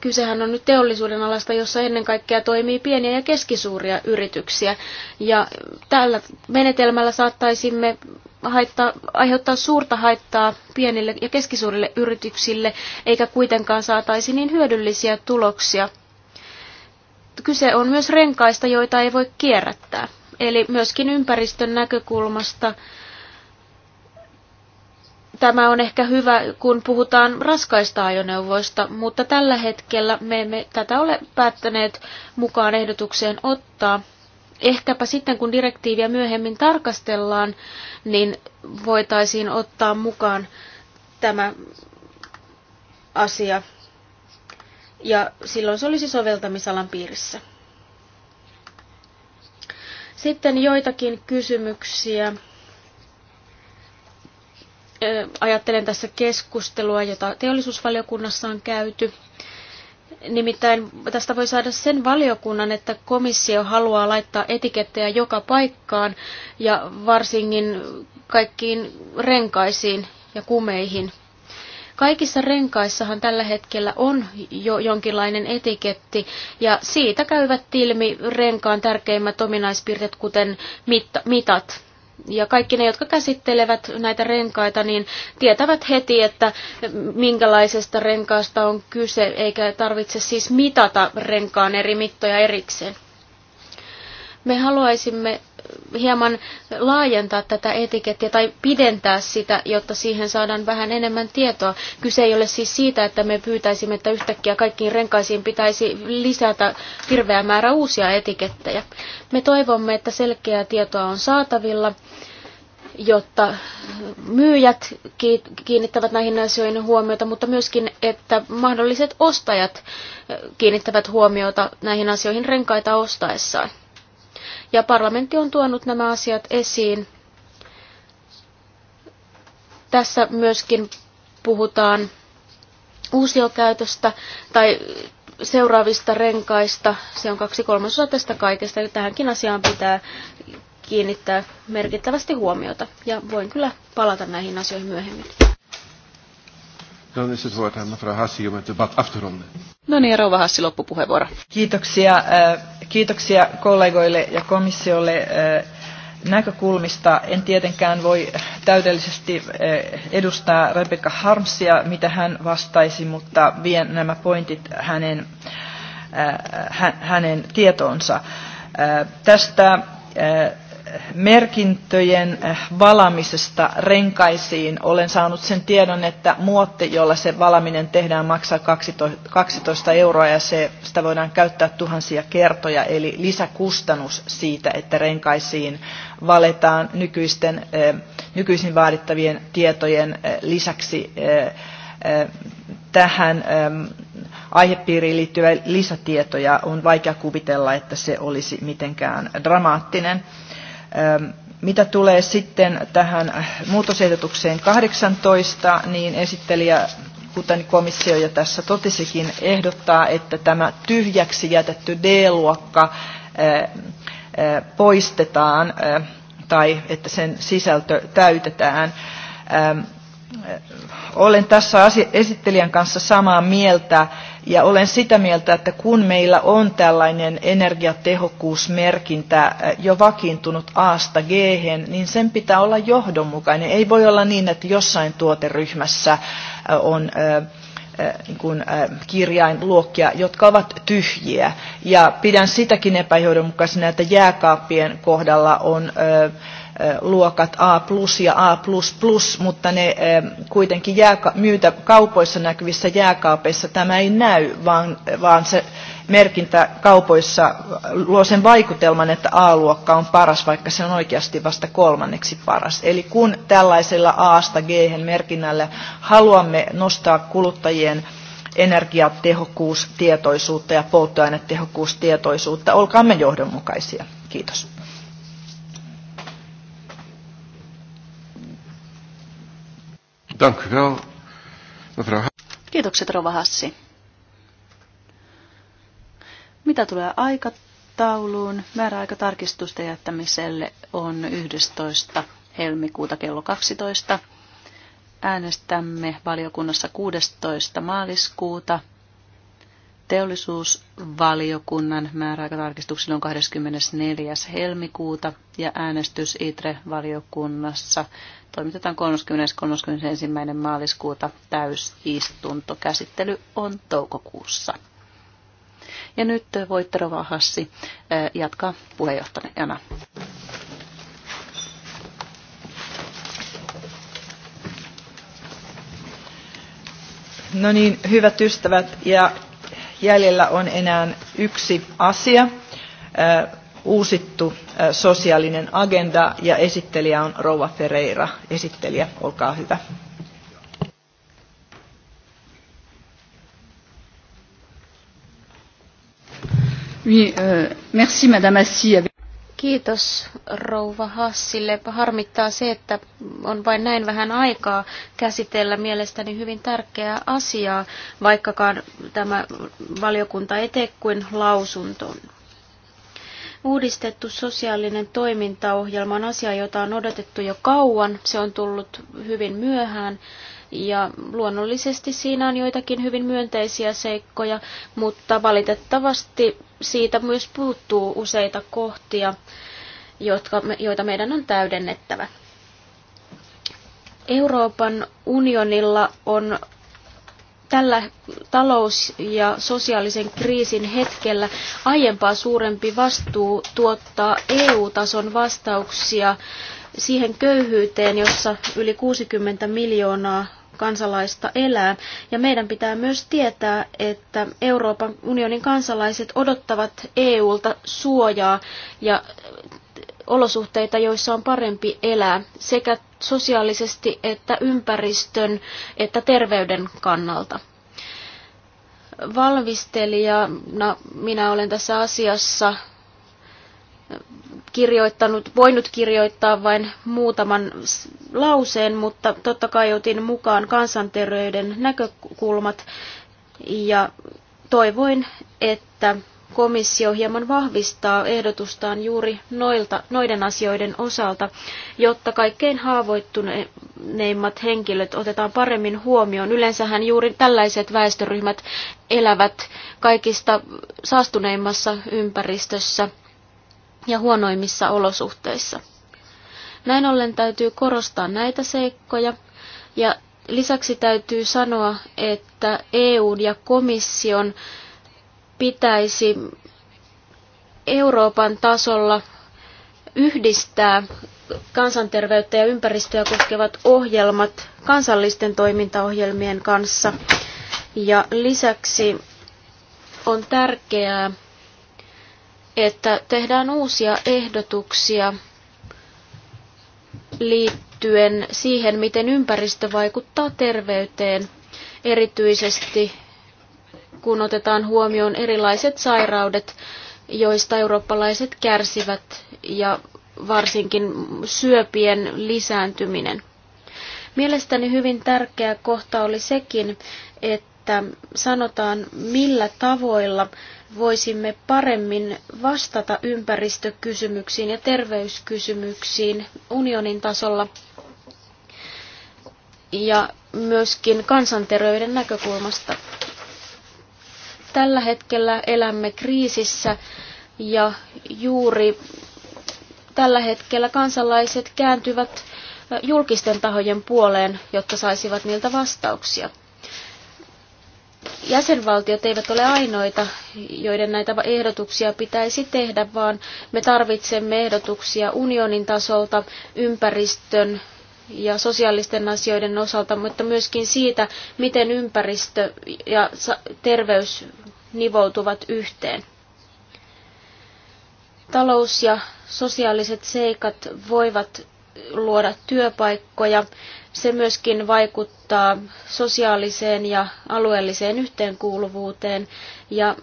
kysehän on nyt teollisuuden alasta, jossa ennen kaikkea toimii pieniä ja keskisuuria yrityksiä. Ja tällä menetelmällä saattaisimme haittaa, aiheuttaa suurta haittaa pienille ja keskisuurille yrityksille, eikä kuitenkaan saataisi niin hyödyllisiä tuloksia kyse on myös renkaista, joita ei voi kierrättää. Eli myöskin ympäristön näkökulmasta tämä on ehkä hyvä, kun puhutaan raskaista ajoneuvoista, mutta tällä hetkellä me emme tätä ole päättäneet mukaan ehdotukseen ottaa. Ehkäpä sitten, kun direktiiviä myöhemmin tarkastellaan, niin voitaisiin ottaa mukaan tämä asia ja silloin se olisi soveltamisalan piirissä. Sitten joitakin kysymyksiä. Ajattelen tässä keskustelua, jota teollisuusvaliokunnassa on käyty. Nimittäin tästä voi saada sen valiokunnan, että komissio haluaa laittaa etikettejä joka paikkaan ja varsinkin kaikkiin renkaisiin ja kumeihin – Kaikissa renkaissahan tällä hetkellä on jo jonkinlainen etiketti ja siitä käyvät ilmi renkaan tärkeimmät ominaispiirteet, kuten mitta, mitat. Ja kaikki ne, jotka käsittelevät näitä renkaita, niin tietävät heti, että minkälaisesta renkaasta on kyse, eikä tarvitse siis mitata renkaan eri mittoja erikseen. Me haluaisimme hieman laajentaa tätä etikettiä tai pidentää sitä, jotta siihen saadaan vähän enemmän tietoa. Kyse ei ole siis siitä, että me pyytäisimme, että yhtäkkiä kaikkiin renkaisiin pitäisi lisätä hirveä määrä uusia etikettejä. Me toivomme, että selkeää tietoa on saatavilla jotta myyjät kiinnittävät näihin asioihin huomiota, mutta myöskin, että mahdolliset ostajat kiinnittävät huomiota näihin asioihin renkaita ostaessaan. Ja parlamentti on tuonut nämä asiat esiin. Tässä myöskin puhutaan uusiokäytöstä tai seuraavista renkaista. Se on kaksi kolmasosa tästä kaikesta, Ja tähänkin asiaan pitää kiinnittää merkittävästi huomiota. Ja voin kyllä palata näihin asioihin myöhemmin. No niin, sitten hän mevrouw Hassi om het debat af te ronden. No niin, rouva Hassi, loppupuheenvuoro. Kiitoksia, äh, kiitoksia kollegoille ja komissiolle äh, näkökulmista. En tietenkään voi täydellisesti äh, edustaa Rebecca Harmsia, mitä hän vastaisi, mutta vien nämä pointit hänen, äh, hä, hänen tietoonsa. Äh, tästä äh, merkintöjen eh, valamisesta renkaisiin olen saanut sen tiedon, että muotti, jolla se valaminen tehdään, maksaa kaksitoista euroa ja se, sitä voidaan käyttää tuhansia kertoja. Eli lisäkustannus siitä, että renkaisiin valetaan nykyisten, eh, nykyisin vaadittavien tietojen eh, lisäksi tähän aihepiiriin liittyviä lisätietoja on vaikea kuvitella, että se olisi mitenkään dramaattinen. Ähm, mitä tulee sitten tähän muutosehdotukseen 18, niin esittelijä, kuten komissio jo tässä totesikin, ehdottaa, että tämä tyhjäksi jätetty D-luokka äh, äh, poistetaan äh, tai että sen sisältö täytetään. Ähm, olen tässä esittelijän kanssa samaa mieltä ja olen sitä mieltä, että kun meillä on tällainen energiatehokkuusmerkintä äh, jo vakiintunut Asta G:hen, g niin sen pitää olla johdonmukainen. Ei voi olla niin, että jossain tuoteryhmässä äh, on äh, niin kuin, kirjainluokkia, jotka ovat tyhjiä. Ja pidän sitäkin epäjohdonmukaisena, että jääkaappien kohdalla on luokat A ja A mutta ne kuitenkin jääka- myytä kaupoissa näkyvissä jääkaapeissa tämä ei näy, vaan, vaan se merkintä kaupoissa luo sen vaikutelman, että A-luokka on paras, vaikka se on oikeasti vasta kolmanneksi paras. Eli kun tällaisella A-sta G-merkinnällä haluamme nostaa kuluttajien energiatehokkuustietoisuutta ja polttoainetehokkuustietoisuutta, olkaamme johdonmukaisia. Kiitos. Dank u wel, mevrouw. Kiitokset, Rova Hassi. Mitä tulee aikatauluun? Määräaikatarkistusta jättämiselle on 11. helmikuuta kello 12. Äänestämme valiokunnassa 16. maaliskuuta teollisuusvaliokunnan määräaikatarkistuksille on 24. helmikuuta ja äänestys ITRE-valiokunnassa toimitetaan 30.31. maaliskuuta täysistunto. Käsittely on toukokuussa. Ja nyt voitte Rova Hassi eh, jatkaa puheenjohtajana. No niin, hyvät ystävät ja jäljellä on enää yksi asia uusittu sosiaalinen agenda ja esittelijä on rouva Ferreira. Esittelijä, olkaa hyvä. Oui, euh, merci Madame Assi. Kiitos rouva Hassille. Harmittaa se, että on vain näin vähän aikaa käsitellä mielestäni hyvin tärkeää asiaa, vaikkakaan tämä valiokunta ei tee kuin lausunton. Uudistettu sosiaalinen toimintaohjelma on asia, jota on odotettu jo kauan. Se on tullut hyvin myöhään ja luonnollisesti siinä on joitakin hyvin myönteisiä seikkoja, mutta valitettavasti siitä myös puuttuu useita kohtia, jotka, joita meidän on täydennettävä. Euroopan unionilla on tällä talous- ja sosiaalisen kriisin hetkellä aiempaa suurempi vastuu tuottaa EU-tason vastauksia siihen köyhyyteen, jossa yli 60 miljoonaa kansalaista elää. Ja meidän pitää myös tietää, että Euroopan unionin kansalaiset odottavat EUlta suojaa ja olosuhteita, joissa on parempi elää sekä sosiaalisesti että ympäristön että terveyden kannalta. Valmistelijana minä olen tässä asiassa kirjoittanut, voinut kirjoittaa vain muutaman lauseen, mutta totta kai otin mukaan kansanterveyden näkökulmat ja toivoin, että komissio hieman vahvistaa ehdotustaan juuri noilta, noiden asioiden osalta, jotta kaikkein haavoittuneimmat henkilöt otetaan paremmin huomioon. Yleensähän juuri tällaiset väestöryhmät elävät kaikista saastuneimmassa ympäristössä – ja huonoimmissa olosuhteissa. Näin ollen täytyy korostaa näitä seikkoja ja lisäksi täytyy sanoa, että EU ja komission pitäisi Euroopan tasolla yhdistää kansanterveyttä ja ympäristöä koskevat ohjelmat kansallisten toimintaohjelmien kanssa. Ja lisäksi on tärkeää, että tehdään uusia ehdotuksia liittyen siihen, miten ympäristö vaikuttaa terveyteen, erityisesti kun otetaan huomioon erilaiset sairaudet, joista eurooppalaiset kärsivät ja varsinkin syöpien lisääntyminen. Mielestäni hyvin tärkeä kohta oli sekin, että sanotaan millä tavoilla voisimme paremmin vastata ympäristökysymyksiin ja terveyskysymyksiin unionin tasolla ja myöskin kansanterveyden näkökulmasta. Tällä hetkellä elämme kriisissä ja juuri tällä hetkellä kansalaiset kääntyvät julkisten tahojen puoleen, jotta saisivat niiltä vastauksia jäsenvaltiot eivät ole ainoita, joiden näitä ehdotuksia pitäisi tehdä, vaan me tarvitsemme ehdotuksia unionin tasolta ympäristön ja sosiaalisten asioiden osalta, mutta myöskin siitä, miten ympäristö ja terveys nivoutuvat yhteen. Talous ja sosiaaliset seikat voivat luoda työpaikkoja. Se myöskin vaikuttaa sosiaaliseen ja alueelliseen yhteenkuuluvuuteen ja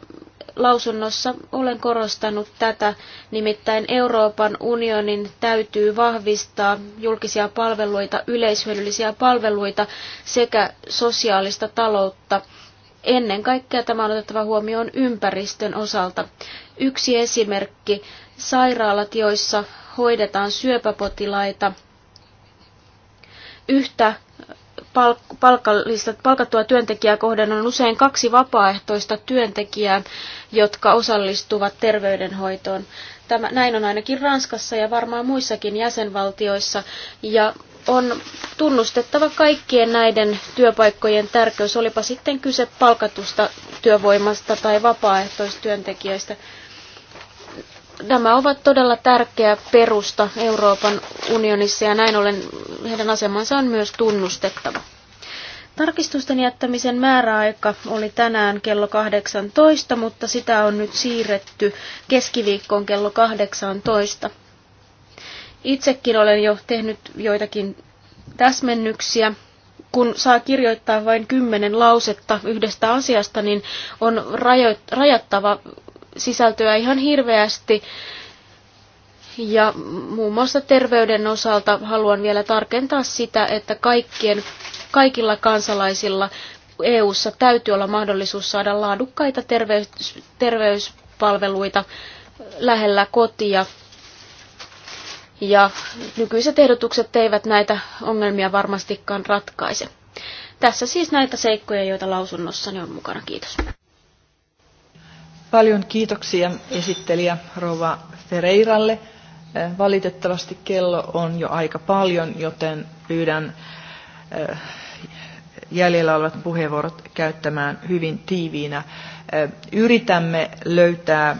lausunnossa olen korostanut tätä, nimittäin Euroopan unionin täytyy vahvistaa julkisia palveluita, yleishyödyllisiä palveluita sekä sosiaalista taloutta. Ennen kaikkea tämä on otettava huomioon ympäristön osalta. Yksi esimerkki sairaalat, joissa hoidetaan syöpäpotilaita, yhtä palkallista, palkattua työntekijää kohden on usein kaksi vapaaehtoista työntekijää, jotka osallistuvat terveydenhoitoon. Tämä, näin on ainakin Ranskassa ja varmaan muissakin jäsenvaltioissa. Ja on tunnustettava kaikkien näiden työpaikkojen tärkeys, olipa sitten kyse palkatusta työvoimasta tai vapaaehtoistyöntekijöistä nämä ovat todella tärkeä perusta Euroopan unionissa ja näin ollen heidän asemansa on myös tunnustettava. Tarkistusten jättämisen määräaika oli tänään kello 18, mutta sitä on nyt siirretty keskiviikkoon kello 18. Itsekin olen jo tehnyt joitakin täsmennyksiä. Kun saa kirjoittaa vain kymmenen lausetta yhdestä asiasta, niin on rajattava sisältöä ihan hirveästi. Ja muun muassa terveyden osalta haluan vielä tarkentaa sitä, että kaikkien, kaikilla kansalaisilla EU:ssa täytyy olla mahdollisuus saada laadukkaita terveys, terveyspalveluita lähellä kotia. Ja nykyiset ehdotukset eivät näitä ongelmia varmastikaan ratkaise. Tässä siis näitä seikkoja, joita lausunnossani on mukana. Kiitos. Paljon kiitoksia esittelijä Rova Ferreiralle. Äh, valitettavasti kello on jo aika paljon, joten pyydän äh, jäljellä olevat puheenvuorot käyttämään hyvin tiiviinä. Äh, yritämme löytää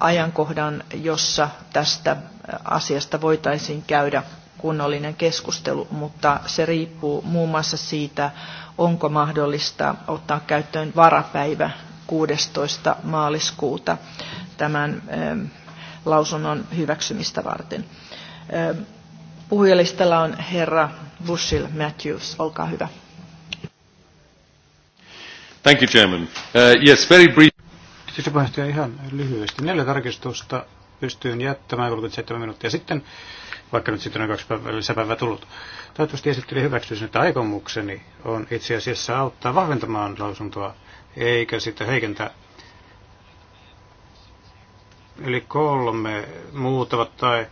ajankohdan, jossa tästä asiasta voitaisiin käydä kunnollinen keskustelu, mutta se riippuu muun muassa siitä, onko mahdollista ottaa käyttöön varapäivä 16. maaliskuuta tämän ähm, lausunnon hyväksymistä varten. Ähm, puhujalistalla on herra Bushil Matthews. Olkaa hyvä. Thank you, Chairman. Uh, yes, very brief. Kiitos puheenjohtaja ihan lyhyesti. Neljä tarkistusta pystyyn jättämään 37 minuuttia sitten, vaikka nyt sitten on kaksi päivää, lisäpäivää tullut. Toivottavasti esittely hyväksyisi, että aikomukseni on itse asiassa auttaa vahventamaan lausuntoa eikä sitä heikentää. Yli kolme muutavat tai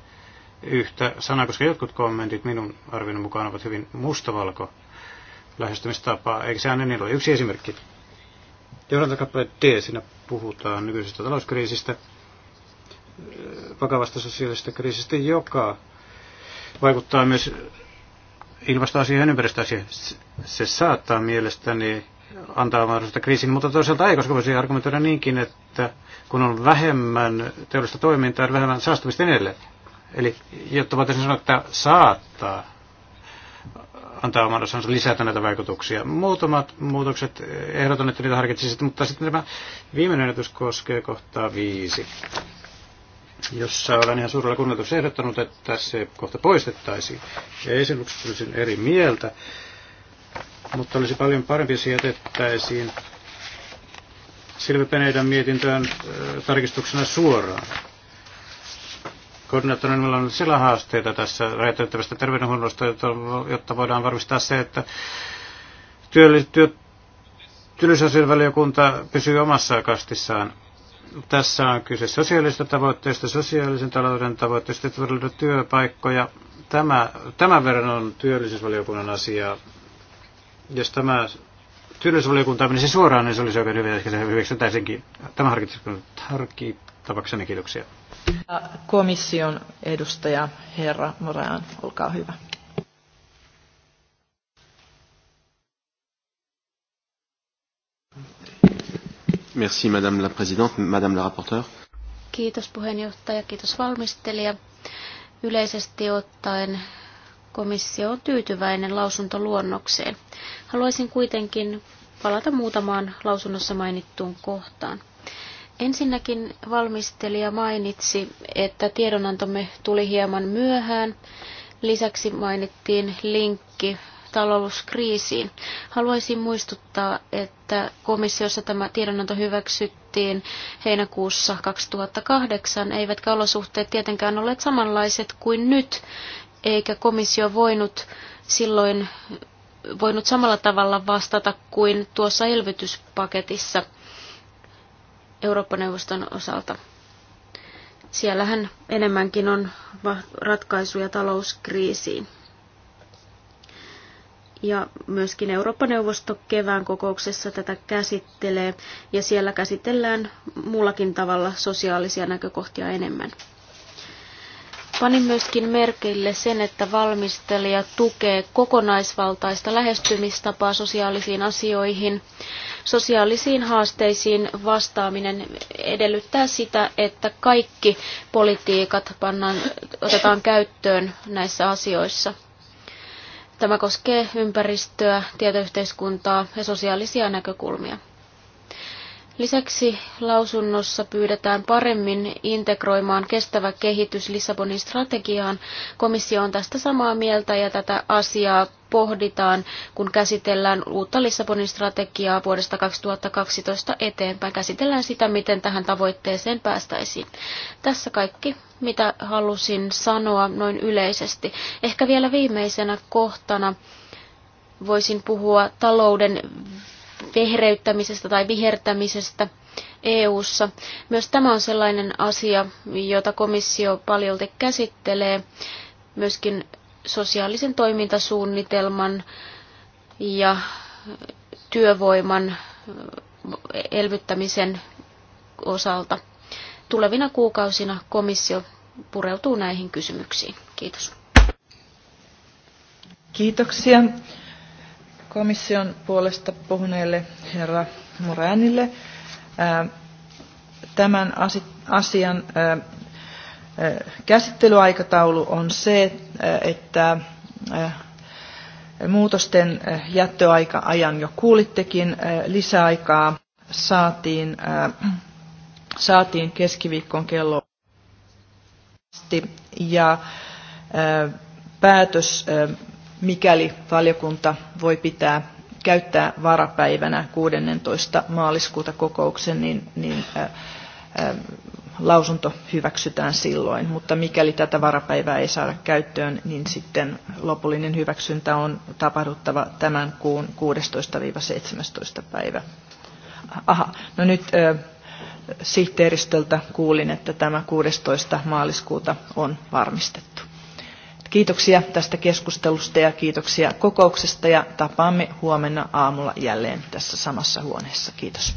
yhtä sanaa, koska jotkut kommentit minun arvion mukaan ovat hyvin mustavalko lähestymistapaa, eikä se aina niin ole. Yksi esimerkki. Johdantakappale D, siinä puhutaan nykyisestä talouskriisistä, vakavasta sosiaalisesta kriisistä, joka vaikuttaa myös ilmastoasioihin ja ympäristöasioihin. Se saattaa mielestäni antaa mahdollisuutta kriisiin, mutta toisaalta ei, koska voisi argumentoida niinkin, että kun on vähemmän teollista toimintaa, vähemmän saastumista niin edelleen. Eli jotta voitaisiin sanoa, että saattaa antaa oman lisätä näitä vaikutuksia. Muutamat muutokset, ehdotan, että niitä harkitsisit, mutta sitten tämä viimeinen ehdotus koskee kohtaa viisi, jossa olen ihan suurella kunnioitus ehdottanut, että se kohta poistettaisiin. Ja esimerkiksi eri mieltä, mutta olisi paljon parempi, jos jätettäisiin silmäpeneiden Peneidän mietintöön tarkistuksena suoraan. Koordinaattorin meillä on sillä haasteita tässä rajoitettavasta terveydenhuollosta, jotta voidaan varmistaa se, että työllisyysvaliokunta pysyy omassa kastissaan. Tässä on kyse sosiaalisista tavoitteista, sosiaalisen talouden tavoitteista, että työpaikkoja. Tämä, tämän verran on työllisyysvaliokunnan asiaa jos tämä työllisyysvaliokunta menisi suoraan, niin se olisi oikein hyvä, että se hyväksytäisinkin. Tämä harkittavakseni kiitoksia. Komission edustaja herra Morean, olkaa hyvä. Merci madame la présidente, madame la rapporteure. Kiitos puheenjohtaja, kiitos valmistelija. Yleisesti ottaen komissio on tyytyväinen lausuntoluonnokseen. Haluaisin kuitenkin palata muutamaan lausunnossa mainittuun kohtaan. Ensinnäkin valmistelija mainitsi, että tiedonantomme tuli hieman myöhään. Lisäksi mainittiin linkki talouskriisiin. Haluaisin muistuttaa, että komissiossa tämä tiedonanto hyväksyttiin heinäkuussa 2008, eivätkä olosuhteet tietenkään olleet samanlaiset kuin nyt, eikä komissio voinut silloin voinut samalla tavalla vastata kuin tuossa elvytyspaketissa Eurooppa-neuvoston osalta. Siellähän enemmänkin on ratkaisuja talouskriisiin. Ja myöskin Eurooppa-neuvosto kevään kokouksessa tätä käsittelee, ja siellä käsitellään muullakin tavalla sosiaalisia näkökohtia enemmän. Panin myöskin merkille sen, että valmistelija tukee kokonaisvaltaista lähestymistapaa sosiaalisiin asioihin. Sosiaalisiin haasteisiin vastaaminen edellyttää sitä, että kaikki politiikat pannaan, otetaan käyttöön näissä asioissa. Tämä koskee ympäristöä, tietoyhteiskuntaa ja sosiaalisia näkökulmia. Lisäksi lausunnossa pyydetään paremmin integroimaan kestävä kehitys Lissabonin strategiaan. Komissio on tästä samaa mieltä ja tätä asiaa pohditaan, kun käsitellään uutta Lissabonin strategiaa vuodesta 2012 eteenpäin. Käsitellään sitä, miten tähän tavoitteeseen päästäisiin. Tässä kaikki, mitä halusin sanoa noin yleisesti. Ehkä vielä viimeisenä kohtana voisin puhua talouden vehreyttämisestä tai vihertämisestä EU:ssa. Myös tämä on sellainen asia, jota komissio paljolti käsittelee myöskin sosiaalisen toimintasuunnitelman ja työvoiman elvyttämisen osalta. Tulevina kuukausina komissio pureutuu näihin kysymyksiin. Kiitos. Kiitoksia komission puolesta puhuneelle herra Moranille. Tämän asian käsittelyaikataulu on se, että muutosten jättöaika-ajan jo kuulittekin lisäaikaa saatiin, saatiin keskiviikkoon kello asti ja päätös mikäli valiokunta voi pitää käyttää varapäivänä 16. maaliskuuta kokouksen, niin, niin ä, ä, lausunto hyväksytään silloin. Mutta mikäli tätä varapäivää ei saada käyttöön, niin sitten lopullinen hyväksyntä on tapahduttava tämän kuun 16-17. päivä. Aha, no nyt ä, sihteeristöltä kuulin, että tämä 16. maaliskuuta on varmistettu. Kiitoksia tästä keskustelusta ja kiitoksia kokouksesta ja tapaamme huomenna aamulla jälleen tässä samassa huoneessa. Kiitos.